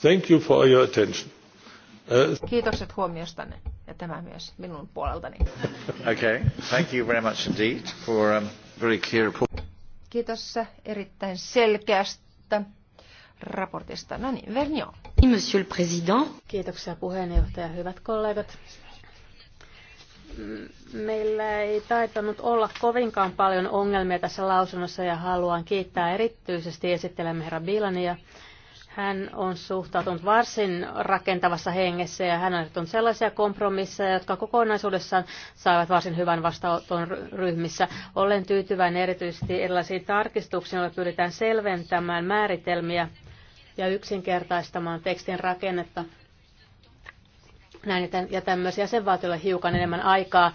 Thank you for your attention. Kiitokset huomiostanne ja tämä myös minun puoleltani. Okay. Thank you very much indeed for a um, very clear report. Kiitos erittäin selkeästä raportista. No niin, Vernio. Monsieur le Président. Kiitoksia puheenjohtaja, hyvät kollegat. Meillä ei taitanut olla kovinkaan paljon ongelmia tässä lausunnossa ja haluan kiittää erityisesti esittelemme herra Bilania. ja hän on suhtautunut varsin rakentavassa hengessä ja hän on sellaisia kompromisseja, jotka kokonaisuudessaan saavat varsin hyvän vastaanoton ryhmissä. Olen tyytyväinen erityisesti erilaisiin tarkistuksiin, joilla pyritään selventämään määritelmiä ja yksinkertaistamaan tekstin rakennetta. Näin jätän, jätän myös jäsenvaltiolle hiukan enemmän aikaa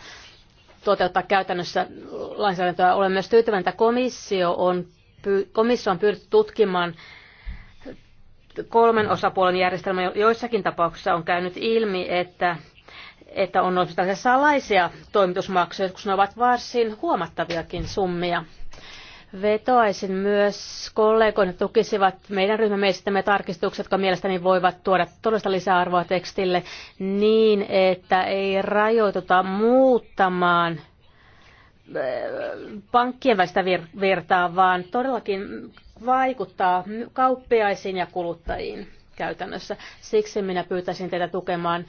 toteuttaa käytännössä lainsäädäntöä. Olen myös tyytyväinen, että komissio on, komissio on pyritty tutkimaan kolmen osapuolen järjestelmä joissakin tapauksissa on käynyt ilmi, että että on tällaisia salaisia toimitusmaksuja, kun ne ovat varsin huomattaviakin summia. Vetoaisin myös kollegoina tukisivat meidän ryhmämme esittämme tarkistukset, jotka mielestäni voivat tuoda todellista lisäarvoa tekstille niin, että ei rajoituta muuttamaan eh, pankkien väistä virtaa, vaan todellakin vaikuttaa kauppiaisiin ja kuluttajiin käytännössä. Siksi minä pyytäisin teitä tukemaan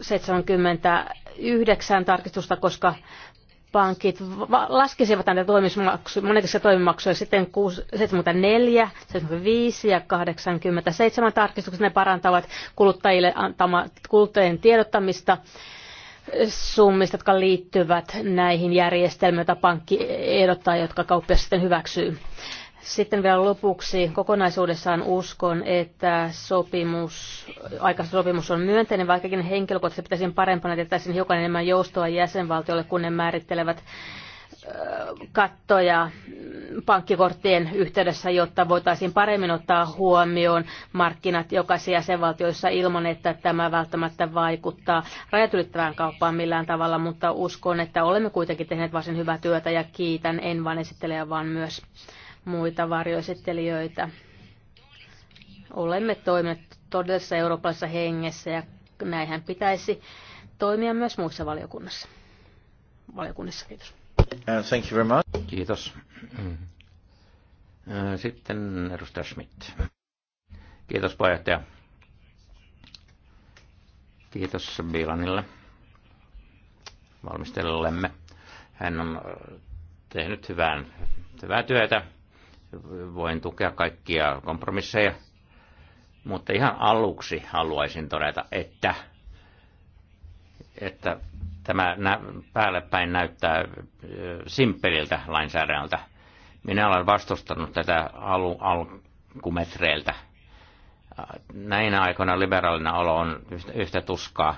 79 tarkistusta, koska pankit laskisivat näitä toimimaksuja, monenlaisia toimimaksuja sitten 6, 74, 75 ja 87 tarkistukset. Ne parantavat kuluttajille antama, kuluttajien tiedottamista summista, jotka liittyvät näihin järjestelmiin, joita pankki ehdottaa, jotka kauppias sitten hyväksyy. Sitten vielä lopuksi kokonaisuudessaan uskon, että sopimus, aikaisempi sopimus on myönteinen, vaikkakin henkilökohtaisesti pitäisin parempana, että tässä hiukan enemmän joustoa jäsenvaltiolle, kun ne määrittelevät kattoja pankkikorttien yhteydessä, jotta voitaisiin paremmin ottaa huomioon markkinat jokaisessa jäsenvaltioissa ilman, että tämä välttämättä vaikuttaa rajat ylittävään kauppaan millään tavalla, mutta uskon, että olemme kuitenkin tehneet varsin hyvää työtä ja kiitän en vain esittelijä, vaan myös muita varjoesittelijöitä. Olemme toimineet todellisessa eurooppalaisessa hengessä ja näinhän pitäisi toimia myös muissa valiokunnassa. valiokunnissa. Kiitos. Uh, thank you very much. Kiitos. Uh, sitten edustaja Schmidt. Kiitos puheenjohtaja. Kiitos Bilanille valmistellellemme. Hän on uh, tehnyt hyvää työtä Voin tukea kaikkia kompromisseja, mutta ihan aluksi haluaisin todeta, että, että tämä päälle päin näyttää simppeliltä lainsäädännöltä. Minä olen vastustanut tätä alu, alkumetreiltä. Näinä aikoina liberaalinen olo on yhtä, yhtä tuskaa,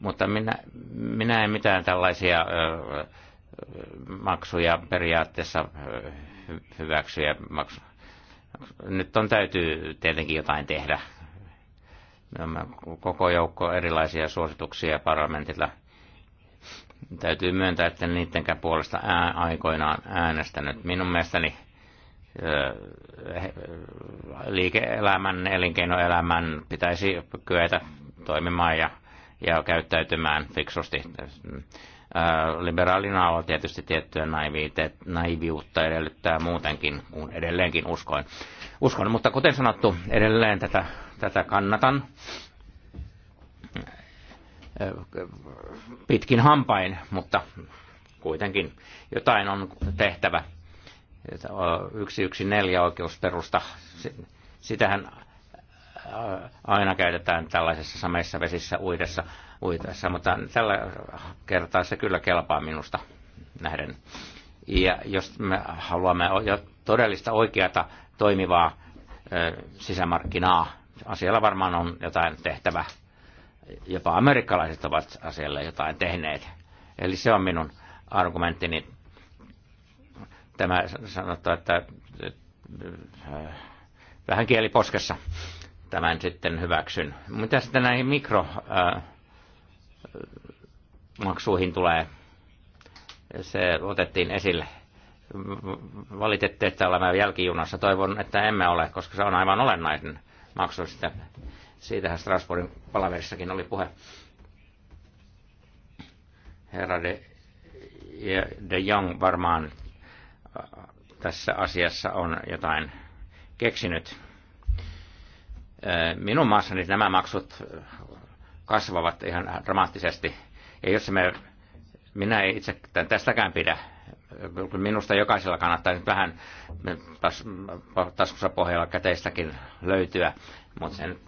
mutta minä, minä en mitään tällaisia ö, maksuja periaatteessa ja Maksu. Nyt on täytyy tietenkin jotain tehdä. Koko joukko erilaisia suosituksia parlamentilla. Täytyy myöntää, että niidenkään puolesta aikoinaan äänestänyt. Minun mielestäni liike-elämän, elinkeinoelämän pitäisi kyetä toimimaan ja, ja käyttäytymään fiksusti liberaalina on tietysti tiettyä naiviutta edellyttää muutenkin, kun edelleenkin uskoin. uskon. Mutta kuten sanottu, edelleen tätä, tätä kannatan pitkin hampain, mutta kuitenkin jotain on tehtävä. yksi yksi neljä oikeusperusta, sitähän aina käytetään tällaisessa sameissa vesissä uidessa uitessa, mutta tällä kertaa se kyllä kelpaa minusta nähden. Ja jos me haluamme todellista oikeata toimivaa sisämarkkinaa, asialla varmaan on jotain tehtävä. Jopa amerikkalaiset ovat asialle jotain tehneet. Eli se on minun argumenttini. Tämä sanottu, että vähän kieli poskessa tämän sitten hyväksyn. Mitä sitten näihin mikro maksuihin tulee. Se otettiin esille. Valitette, että olemme jälkijunassa. Toivon, että emme ole, koska se on aivan olennainen maksu. Sitä. Siitähän Strasbourgin palaverissakin oli puhe. Herra de, de Jong varmaan äh, tässä asiassa on jotain keksinyt. Äh, minun maassani nämä maksut kasvavat ihan dramaattisesti. Ja jos me, minä ei itse tästäkään pidä. Minusta jokaisella kannattaa nyt vähän tas, taskussa pohjalla käteistäkin löytyä, mutta sen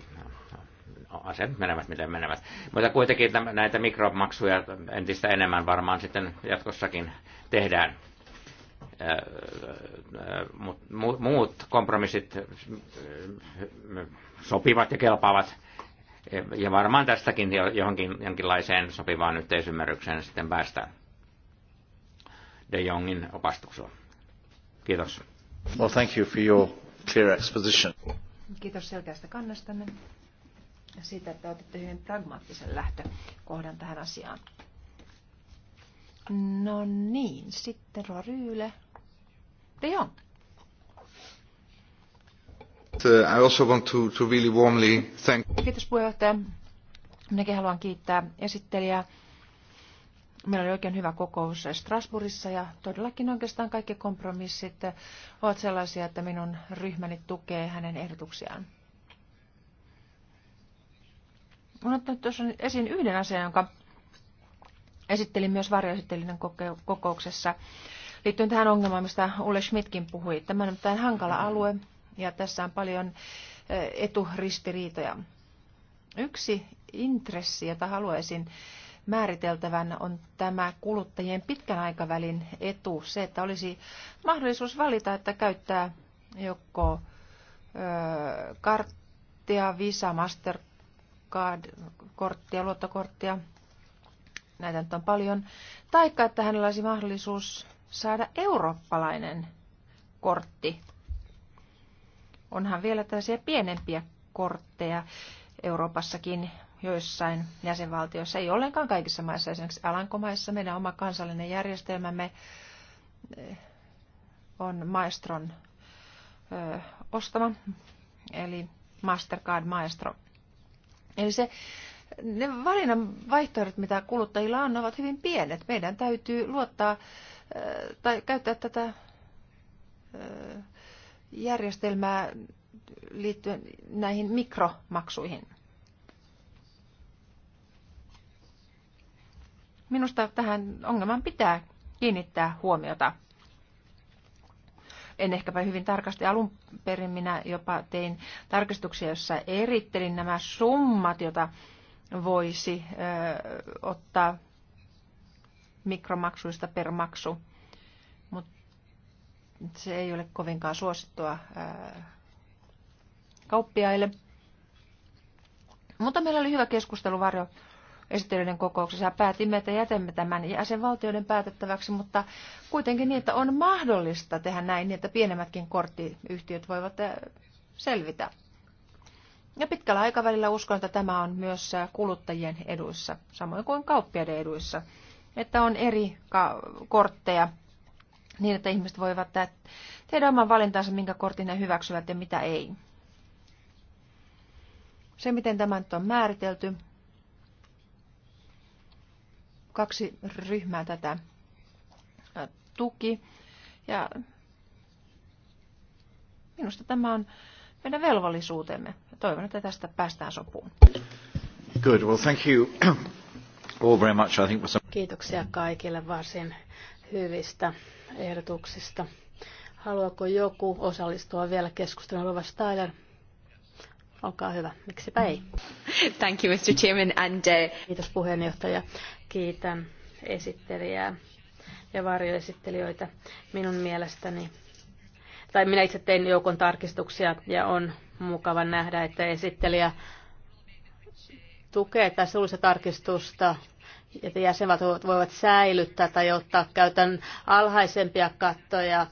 asiat menevät miten menevät. Mutta kuitenkin näitä mikromaksuja entistä enemmän varmaan sitten jatkossakin tehdään. Muut kompromissit sopivat ja kelpaavat ja varmaan tästäkin johonkin jonkinlaiseen sopivaan yhteisymmärrykseen sitten päästään. De Jongin opastuksella. Kiitos. Well, thank you for your clear exposition. Kiitos selkeästä kannastanne ja siitä, että otitte hyvin pragmaattisen lähtökohdan tähän asiaan. No niin, sitten Roa Ryyle. De Jong. Uh, I Kiitos puheenjohtaja. Minäkin haluan kiittää esittelijää. Meillä oli oikein hyvä kokous Strasbourgissa ja todellakin oikeastaan kaikki kompromissit ovat sellaisia, että minun ryhmäni tukee hänen ehdotuksiaan. Olen ottanut tuossa esiin yhden asian, jonka esittelin myös varjoesittelijän kokouksessa liittyen tähän ongelmaan, mistä Ulle Schmidtkin puhui. Tämä on tämän hankala alue, ja tässä on paljon eturistiriitoja. Yksi intressi, jota haluaisin määriteltävän, on tämä kuluttajien pitkän aikavälin etu. Se, että olisi mahdollisuus valita, että käyttää joko karttia, Visa, Mastercard-korttia, luottokorttia, näitä nyt on paljon, taikka että hänellä olisi mahdollisuus saada eurooppalainen kortti Onhan vielä tällaisia pienempiä kortteja Euroopassakin joissain jäsenvaltioissa, ei ollenkaan kaikissa maissa, esimerkiksi Alankomaissa meidän oma kansallinen järjestelmämme eh, on maestron ö, eh, ostama, eli Mastercard Maestro. Eli se, ne valinnan vaihtoehdot, mitä kuluttajilla on, ovat hyvin pienet. Meidän täytyy luottaa ö, eh, tai käyttää tätä ö, järjestelmää liittyen näihin mikromaksuihin. Minusta tähän ongelmaan pitää kiinnittää huomiota. En ehkäpä hyvin tarkasti alun perin minä jopa tein tarkistuksia, jossa erittelin nämä summat, joita voisi ö, ottaa mikromaksuista per maksu se ei ole kovinkaan suosittua kauppiaille. Mutta meillä oli hyvä keskustelu varjo esittelyiden kokouksessa ja päätimme, että jätämme tämän jäsenvaltioiden päätettäväksi, mutta kuitenkin niin, että on mahdollista tehdä näin, niin että pienemmätkin korttiyhtiöt voivat selvitä. Ja pitkällä aikavälillä uskon, että tämä on myös kuluttajien eduissa, samoin kuin kauppiaiden eduissa, että on eri kortteja niin, että ihmiset voivat tehdä oman valintansa, minkä kortin ne hyväksyvät ja mitä ei. Se, miten tämä nyt on määritelty, kaksi ryhmää tätä tuki. Ja minusta tämä on meidän velvollisuutemme. Toivon, että tästä päästään sopuun. Good. Well, thank you all very much, I think, some... Kiitoksia kaikille varsin hyvistä ehdotuksista. Haluaako joku osallistua vielä keskusteluun? Rova Steiner, olkaa hyvä. Miksipä ei? Thank you, Mr. Chairman. And, uh... Kiitos puheenjohtaja. Kiitän esittelijää ja varjoesittelijöitä. Minun mielestäni, tai minä itse tein joukon tarkistuksia ja on mukava nähdä, että esittelijä tukee tässä suullista tarkistusta että jäsenvaltiot voivat säilyttää tai ottaa käytön alhaisempia kattoja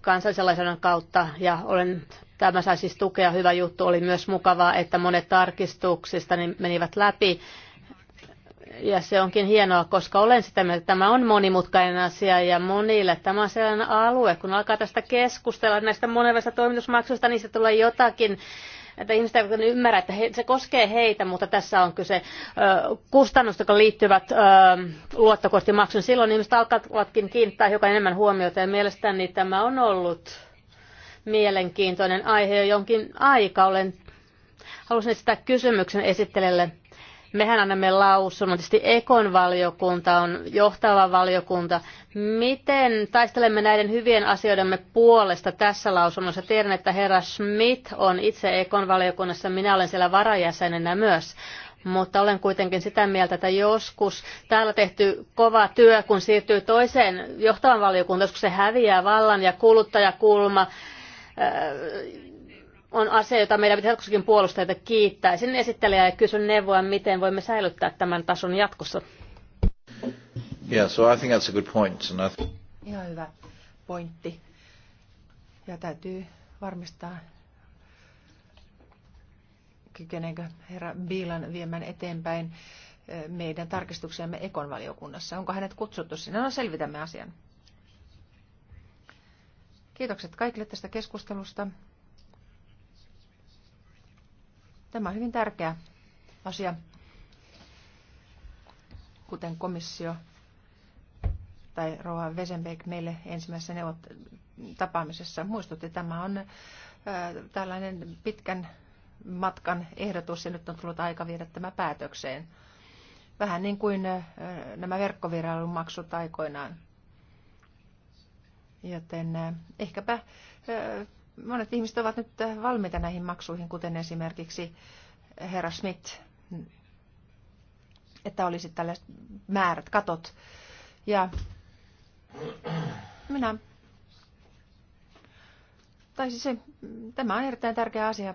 kansallisen kautta ja olen Tämä sai siis tukea, hyvä juttu. Oli myös mukavaa, että monet tarkistuksista menivät läpi. Ja se onkin hienoa, koska olen sitä mieltä, että tämä on monimutkainen asia ja monille tämä on sellainen alue. Kun alkaa tästä keskustella näistä monenlaista toimitusmaksuista, niistä tulee jotakin, että ihmiset eivät ymmärrä, että he, se koskee heitä, mutta tässä on kyse kustannusta, jotka liittyvät luottokorttimaksun. Silloin ihmiset alkavatkin kiinnittää hiukan enemmän huomiota ja mielestäni tämä on ollut mielenkiintoinen aihe jo jonkin aikaa. Olen, halusin esittää kysymyksen esittelijälle Mehän annamme lausunnon. Tietysti Ekon valiokunta on johtava valiokunta. Miten taistelemme näiden hyvien asioidemme puolesta tässä lausunnossa? Tiedän, että herra Schmidt on itse Ekon valiokunnassa. Minä olen siellä varajäsenenä myös mutta olen kuitenkin sitä mieltä, että joskus täällä tehty kova työ, kun siirtyy toiseen johtavan valiokuntaan, kun se häviää vallan ja kuluttajakulma on asia, jota meidän pitää jatkossakin puolustaa, että Sen esittelijä ja kysyn neuvoa, miten voimme säilyttää tämän tason jatkossa. Yeah, so I think that's a good point. Ihan hyvä pointti. Ja täytyy varmistaa, kykeneekö herra Biilan viemään eteenpäin eh, meidän tarkistuksiamme Ekon valiokunnassa. Onko hänet kutsuttu sinne? No selvitämme asian. Kiitokset kaikille tästä keskustelusta. Tämä on hyvin tärkeä asia, kuten komissio tai Roa Wesenbeck meille ensimmäisessä neuvot- tapaamisessa muistutti. Tämä on tällainen pitkän matkan ehdotus ja nyt on tullut aika viedä tämä päätökseen. Vähän niin kuin nämä verkkovirailun maksut aikoinaan. Joten ehkäpä monet ihmiset ovat nyt valmiita näihin maksuihin, kuten esimerkiksi herra Schmidt, että olisi tällaiset määrät, katot. Ja minä, tai siis se, tämä on erittäin tärkeä asia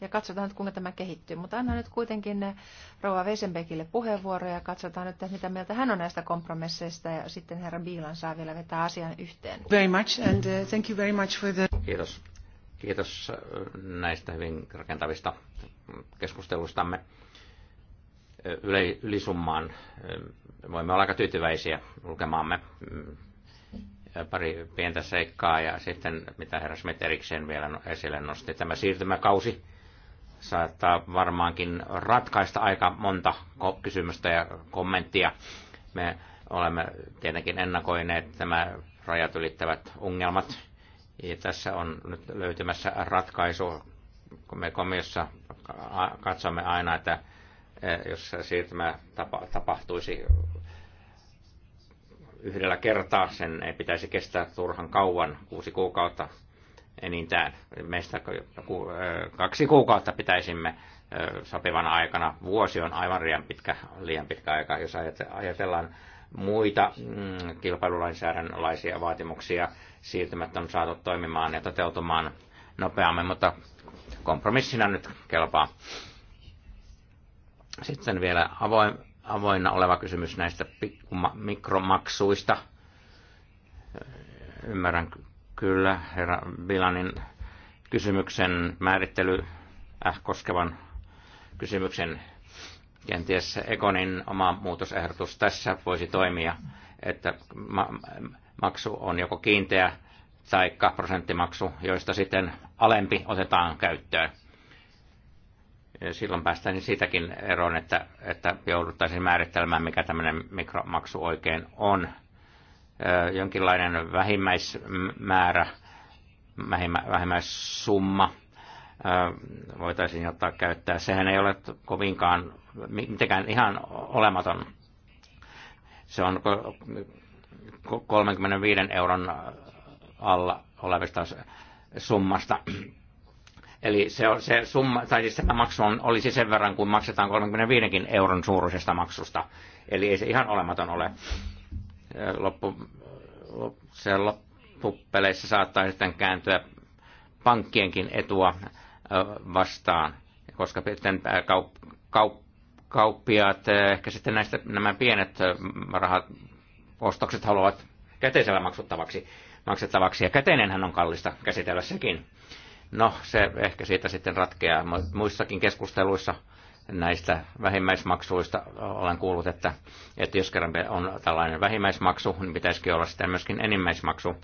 ja katsotaan nyt, kuinka tämä kehittyy. Mutta annan nyt kuitenkin rova Vesenbekille puheenvuoroja ja katsotaan nyt, mitä mieltä hän on näistä kompromisseista ja sitten herra Biilan saa vielä vetää asian yhteen. Very much and uh, thank you very much for the... Kiitos. Kiitos äh, näistä hyvin rakentavista keskustelustamme äh, yle, ylisummaan. Äh, voimme olla aika tyytyväisiä lukemaamme mm, pari pientä seikkaa ja sitten mitä herra Smith erikseen vielä no, esille nosti, tämä siirtymäkausi saattaa varmaankin ratkaista aika monta kysymystä ja kommenttia. Me olemme tietenkin ennakoineet nämä rajat ylittävät ongelmat. Ja tässä on nyt löytymässä ratkaisu. Me komissa katsomme aina, että e, jos siirtymä tapahtuisi yhdellä kertaa, sen ei pitäisi kestää turhan kauan, kuusi kuukautta enintään meistä kaksi kuukautta pitäisimme sopivana aikana. Vuosi on aivan liian pitkä, liian pitkä aika, jos ajatellaan muita mm, kilpailulainsäädännönlaisia vaatimuksia. Siirtymät on saatu toimimaan ja toteutumaan nopeammin, mutta kompromissina nyt kelpaa. Sitten vielä avoin, avoinna oleva kysymys näistä pikku, mikromaksuista. Ymmärrän Kyllä, herra Bilanin kysymyksen määrittely äh, koskevan kysymyksen kenties Ekonin oma muutosehdotus tässä voisi toimia, että ma- maksu on joko kiinteä tai prosenttimaksu, joista sitten alempi otetaan käyttöön. Silloin päästään niin siitäkin eroon, että, että jouduttaisiin määrittelemään, mikä tämmöinen mikromaksu oikein on jonkinlainen vähimmäismäärä, vähimmäissumma voitaisiin ottaa käyttää. Sehän ei ole kovinkaan, mitenkään ihan olematon. Se on 35 euron alla olevista summasta. Eli se, on, se summa, tai siis tämä maksu on, olisi sen verran, kun maksetaan 35 euron suuruisesta maksusta. Eli ei se ihan olematon ole loppu, se loppupeleissä saattaa sitten kääntyä pankkienkin etua vastaan, koska sitten kaup, kaup, kauppiaat, ehkä sitten näistä nämä pienet rahat, ostokset haluavat käteisellä maksuttavaksi, maksettavaksi, ja käteinenhän on kallista käsitellä sekin. No, se ehkä siitä sitten ratkeaa. Muissakin keskusteluissa näistä vähimmäismaksuista olen kuullut, että, että jos kerran on tällainen vähimmäismaksu, niin pitäisikin olla sitten myöskin enimmäismaksu.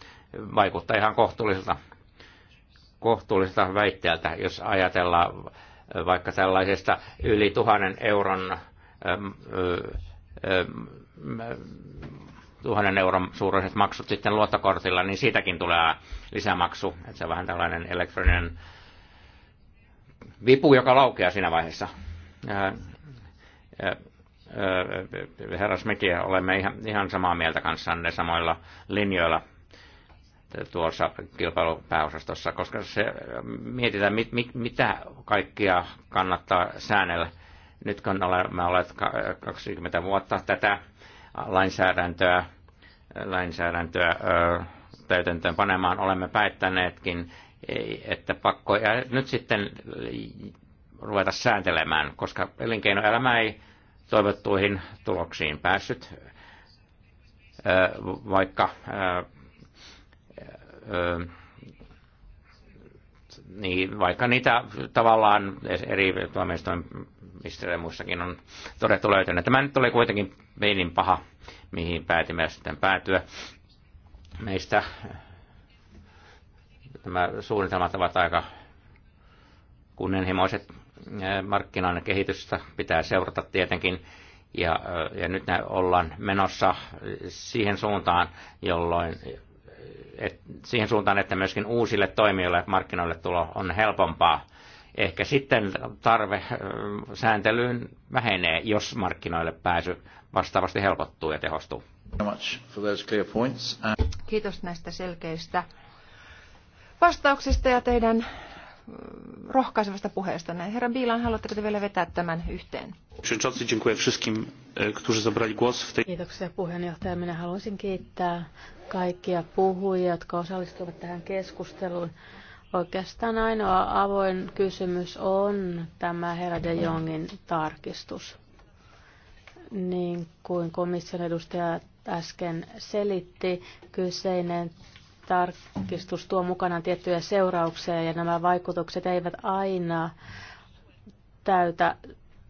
Vaikuttaa ihan kohtuulliselta, kohtuulliselta väitteeltä, jos ajatellaan vaikka tällaisesta yli tuhannen euron tuhannen euron suuruiset maksut sitten luottokortilla, niin siitäkin tulee lisämaksu. Että se on vähän tällainen elektroninen vipu, joka laukeaa siinä vaiheessa. Äh, äh, äh, herrasmekin olemme ihan, ihan samaa mieltä kanssanne samoilla linjoilla tuossa kilpailupääosastossa, koska se mietitään, mit, mit, mitä kaikkia kannattaa säännellä. Nyt kun olemme olleet 20 vuotta tätä lainsäädäntöä, lainsäädäntöä täytäntöön panemaan, olemme päättäneetkin, että pakko, ja nyt sitten ruveta sääntelemään, koska elinkeinoelämä ei toivottuihin tuloksiin päässyt, vaikka niin vaikka niitä tavallaan eri tuomioistuimista ja muissakin on todettu löytynyt. Tämä nyt oli kuitenkin peilin paha, mihin päätimme sitten päätyä. Meistä nämä suunnitelmat ovat aika kunnianhimoiset Äh, markkinoiden kehitystä pitää seurata tietenkin. Ja, äh, ja nyt ne ollaan menossa siihen suuntaan, jolloin et, siihen suuntaan, että myöskin uusille toimijoille markkinoille tulo on helpompaa. Ehkä sitten tarve äh, sääntelyyn vähenee, jos markkinoille pääsy vastaavasti helpottuu ja tehostuu. Kiitos näistä selkeistä vastauksista ja teidän rohkaisevasta puheesta. Herra Biilan, haluatteko te vielä vetää tämän yhteen? E, Kiitoksia puheenjohtaja. Minä haluaisin kiittää kaikkia puhujia, jotka osallistuvat tähän keskusteluun. Oikeastaan ainoa avoin kysymys on tämä herra de Jongin tarkistus. Niin kuin komission edustaja äsken selitti, kyseinen tarkistus tuo mukanaan tiettyjä seurauksia ja nämä vaikutukset eivät aina täytä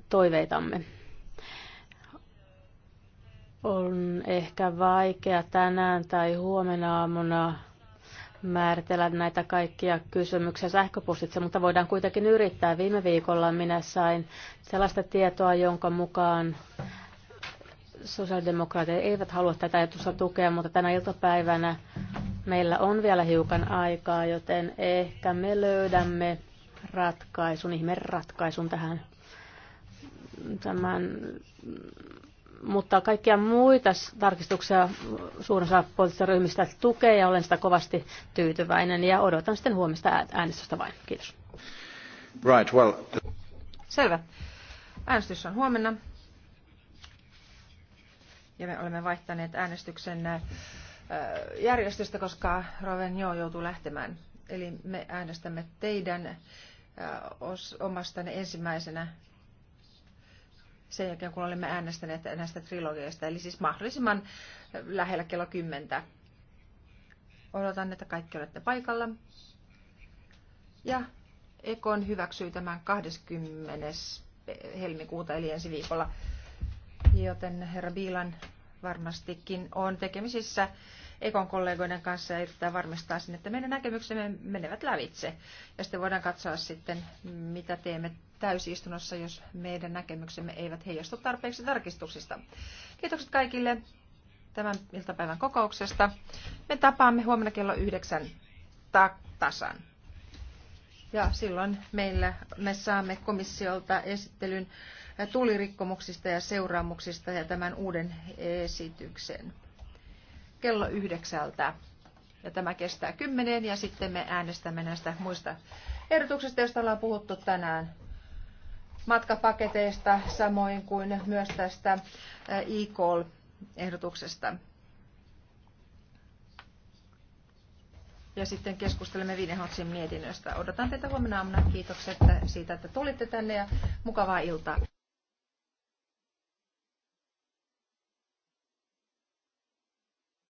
toiveitamme. On ehkä vaikea tänään tai huomenna aamuna määritellä näitä kaikkia kysymyksiä sähköpostitse, mutta voidaan kuitenkin yrittää. Viime viikolla minä sain sellaista tietoa, jonka mukaan sosiaalidemokraatit eivät halua tätä ajatusta tukea, mutta tänä iltapäivänä meillä on vielä hiukan aikaa, joten ehkä me löydämme ratkaisun, ihme ratkaisun tähän tämän, mutta kaikkia muita tarkistuksia suurin osa poliittisista ryhmistä tukee ja olen sitä kovasti tyytyväinen ja odotan sitten huomista äänestystä vain. Kiitos. Right, well. Selvä. Äänestys on huomenna ja me olemme vaihtaneet äänestyksen äh, järjestystä, koska Roven Jo joutuu lähtemään. Eli me äänestämme teidän äh, omastanne ensimmäisenä sen jälkeen, kun olemme äänestäneet näistä trilogiasta, eli siis mahdollisimman äh, lähellä kello 10. Odotan, että kaikki olette paikalla. Ja Ekon hyväksyy tämän 20. Eh, helmikuuta, eli ensi viikolla joten herra Biilan varmastikin on tekemisissä Ekon kollegoiden kanssa ja yrittää varmistaa sinne, että meidän näkemyksemme menevät lävitse. Ja sitten voidaan katsoa sitten, mitä teemme täysistunnossa, jos meidän näkemyksemme eivät heijastu tarpeeksi tarkistuksista. Kiitokset kaikille tämän iltapäivän kokouksesta. Me tapaamme huomenna kello yhdeksän ta- tasan. Ja silloin meillä me saamme komissiolta esittelyn tulirikkomuksista ja seuraamuksista ja tämän uuden esityksen kello yhdeksältä. Ja tämä kestää kymmeneen ja sitten me äänestämme näistä muista ehdotuksista, joista ollaan puhuttu tänään matkapaketeista, samoin kuin myös tästä eh, e-call-ehdotuksesta. Ja sitten keskustelemme Vinehotsin mietinnöstä. Odotan teitä huomenna aamuna. Kiitokset siitä, että tulitte tänne ja mukavaa iltaa.